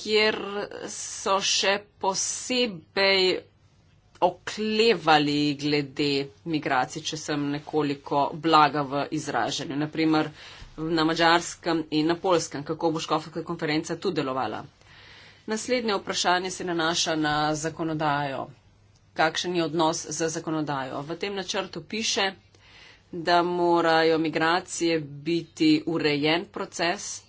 kjer so še posebej oklevali glede migracij, če sem nekoliko blaga v izraženju. Naprimer na mačarskem in na polskem, kako bo škofovska konferenca tu delovala. Naslednje vprašanje se nanaša na zakonodajo kakšen je odnos za zakonodajo. V tem načrtu piše, da morajo migracije biti urejen proces,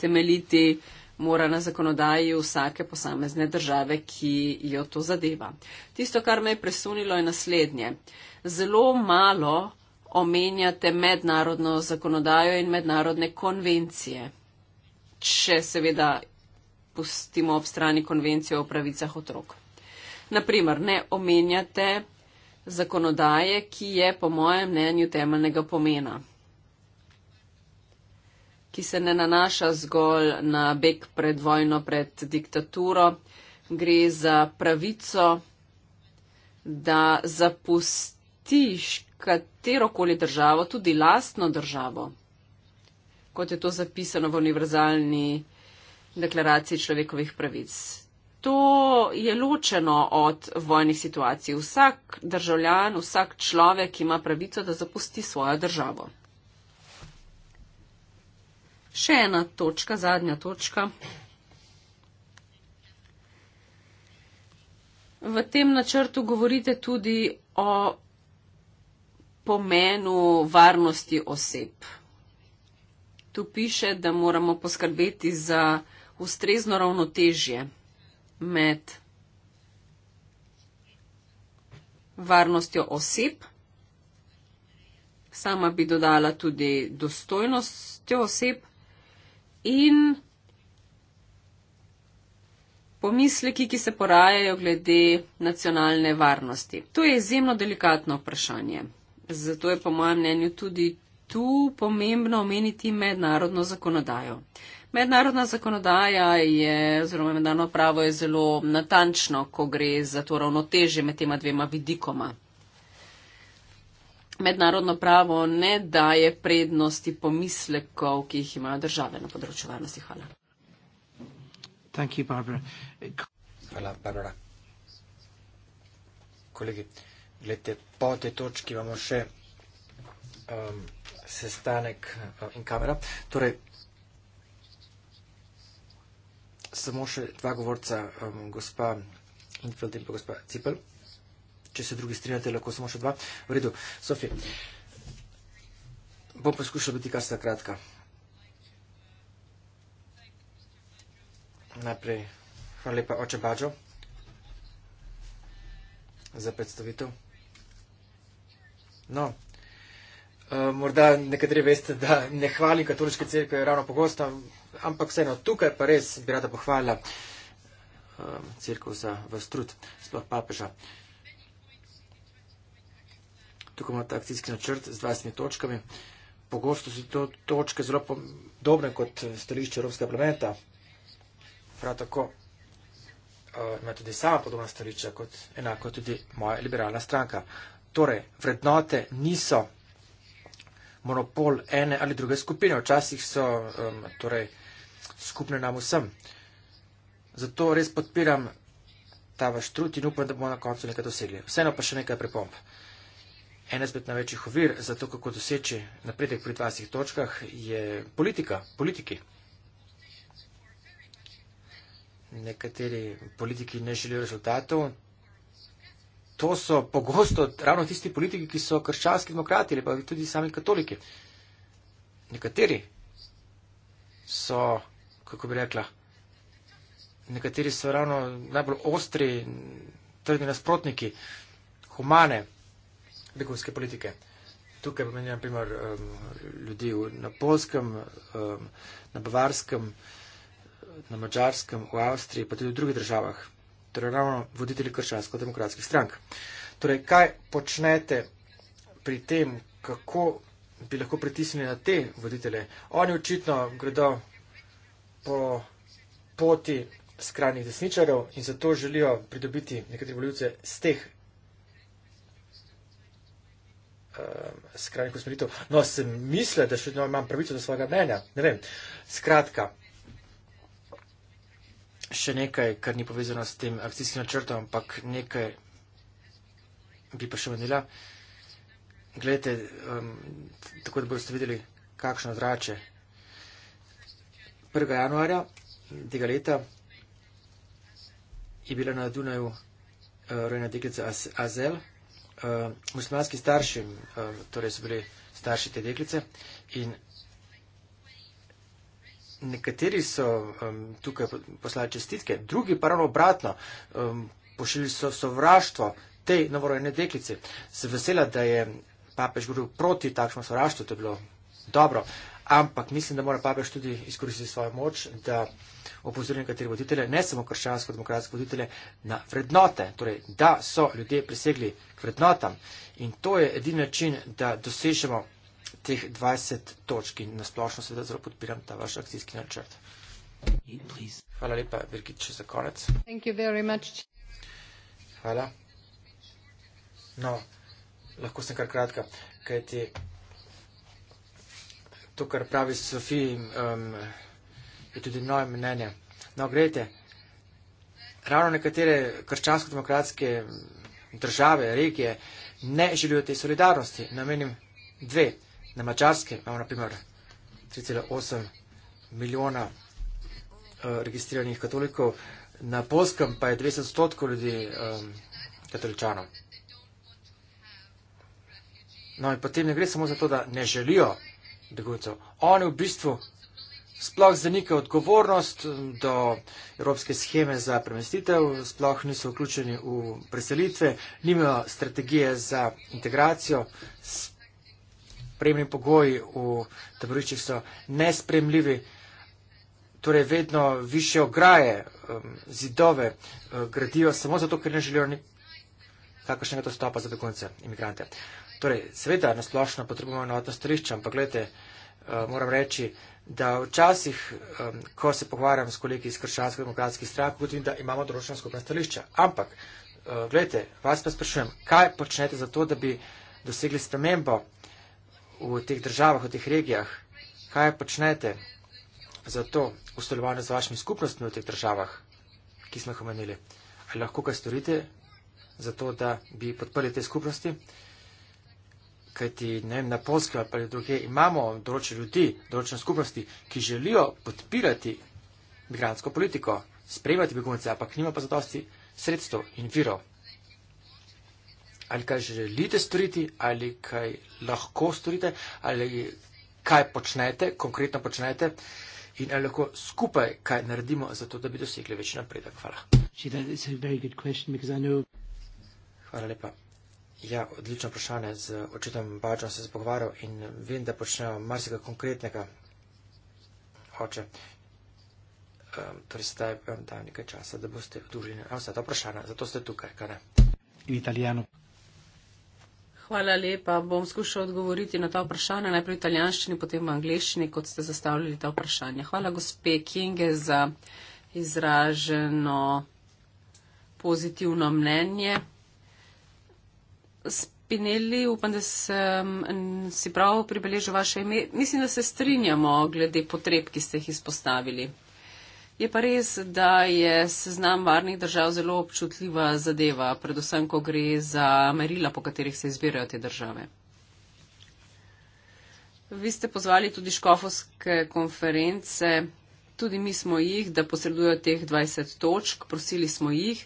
temeljiti mora na zakonodaji vsake posamezne države, ki jo to zadeva. Tisto, kar me je presunilo, je naslednje. Zelo malo omenjate mednarodno zakonodajo in mednarodne konvencije, če seveda pustimo ob strani konvencijo o pravicah otrok. Naprimer, ne omenjate zakonodaje, ki je po mojem mnenju temeljnega pomena, ki se ne nanaša zgolj na beg pred vojno, pred diktaturo, gre za pravico, da zapustiš katerokoli državo, tudi lastno državo, kot je to zapisano v univerzalni deklaraciji človekovih pravic to je ločeno od vojnih situacij. Vsak državljan, vsak človek ima pravico, da zapusti svojo državo. Še ena točka, zadnja točka. V tem načrtu govorite tudi o pomenu varnosti oseb. Tu piše, da moramo poskrbeti za ustrezno ravnotežje med varnostjo oseb. Sama bi dodala tudi dostojnostjo oseb in pomisleki, ki se porajajo glede nacionalne varnosti. To je izjemno delikatno vprašanje. Zato je po mojem mnenju tudi tu pomembno omeniti mednarodno zakonodajo. Mednarodna zakonodaja je, oziroma mednarodno pravo je zelo natančno, ko gre za to ravnoteže med tema dvema vidikoma. Mednarodno pravo ne daje prednosti pomislekov, ki jih imajo države na področju varnosti. Hvala. You, Hvala, Barbara. Kolegi, gledajte, po tej točki imamo še um, sestanek uh, in kamera. Torej, samo še dva govorca, um, gospa Infeld in pa gospa Cipel. Če se drugi strinjate, lahko samo še dva. V redu, Sofija. Bom poskušala biti kar sta kratka. Najprej hvala lepa oče Bađo za predstavitev. No, uh, morda nekateri veste, da ne hvalim katoliške cerkve ravno pogosto, ampak vseeno tukaj pa res bi rada pohvala um, crkvo za vstrud, sploh papeža. Tukaj imate akcijski načrt z 20 točkami. Pogosto so to točke zelo podobne kot eh, stališče Evropskega parlamenta. Prav tako uh, ima tudi sama podobna stališča kot enako tudi moja liberalna stranka. Torej, vrednote niso monopol ene ali druge skupine. Včasih so um, torej, uh, skupne nam vsem. Zato res podpiram ta vaš trud in upam, da bomo na koncu nekaj dosegli. Vseeno pa še nekaj pripomp. Ena izmed največjih ovir za to, kako doseči napredek pri 20 točkah, je politika, politiki. Nekateri politiki ne želijo rezultatov. To so pogosto ravno tisti politiki, ki so krščanski demokrati ali pa tudi sami katoliki. Nekateri so kako bi rekla, nekateri so ravno najbolj ostri, trdni nasprotniki humane begunske politike. Tukaj pomeni, na primer, um, ljudi na Polskem, um, na Bavarskem, na Mačarskem, v Avstriji, pa tudi v drugih državah. Torej, ravno voditelji krščansko-demokratskih strank. Torej, kaj počnete pri tem, kako bi lahko pritisnili na te voditele? Oni očitno gredo po poti skrajnih desničarjev in zato želijo pridobiti nekatere voljivce z teh um, skrajnih usmeritev. No, se misle, da še imam pravico do svojega mnenja. Ne vem. Skratka, še nekaj, kar ni povezano s tem akcijskim načrtom, ampak nekaj bi pa še menila. Gledajte, um, ehm, tako da boste videli, kakšno zrače 1. januarja tega leta je bila na Dunaju uh, rojena deklica Azel. Uh, muslimanski starši, uh, torej so bili starši te deklice in nekateri so um, tukaj poslali čestitke, drugi pa ravno obratno, um, pošili so sovraštvo tej novorojene deklici. Se vesela, da je papež govoril proti takšnemu sovraštvu, to je bilo dobro. Ampak mislim, da mora papež tudi izkoristiti svojo moč, da opozori nekatere voditelje, ne samo krščansko-demokratske voditelje, na vrednote, torej da so ljudje prisegli k vrednotam. In to je edini način, da dosežemo teh 20 točk in nasplošno seveda zelo podpiram ta vaš akcijski načrt. Hvala lepa, Birgit, še za konec. Hvala. No, lahko sem kar kratka, kajti to, kar pravi Sofi, um, je tudi moje mnenje. No, grejte, ravno nekatere krščansko-demokratske države, regije ne želijo te solidarnosti. Namenim dve. Na mačarske imamo naprimer 3,8 milijona uh, registriranih katolikov, na polskem pa je 200 odstotkov ljudi um, katoličanov. No in potem ne gre samo za to, da ne želijo beguncev. On je v bistvu sploh za neke odgovornost eh, do evropske scheme za premestitev, sploh niso vključeni v preselitve, nimajo strategije za integracijo, prejemni pogoji v taboriščih so nespremljivi, torej vedno više ograje, eh, zidove eh, gradijo samo zato, ker ne želijo kakršnega to stopa za begunce, imigrante. Torej, seveda, nasplošno potrebujemo enotno stališče, ampak gledajte, eh, moram reči, da včasih, ko se pogovarjam s kolegi iz krščansko-demokratskih strank, ugotovim, da imamo določena skupna stališča. Ampak, eh, gledajte, vas pa sprašujem, kaj počnete za to, da bi dosegli spremembo v teh državah, v teh regijah? Kaj počnete za to ustalovanje z vašimi skupnostmi v teh državah, ki smo jih omenili? Ali lahko kaj storite za to, da bi podprli te skupnosti. Kajti, ne vem, na Polskem ali pa druge imamo določen ljudi, določen skupnosti, ki želijo podpirati migransko politiko, sprejemati begunce, ampak nima pa zadosti sredstev in virov. Ali kaj želite storiti, ali kaj lahko storite, ali kaj počnete, konkretno počnete in ali lahko skupaj kaj naredimo za to, da bi dosegli večji napredek. Hvala. See, that, Hvala lepa. Ja, odlično vprašanje. Z očetom Bačom sem se pogovarjal in vem, da počnejo marsikaj konkretnega. Hoče. Um, ehm, torej, zdaj vam dam nekaj časa, da boste odužili na vsa ta vprašanja. Zato ste tukaj, kaj ne? In italijano. Hvala lepa. Bom skušal odgovoriti na ta vprašanja, najprej v italijanščini, potem v angliščini, kot ste zastavljali ta vprašanja. Hvala gospe Kinge za izraženo pozitivno mnenje. Spinelli, upam, da sem si prav pribeležil vaše ime. Mislim, da se strinjamo glede potreb, ki ste jih izpostavili. Je pa res, da je seznam varnih držav zelo občutljiva zadeva, predvsem, ko gre za merila, po katerih se izbirajo te države. Vi ste pozvali tudi škofovske konference, tudi mi smo jih, da posredujo teh 20 točk, prosili smo jih,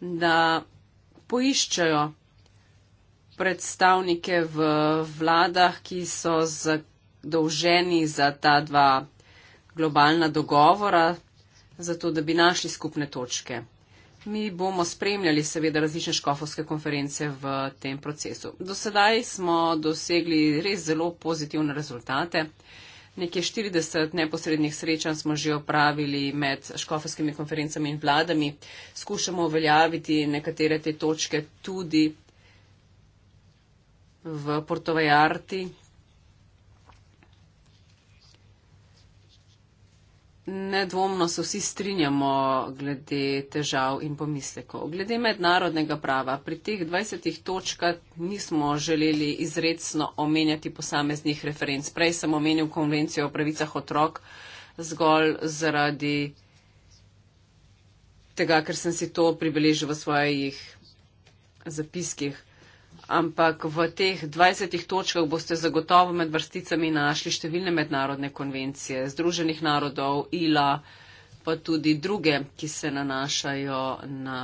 da poiščajo predstavnike v vladah, ki so zadolženi za ta dva globalna dogovora, zato da bi našli skupne točke. Mi bomo spremljali seveda različne škofovske konference v tem procesu. Do sedaj smo dosegli res zelo pozitivne rezultate. Nekje 40 neposrednih srečanj smo že opravili med škofovskimi konferencami in vladami. Skušamo uveljaviti nekatere te točke tudi v Porto Vallarti. Nedvomno se vsi strinjamo glede težav in pomislekov. Glede mednarodnega prava, pri teh 20 točkah nismo želeli izredno omenjati posameznih referenc. Prej sem omenil konvencijo o pravicah otrok zgolj zaradi tega, ker sem si to pribeležil v svojih zapiskih ampak v teh 20 točkah boste zagotovo med vrsticami našli številne mednarodne konvencije, Združenih narodov, ILA, pa tudi druge, ki se nanašajo na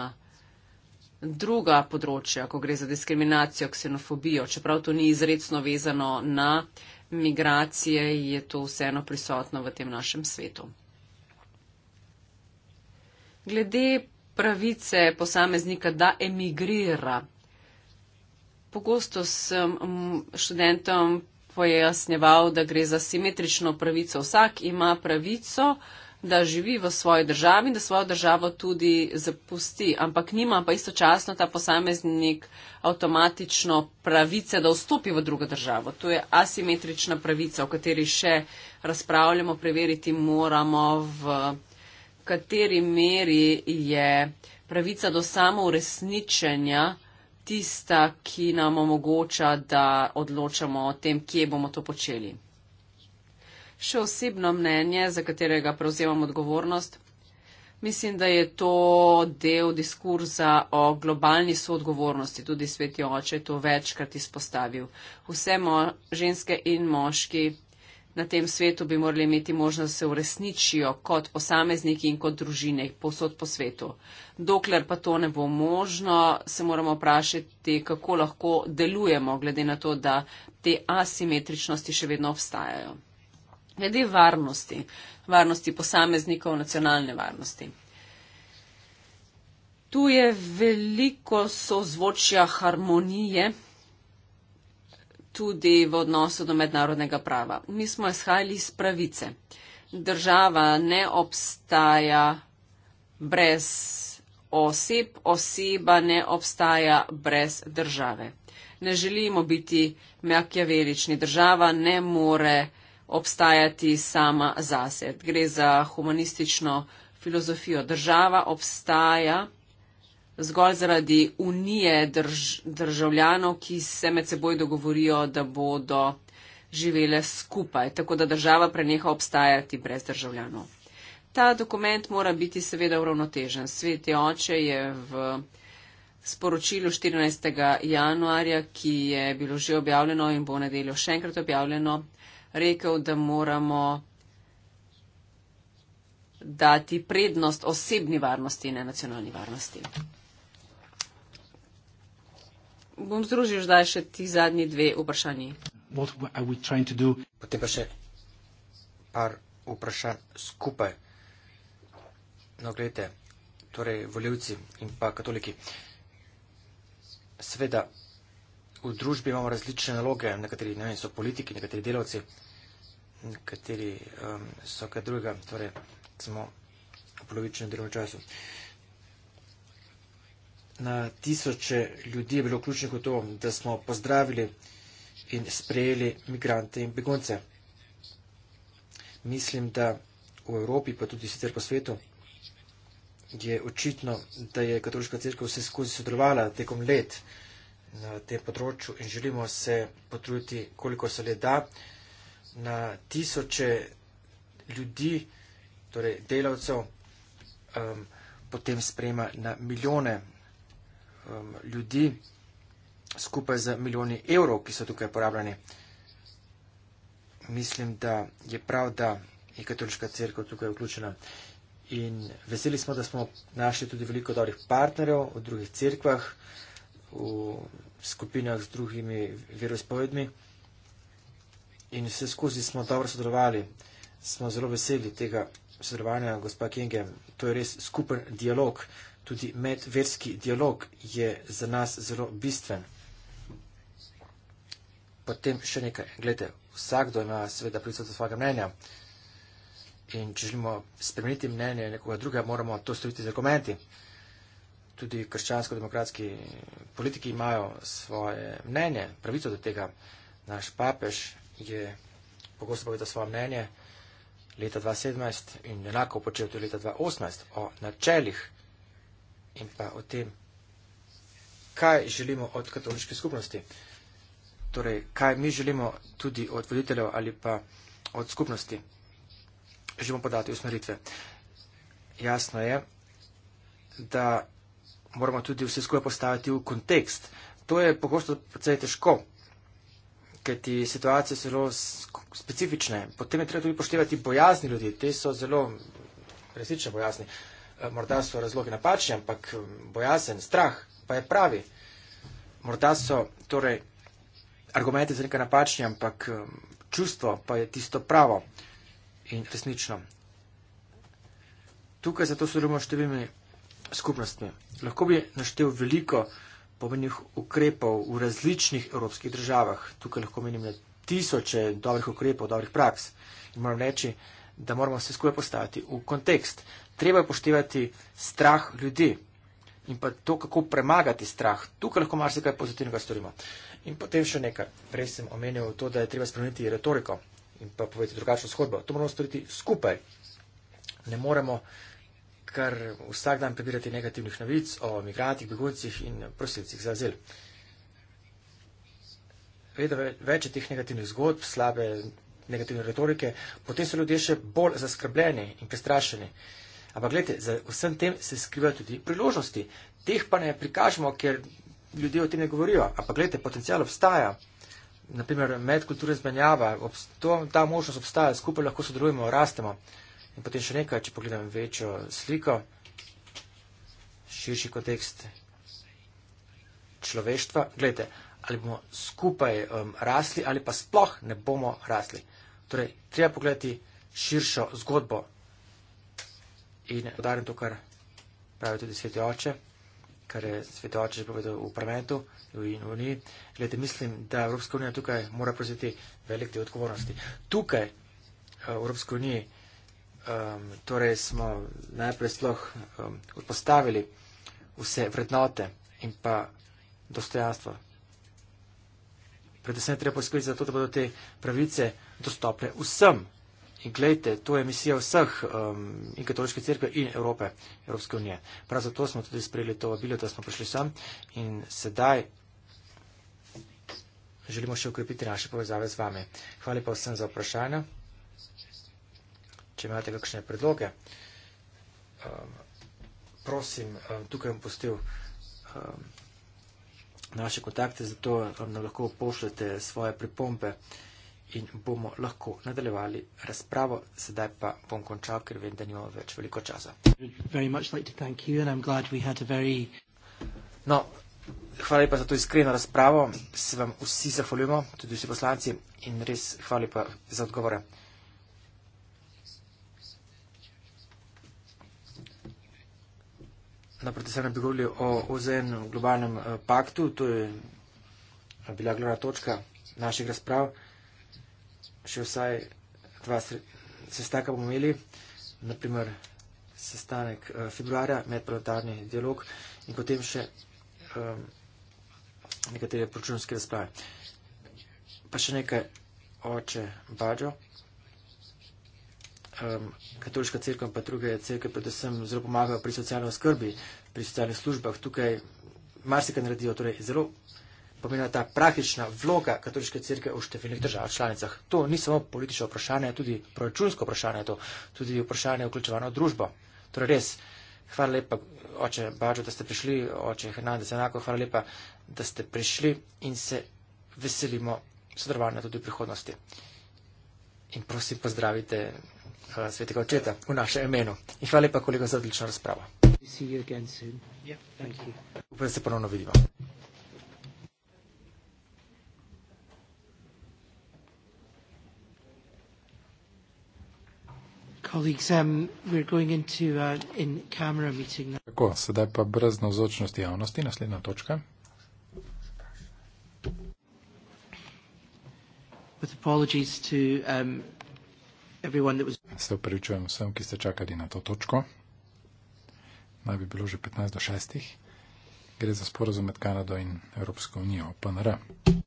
druga področja, ko gre za diskriminacijo, ksenofobijo. Čeprav to ni izredno vezano na migracije, je to vseeno prisotno v tem našem svetu. Glede pravice posameznika, da emigrira, pogosto sem mm, študentom pojasnjeval, da gre za simetrično pravico. Vsak ima pravico, da živi v svoji državi in da svojo državo tudi zapusti, ampak nima pa istočasno ta posameznik avtomatično pravice, da vstopi v drugo državo. To je asimetrična pravica, o kateri še razpravljamo, preveriti moramo, v kateri meri je pravica do samouresničenja tista, ki nam omogoča, da odločamo o tem, kje bomo to počeli. Še osebno mnenje, za katerega prevzemam odgovornost. Mislim, da je to del diskurza o globalni soodgovornosti. Tudi sveti oče je to večkrat izpostavil. Vse mo ženske in moški na tem svetu bi morali imeti možnost, da se uresničijo kot posamezniki in kot družine posod po svetu. Dokler pa to ne bo možno, se moramo vprašati, kako lahko delujemo, glede na to, da te asimetričnosti še vedno obstajajo. Glede varnosti, varnosti posameznikov, nacionalne varnosti. Tu je veliko sozvočja harmonije, tudi v odnosu do mednarodnega prava. Mi smo izhajali iz pravice. Država ne obstaja brez oseb, oseba ne obstaja brez države. Ne želimo biti mekjaverični. Država ne more obstajati sama zased. Gre za humanistično filozofijo. Država obstaja zgolj zaradi unije drž, državljanov, ki se med seboj dogovorijo, da bodo živele skupaj, tako da država preneha obstajati brez državljanov. Ta dokument mora biti seveda uravnotežen. Sveti oče je v sporočilu 14. januarja, ki je bilo že objavljeno in bo v nedeljo še enkrat objavljeno, rekel, da moramo dati prednost osebni varnosti in nacionalni varnosti bom združil zdaj še ti zadnji dve vprašanji. Potem pa še par vprašanj skupaj. No, gledajte, torej voljivci in pa katoliki. Sveda, v družbi imamo različne naloge, nekateri ne vem, so politiki, nekateri delavci, nekateri um, so kaj drugega, torej smo v polovičnem delovnem času. Uh, na tisoče ljudi je bilo ključnih v to, da smo pozdravili in sprejeli migrante in begonce. Mislim, da v Evropi, pa tudi sicer po svetu, je očitno, da je katoliška crkva vse skozi sodelovala tekom let na tem področju in želimo se potruditi, koliko se le da, na tisoče ljudi, torej delavcev, um, potem sprejema na milijone um, ljudi skupaj z milijoni evrov, ki so tukaj porabljeni. Mislim, da je prav, da je katoliška crkva tukaj vključena. In veseli smo, da smo našli tudi veliko dobrih partnerjev v drugih crkvah, v skupinah z drugimi verospovedmi. In vse skozi smo dobro sodelovali. Smo zelo veseli tega sodelovanja, gospa Kenge. To je res skupen dialog tudi medverski dialog je za nas zelo bistven. Potem še nekaj. Glede, vsakdo ima seveda pravico do svojega mnenja. In če želimo spremeniti mnenje nekoga druga, moramo to storiti z argumenti. Tudi krščansko-demokratski politiki imajo svoje mnenje, pravico do tega. Naš papež je pogosto povedal svoje mnenje leta 2017 in enako počel tudi leta 2018 o načelih in pa o tem, kaj želimo od katoliške skupnosti. Torej, kaj mi želimo tudi od voditeljev ali pa od skupnosti. Želimo podati usmeritve. Jasno je, da moramo tudi vse skupaj postaviti v kontekst. To je pogosto precej težko, ker ti situacije so zelo specifične. Potem je treba tudi poštevati bojazni ljudi. Te so zelo resnične bojazni. Uh, Eh, morda so razlogi napačni, ampak bojazen, strah pa je pravi. Morda so torej argumenti za nekaj napačni, ampak čustvo pa je tisto pravo in resnično. Tukaj zato sodelujemo številni skupnostmi. Lahko bi naštel veliko pomenih ukrepov v različnih evropskih državah. Tukaj lahko menim na tisoče dobrih ukrepov, dobrih praks. In moram reči, da moramo vse skupaj postaviti v kontekst. Treba je poštevati strah ljudi in pa to, kako premagati strah. Tukaj lahko marsikaj pozitivnega storimo. In potem še nekaj. Prej sem omenil to, da je treba spremeniti retoriko in pa povedati drugačno shodbo. To moramo storiti skupaj. Ne moremo kar vsak dan prebirati negativnih novic o migrantih, beguncih in prosilcih za azil. Vedno več je teh negativnih zgodb, slabe negativne retorike, potem so ljudje še bolj zaskrbljeni in prestrašeni. Ampak gledajte, za vsem tem se skrivajo tudi priložnosti. Teh pa ne prikažemo, ker ljudje o tem ne govorijo. Ampak gledajte, potencial obstaja. Naprimer, medkulturna zmenjava, to, ta možnost obstaja, skupaj lahko sodelujemo, rastemo. In potem še nekaj, če pogledam večjo sliko, širši kontekst človeštva. Gledajte, ali bomo skupaj um, rasli ali pa sploh ne bomo rasli. Torej, treba pogledati širšo zgodbo in podarim to, kar pravi tudi sveti oče, kar je sveti oče že povedal v parlamentu in v uniji. Glede, mislim, da Evropska unija tukaj mora prevzeti velik del odgovornosti. Tukaj eh, v Evropski uniji um, torej smo najprej sploh um, odpostavili vse vrednote in pa dostojanstvo predvsem treba poskrbeti za to, da bodo te pravice dostopne vsem. In gledajte, to je misija vseh um, in katoliške crkve in Evrope, Evropske unije. Prav zato smo tudi sprejeli to vabilo, da smo prišli sem in sedaj želimo še ukrepiti naše povezave z vami. Hvala pa vsem za vprašanje. Če imate kakšne predloge, um, prosim, um, tukaj bom postil. Um, naše kontakte, zato nam lahko pošljete svoje pripombe in bomo lahko nadaljevali razpravo. Sedaj pa bom končal, ker vem, da nimamo več veliko časa. No, hvala lepa za to iskreno razpravo. Se vam vsi zahvaljujemo, tudi vsi poslanci, in res hvala lepa za odgovore. na protestarnem bi govorili o OZN globalnem eh, paktu, to je eh, bila glavna točka naših razprav. Še vsaj dva sestaka bomo imeli, naprimer sestanek eh, februarja, medpredatarni dialog in potem še nekatere proračunske razprave. Pa še nekaj oče Bađo um, katoliška crkva, pa druge crkve, predvsem zelo pomagajo pri socialni skrbi, pri socialnih službah. Tukaj marsikaj naredijo, torej zelo pomembna ta praktična vloga katoliške crkve v številnih državah članicah. To ni samo politično vprašanje, tudi proračunsko vprašanje, to tudi vprašanje vključevanja v družbo. Torej res, hvala lepa, oče Bađo, da ste prišli, oče Hernandez, enako hvala lepa, da ste prišli in se veselimo sodelovanja tudi v prihodnosti. In prosim, pozdravite Eh, svetega očeta v naše imeno. In hvala lepa, kolega, za odlično razpravo. Upam, da se ponovno vidimo. Um, uh, Tako, sedaj pa brez navzočnosti javnosti, naslednja točka. With apologies to um, Se upravičujem vsem, ki ste čakali na to točko. Naj bi bilo že 15 do 6. Gre za sporozum med Kanado in Evropsko unijo, PNR.